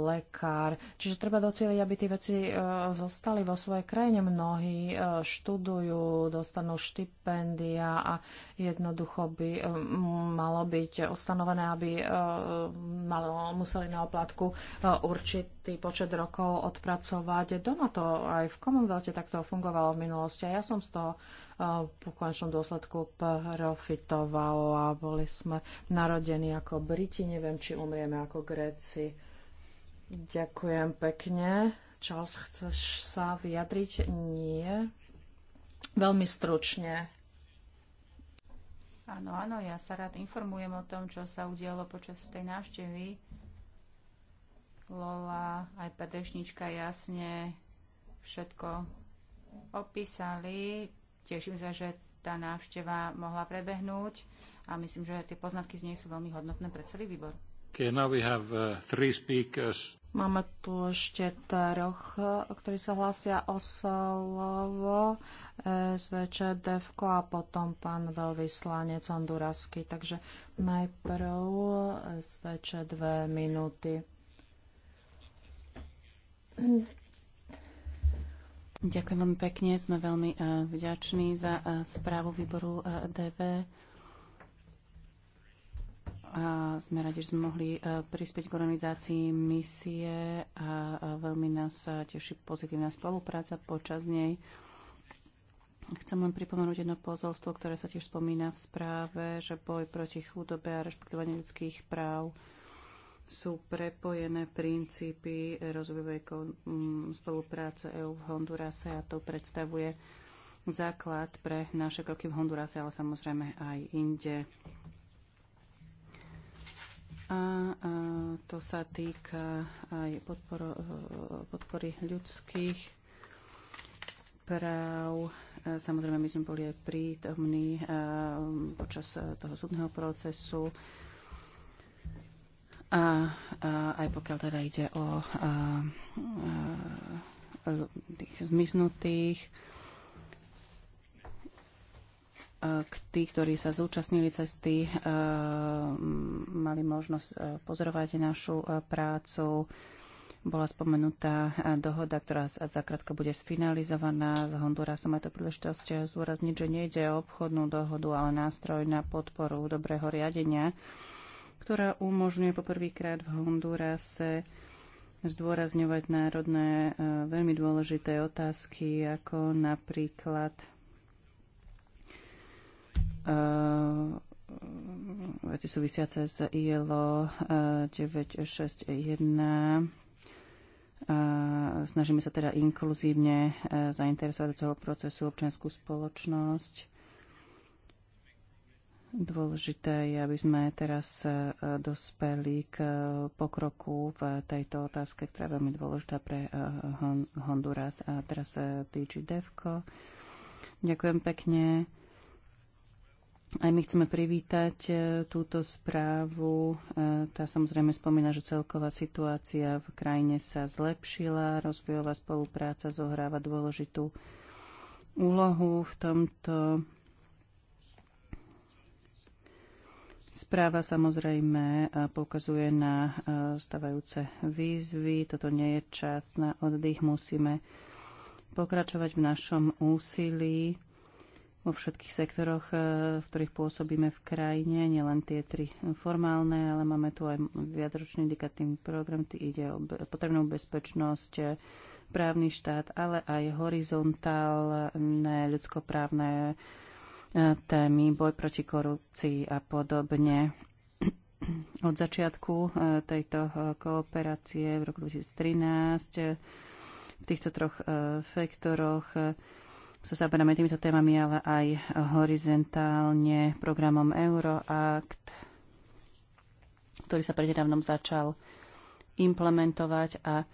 lekár. Čiže treba docieliť, aby tie veci e, zostali vo svojej krajine. Mnohí e, študujú, dostanú štipendia a jednoducho by malo byť ustanovené, aby malo, museli na oplatku určitý počet rokov odpracovať doma. To aj v Commonwealthe takto fungovalo v minulosti a ja som z toho po eh, konečnom dôsledku profitovala. Boli sme narodení ako Briti, neviem, či umrieme ako Gréci. Ďakujem pekne. Charles, chceš sa vyjadriť? Nie. Veľmi stručne. Áno, áno, ja sa rád informujem o tom, čo sa udialo počas tej návštevy. Lola, aj Pedešnička jasne všetko opísali. Teším sa, že tá návšteva mohla prebehnúť a myslím, že tie poznatky z nej sú veľmi hodnotné pre celý výbor. Okay, now we have, uh, three speakers. Máme tu ešte troch, ktorí sa hlásia o slovo, SVČ, Devko a potom pán veľvyslanec Hondurasky. Takže najprv SVČ dve minúty. Ďakujem veľmi pekne. Sme veľmi e, vďační za e, správu výboru e, DV. A sme radi, že sme mohli prispieť k organizácii misie a veľmi nás teší pozitívna spolupráca počas nej. Chcem len pripomenúť jedno pozolstvo, ktoré sa tiež spomína v správe, že boj proti chudobe a rešpektovanie ľudských práv sú prepojené princípy rozvojovej mm, spolupráce EÚ v Hondurase a to predstavuje základ pre naše kroky v Hondurase, ale samozrejme aj inde. A, a to sa týka aj podporo, podpory ľudských práv. Samozrejme, my sme boli aj prítomní počas toho súdneho procesu a, aj pokiaľ teda ide o tých zmiznutých, k tých, ktorí sa zúčastnili cesty, mali možnosť pozorovať našu prácu. Bola spomenutá dohoda, ktorá zakrátko bude sfinalizovaná s Hondurasom. má to príležitosť zdôrazniť, že nejde o obchodnú dohodu, ale nástroj na podporu dobrého riadenia ktorá umožňuje poprvýkrát v Hondurase zdôrazňovať národné e, veľmi dôležité otázky, ako napríklad uh, veci súvisiace s ILO uh, 961. Uh, snažíme sa teda inkluzívne e, zainteresovať do celého procesu občianskú spoločnosť Dôležité je, aby sme teraz e, dospeli k e, pokroku v tejto otázke, ktorá je veľmi dôležitá pre e, Honduras. A teraz DG Devko. Ďakujem pekne. Aj my chceme privítať túto správu. Tá samozrejme spomína, že celková situácia v krajine sa zlepšila, rozvojová spolupráca zohráva dôležitú úlohu v tomto Správa samozrejme e, poukazuje na e, stavajúce výzvy. Toto nie je čas na oddych. Musíme pokračovať v našom úsilí vo všetkých sektoroch, e, v ktorých pôsobíme v krajine, nielen tie tri formálne, ale máme tu aj viacročný indikatívny program, tý ide o potrebnú bezpečnosť, právny štát, ale aj horizontálne ľudskoprávne témy, boj proti korupcii a podobne. Od začiatku eh, tejto eh, kooperácie v roku 2013 eh, v týchto troch sektoroch sa zaberáme týmito témami, ale aj horizontálne programom Euroact, ktorý sa prednedávnom začal implementovať a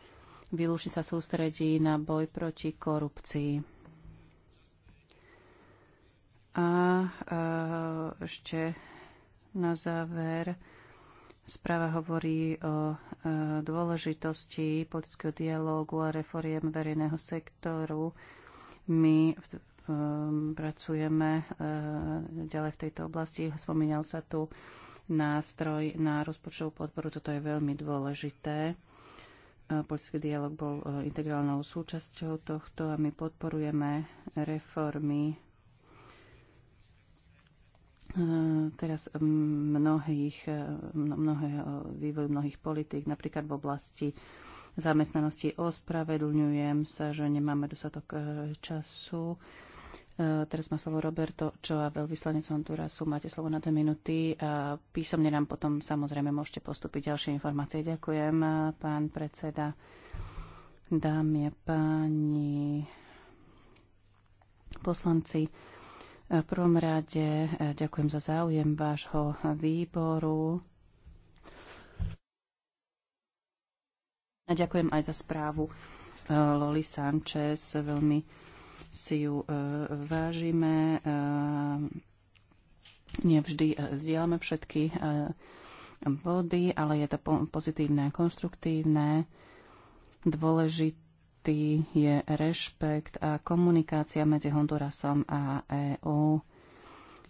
výlučne sa sústredí na boj proti korupcii. A e, ešte na záver správa hovorí o e, dôležitosti politického dialógu a reforiem verejného sektoru. My pracujeme e, ďalej v tejto oblasti. Spomínal sa tu nástroj na rozpočtovú podporu. Toto je veľmi dôležité. Polský dialog bol integrálnou súčasťou tohto a my podporujeme reformy E, teraz mnohých, e, mnohé e, vývoj mnohých politík, napríklad v oblasti zamestnanosti. Ospravedlňujem sa, že nemáme dostatok času. Teraz má slovo Roberto čo a veľvyslanec Hondurasu. Máte slovo na dve minúty a písomne nám potom samozrejme môžete postúpiť ďalšie informácie. Ďakujem, pán predseda. Dámy a páni poslanci, v prvom rade eh, ďakujem za záujem vášho výboru. A ďakujem aj za správu eh, Loli Sanchez. Veľmi si ju eh, vážime. Nevždy zdieľame všetky body, ale je to pozitívne a konštruktívne. Dôležité dôležitý je rešpekt a komunikácia medzi Hondurasom a EÚ.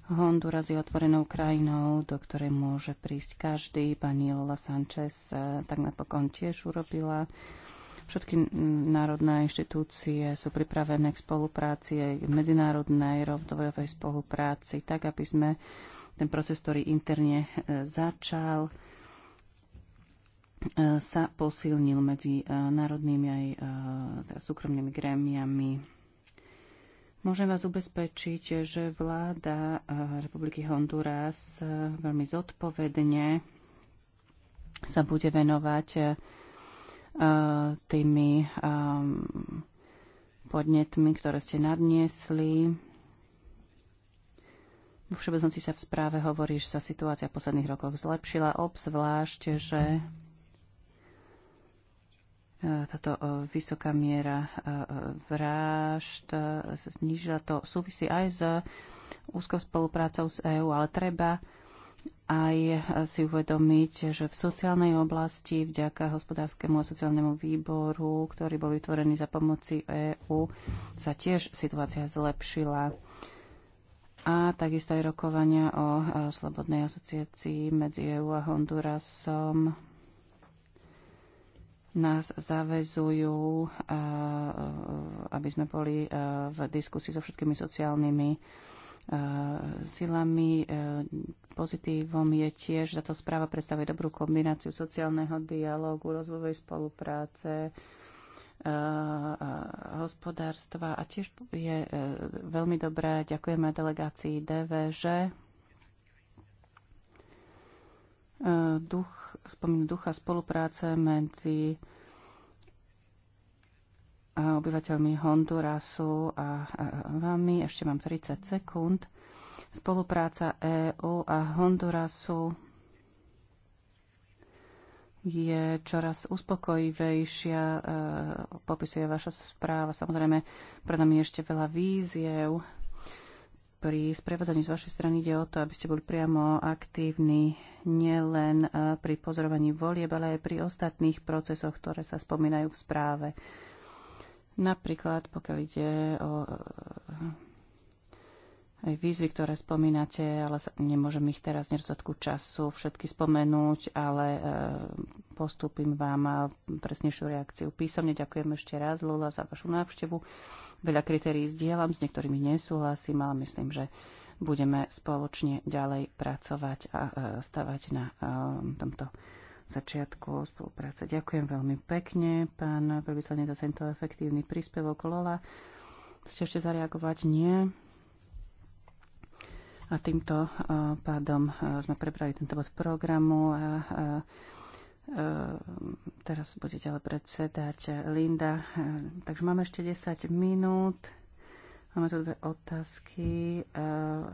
Honduras je otvorenou krajinou, do ktorej môže prísť každý. Pani Lola Sanchez eh, tak napokon tiež urobila. Všetky národné inštitúcie sú pripravené k spolupráci, aj medzinárodnej rovdvojovej spolupráci, tak aby sme ten proces, ktorý interne eh, začal, sa posilnil medzi e, národnými aj e, teda súkromnými grémiami. Môžem vás ubezpečiť, že vláda e, Republiky Honduras veľmi zodpovedne sa bude venovať tými podnetmi, ktoré ste nadniesli. V všeobecnosti sa v správe hovorí, že sa situácia v posledných rokoch zlepšila, obzvlášť, že táto e, vysoká miera e, e, vražd znižila. znížila. To súvisí aj s úzkou spoluprácou s EÚ, ale treba aj si uvedomiť, že v sociálnej oblasti vďaka hospodárskému a sociálnemu výboru, ktorý bol vytvorený za pomoci EÚ, sa tiež situácia zlepšila. A takisto aj rokovania o slobodnej asociácii medzi EÚ a Hondurasom nás zavezujú, eh, aby sme boli eh, v diskusii so všetkými sociálnymi eh, silami. Pozitívom je tiež, že táto správa predstavuje dobrú kombináciu sociálneho dialógu, rozvojovej spolupráce, hospodárstva a tiež je veľmi dobré, ďakujeme delegácii DVŽ, E, duch, spomínu ducha spolupráce medzi e, obyvateľmi Hondurasu a vami. Ešte mám 30 sekúnd. Spolupráca EÚ a Hondurasu je čoraz uspokojivejšia, e, popisuje vaša správa. Samozrejme, pre nami je ešte veľa víziev. Pri sprevádzaní z vašej strany ide o to, aby ste boli priamo aktívni nielen e, pri pozorovaní volieb, ale aj pri ostatných procesoch, ktoré sa spomínajú v správe. Napríklad, pokiaľ ide o e, aj výzvy, ktoré spomínate, ale nemôžem ich teraz nedostatku času všetky spomenúť, ale e, postupím vám presnejšiu reakciu písomne. Ďakujem ešte raz, Lula, za vašu návštevu. Veľa kritérií zdieľam, s niektorými nesúhlasím, ale myslím, že budeme spoločne ďalej pracovať a e, stavať na e, tomto začiatku spolupráce. Ďakujem veľmi pekne, pán veľvyslanec, za tento efektívny príspevok Lola. Chcete ešte zareagovať? Nie. A týmto e, pádom sme prebrali tento bod programu a teraz bude ďalej predsedať Linda. Takže máme ešte 10 minút. Máme tu dve otázky, eh,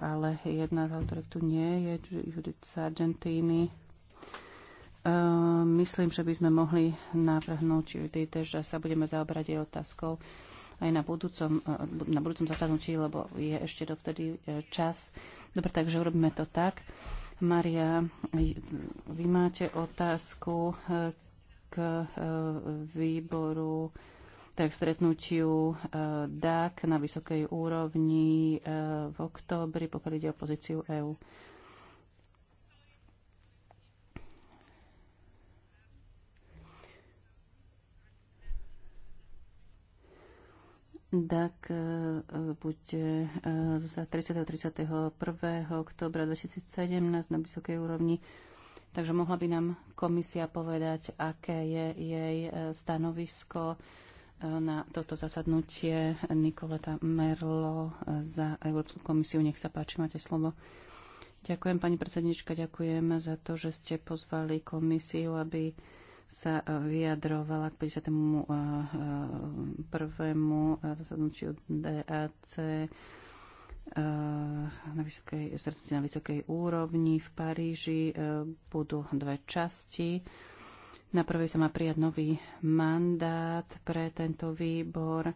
ale jedna z autorek tu nie je, Judith Sargentini. Eh, myslím, že by sme mohli navrhnúť Judith, že sa budeme zaobrať jej otázkou aj na budúcom, eh, na budúcom zasadnutí, lebo je ešte dovtedy čas. Dobre, takže urobíme to tak. Maria, vy máte otázku k výboru tak stretnutiu e, DAC na vysokej úrovni e, v októbri, pokiaľ ide o pozíciu EÚ. DAC e, bude za 30. 31. oktobra 2017 na vysokej úrovni. Takže mohla by nám komisia povedať, aké je jej stanovisko na toto zasadnutie Nikoleta Merlo za Európsku komisiu. Nech sa páči, máte slovo. Ďakujem, pani predsednička, ďakujem za to, že ste pozvali komisiu, aby sa vyjadrovala k 51. Eh, eh, zasadnutiu DAC eh, na vysokej, na vysokej úrovni v Paríži. Budú dve časti na prvej sa má prijať nový mandát pre tento výbor, e,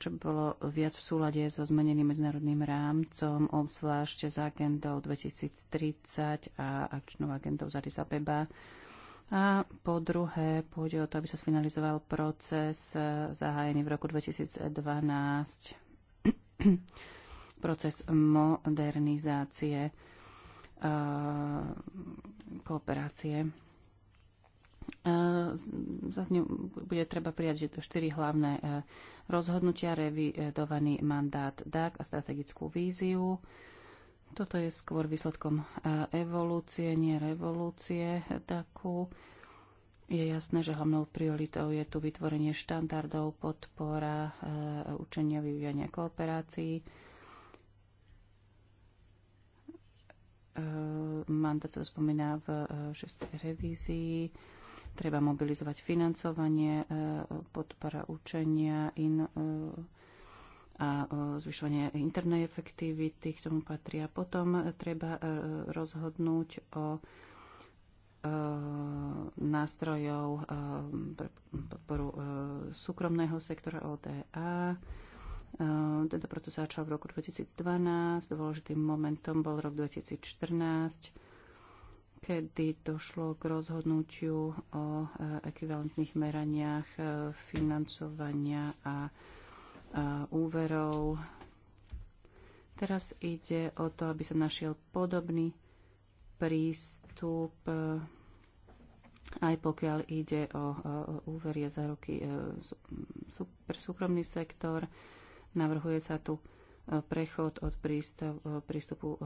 čo bolo viac v súlade so zmeneným medzinárodným rámcom, obzvlášť s agendou 2030 a akčnou agendou z Addis A po druhé, pôjde o to, aby sa sfinalizoval proces e, zahájený v roku 2012, proces modernizácie e, kooperácie Ehm, Zase bude treba prijať že to štyri hlavné e, rozhodnutia, revidovaný mandát DAC a strategickú víziu. Toto je skôr výsledkom e, evolúcie, nie revolúcie DACu. Je jasné, že hlavnou prioritou je tu vytvorenie štandardov, podpora e, učenia, vyvíjania kooperácií. Mandát sa spomína v šestej revízii Treba mobilizovať financovanie, e, podpora učenia in, e, a e, zvyšovanie internej efektivity, k tomu patrí. A potom treba rozhodnúť o nástrojov pre podporu súkromného sektora ODA. Tento proces začal v roku 2012, dôležitým momentom bol rok 2014, kedy došlo k rozhodnutiu o e, ekvivalentných meraniach e, financovania a e, úverov. Teraz ide o to, aby sa našiel podobný prístup, aj pokiaľ ide o úverie za roky pre súkromný sektor. Navrhuje sa tu prechod od prístupu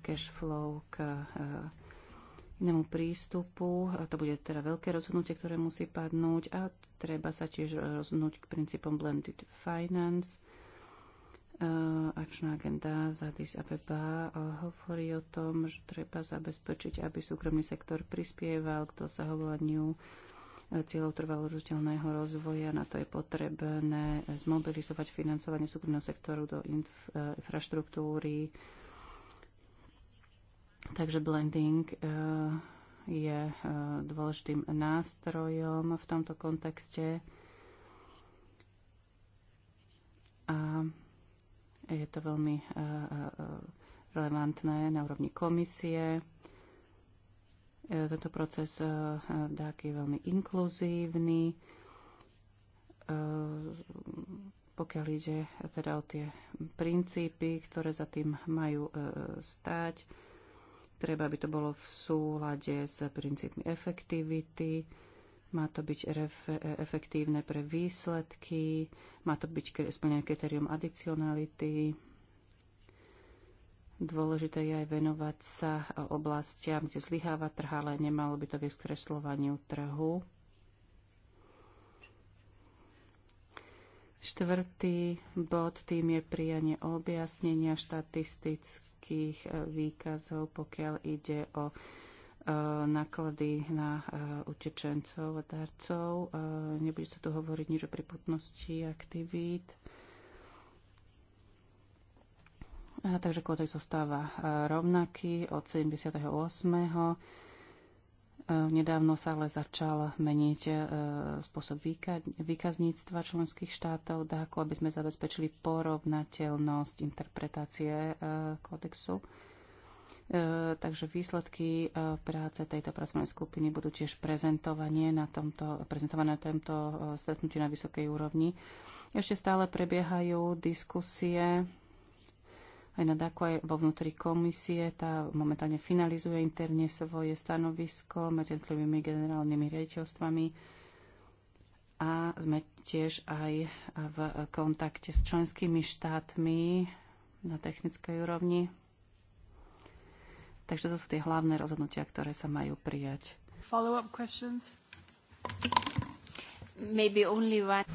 cash flow k inému prístupu. To bude teda veľké rozhodnutie, ktoré musí padnúť a treba sa tiež rozhodnúť k princípom blended finance. E, Akčná agenda za Addis Abeba e, hovorí o tom, že treba zabezpečiť, aby súkromný sektor prispieval k dosahovaniu e, cieľov trvalo rozvoja. Na to je potrebné zmobilizovať financovanie súkromného sektoru do infraštruktúry, Takže blending eh, je eh, dôležitým nástrojom v tomto kontexte. A je to veľmi eh, relevantné na úrovni komisie. Tento proces je veľmi inkluzívny, pokiaľ ide teda o tie princípy, ktoré za tým majú stáť Treba, aby to bolo v súlade s princípmi efektivity, má to byť e, efektívne pre výsledky, má to byť splnené kritérium adicionality. Dôležité je aj venovať sa oblastiam, kde zlyháva trh, ale nemalo by to viesť k kreslovaniu trhu. Štvrtý bod tým je prijanie objasnenia štatistických všetkých e, výkazov, pokiaľ ide o e, náklady na e, utečencov a darcov. Nebude sa tu hovoriť nič o priputnosti aktivít. Takže kódex zostáva rovnaký od 78 Nedávno sa ale začal meniť e, spôsob výkazníctva členských štátov DAKu, aby sme zabezpečili porovnateľnosť interpretácie e, kódexu. E, takže výsledky práce tejto pracovnej skupiny budú tiež prezentované na tomto, prezentované na tomto stretnutí na vysokej úrovni. Ešte stále prebiehajú diskusie aj na DAKO, aj vo vnútri komisie. Tá momentálne finalizuje interne svoje stanovisko medzi jednotlivými generálnymi riaditeľstvami a sme tiež aj v kontakte s členskými štátmi na technickej úrovni. Takže to sú tie hlavné rozhodnutia, ktoré sa majú prijať. Follow-up questions? Maybe only one.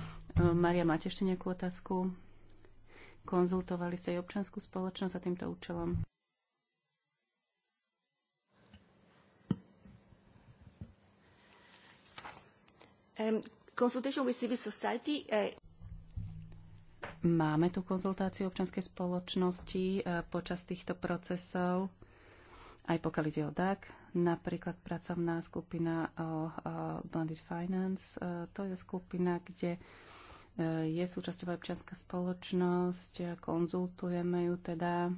Maria, máte ešte nejakú otázku? Konzultovali ste aj občanskú spoločnosť za týmto účelom? Um, consultation with civil society. Uh... Máme tu konzultáciu občanskej spoločnosti uh, počas týchto procesov, aj pokiaľ ide o DAC, napríklad pracovná skupina o, o Blended Finance. Uh, to je skupina, kde uh, je súčasťová občianská spoločnosť, konzultujeme ju teda e,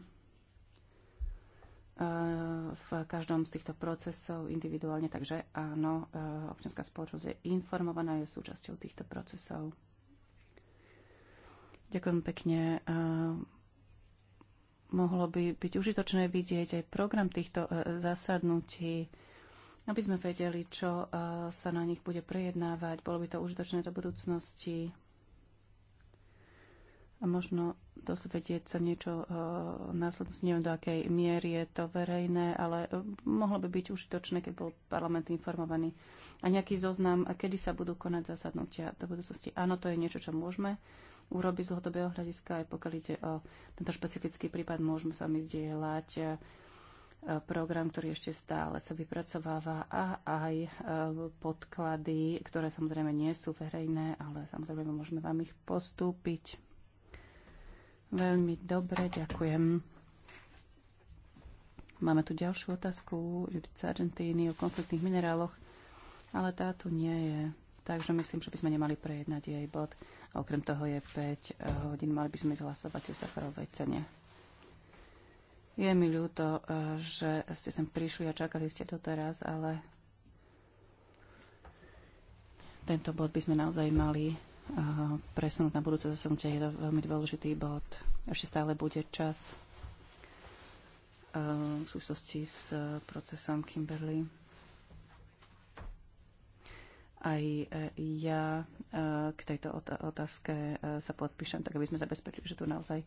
v každom z týchto procesov individuálne, takže áno, e, občianská spoločnosť je informovaná, je súčasťou týchto procesov. Ďakujem pekne. E, mohlo by byť užitočné vidieť aj program týchto zasadnutí, aby sme vedeli, čo sa na nich bude prejednávať. Bolo by to užitočné do budúcnosti a možno dozvedieť sa niečo e, následne, Neviem, do akej miery je to verejné, ale e, mohlo by byť užitočné, keď bol parlament informovaný. A nejaký zoznam, kedy sa budú konať zasadnutia do budúcnosti. Áno, to je niečo, čo môžeme urobiť z dlhodobého hľadiska, aj pokiaľ ide o tento špecifický prípad, môžeme sa mi zdieľať e, program, ktorý ešte stále sa vypracováva a aj podklady, ktoré samozrejme nie sú verejné, ale samozrejme môžeme vám ich postúpiť. Veľmi dobre, ďakujem. Máme tu ďalšiu otázku Judith Argentíny o konfliktných mineráloch, ale tá tu nie je. Takže myslím, že by sme nemali prejednať jej bod. A okrem toho je 5 eh, hodín, mali by sme zhlasovať o Sacharovej cene. Je mi ľúto, eh, že ste sem prišli a čakali ste teraz, ale tento bod by sme naozaj mali Eh, presunúť na budúce zasadnutie. Je to veľmi dôležitý bod. Ešte stále bude čas eh, v súvislosti s eh, procesom Kimberly. Aj ja k tejto otázke sa podpíšem, tak aby sme zabezpečili, že tu naozaj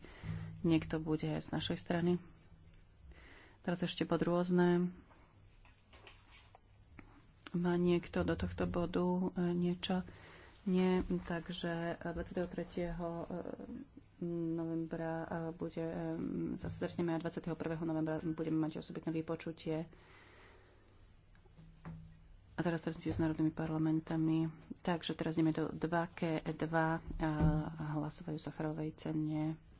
niekto bude z našej strany. Teraz ešte bod rôzne. Má niekto do tohto bodu niečo? Nie, takže 23. Eh, eh, novembra eh, bude, zasadneme a 21. novembra budeme mať osobitné vypočutie a teraz stretnutie s národnými parlamentami. Takže teraz ideme do 2K2 a hlasovajú Sacharovej cene.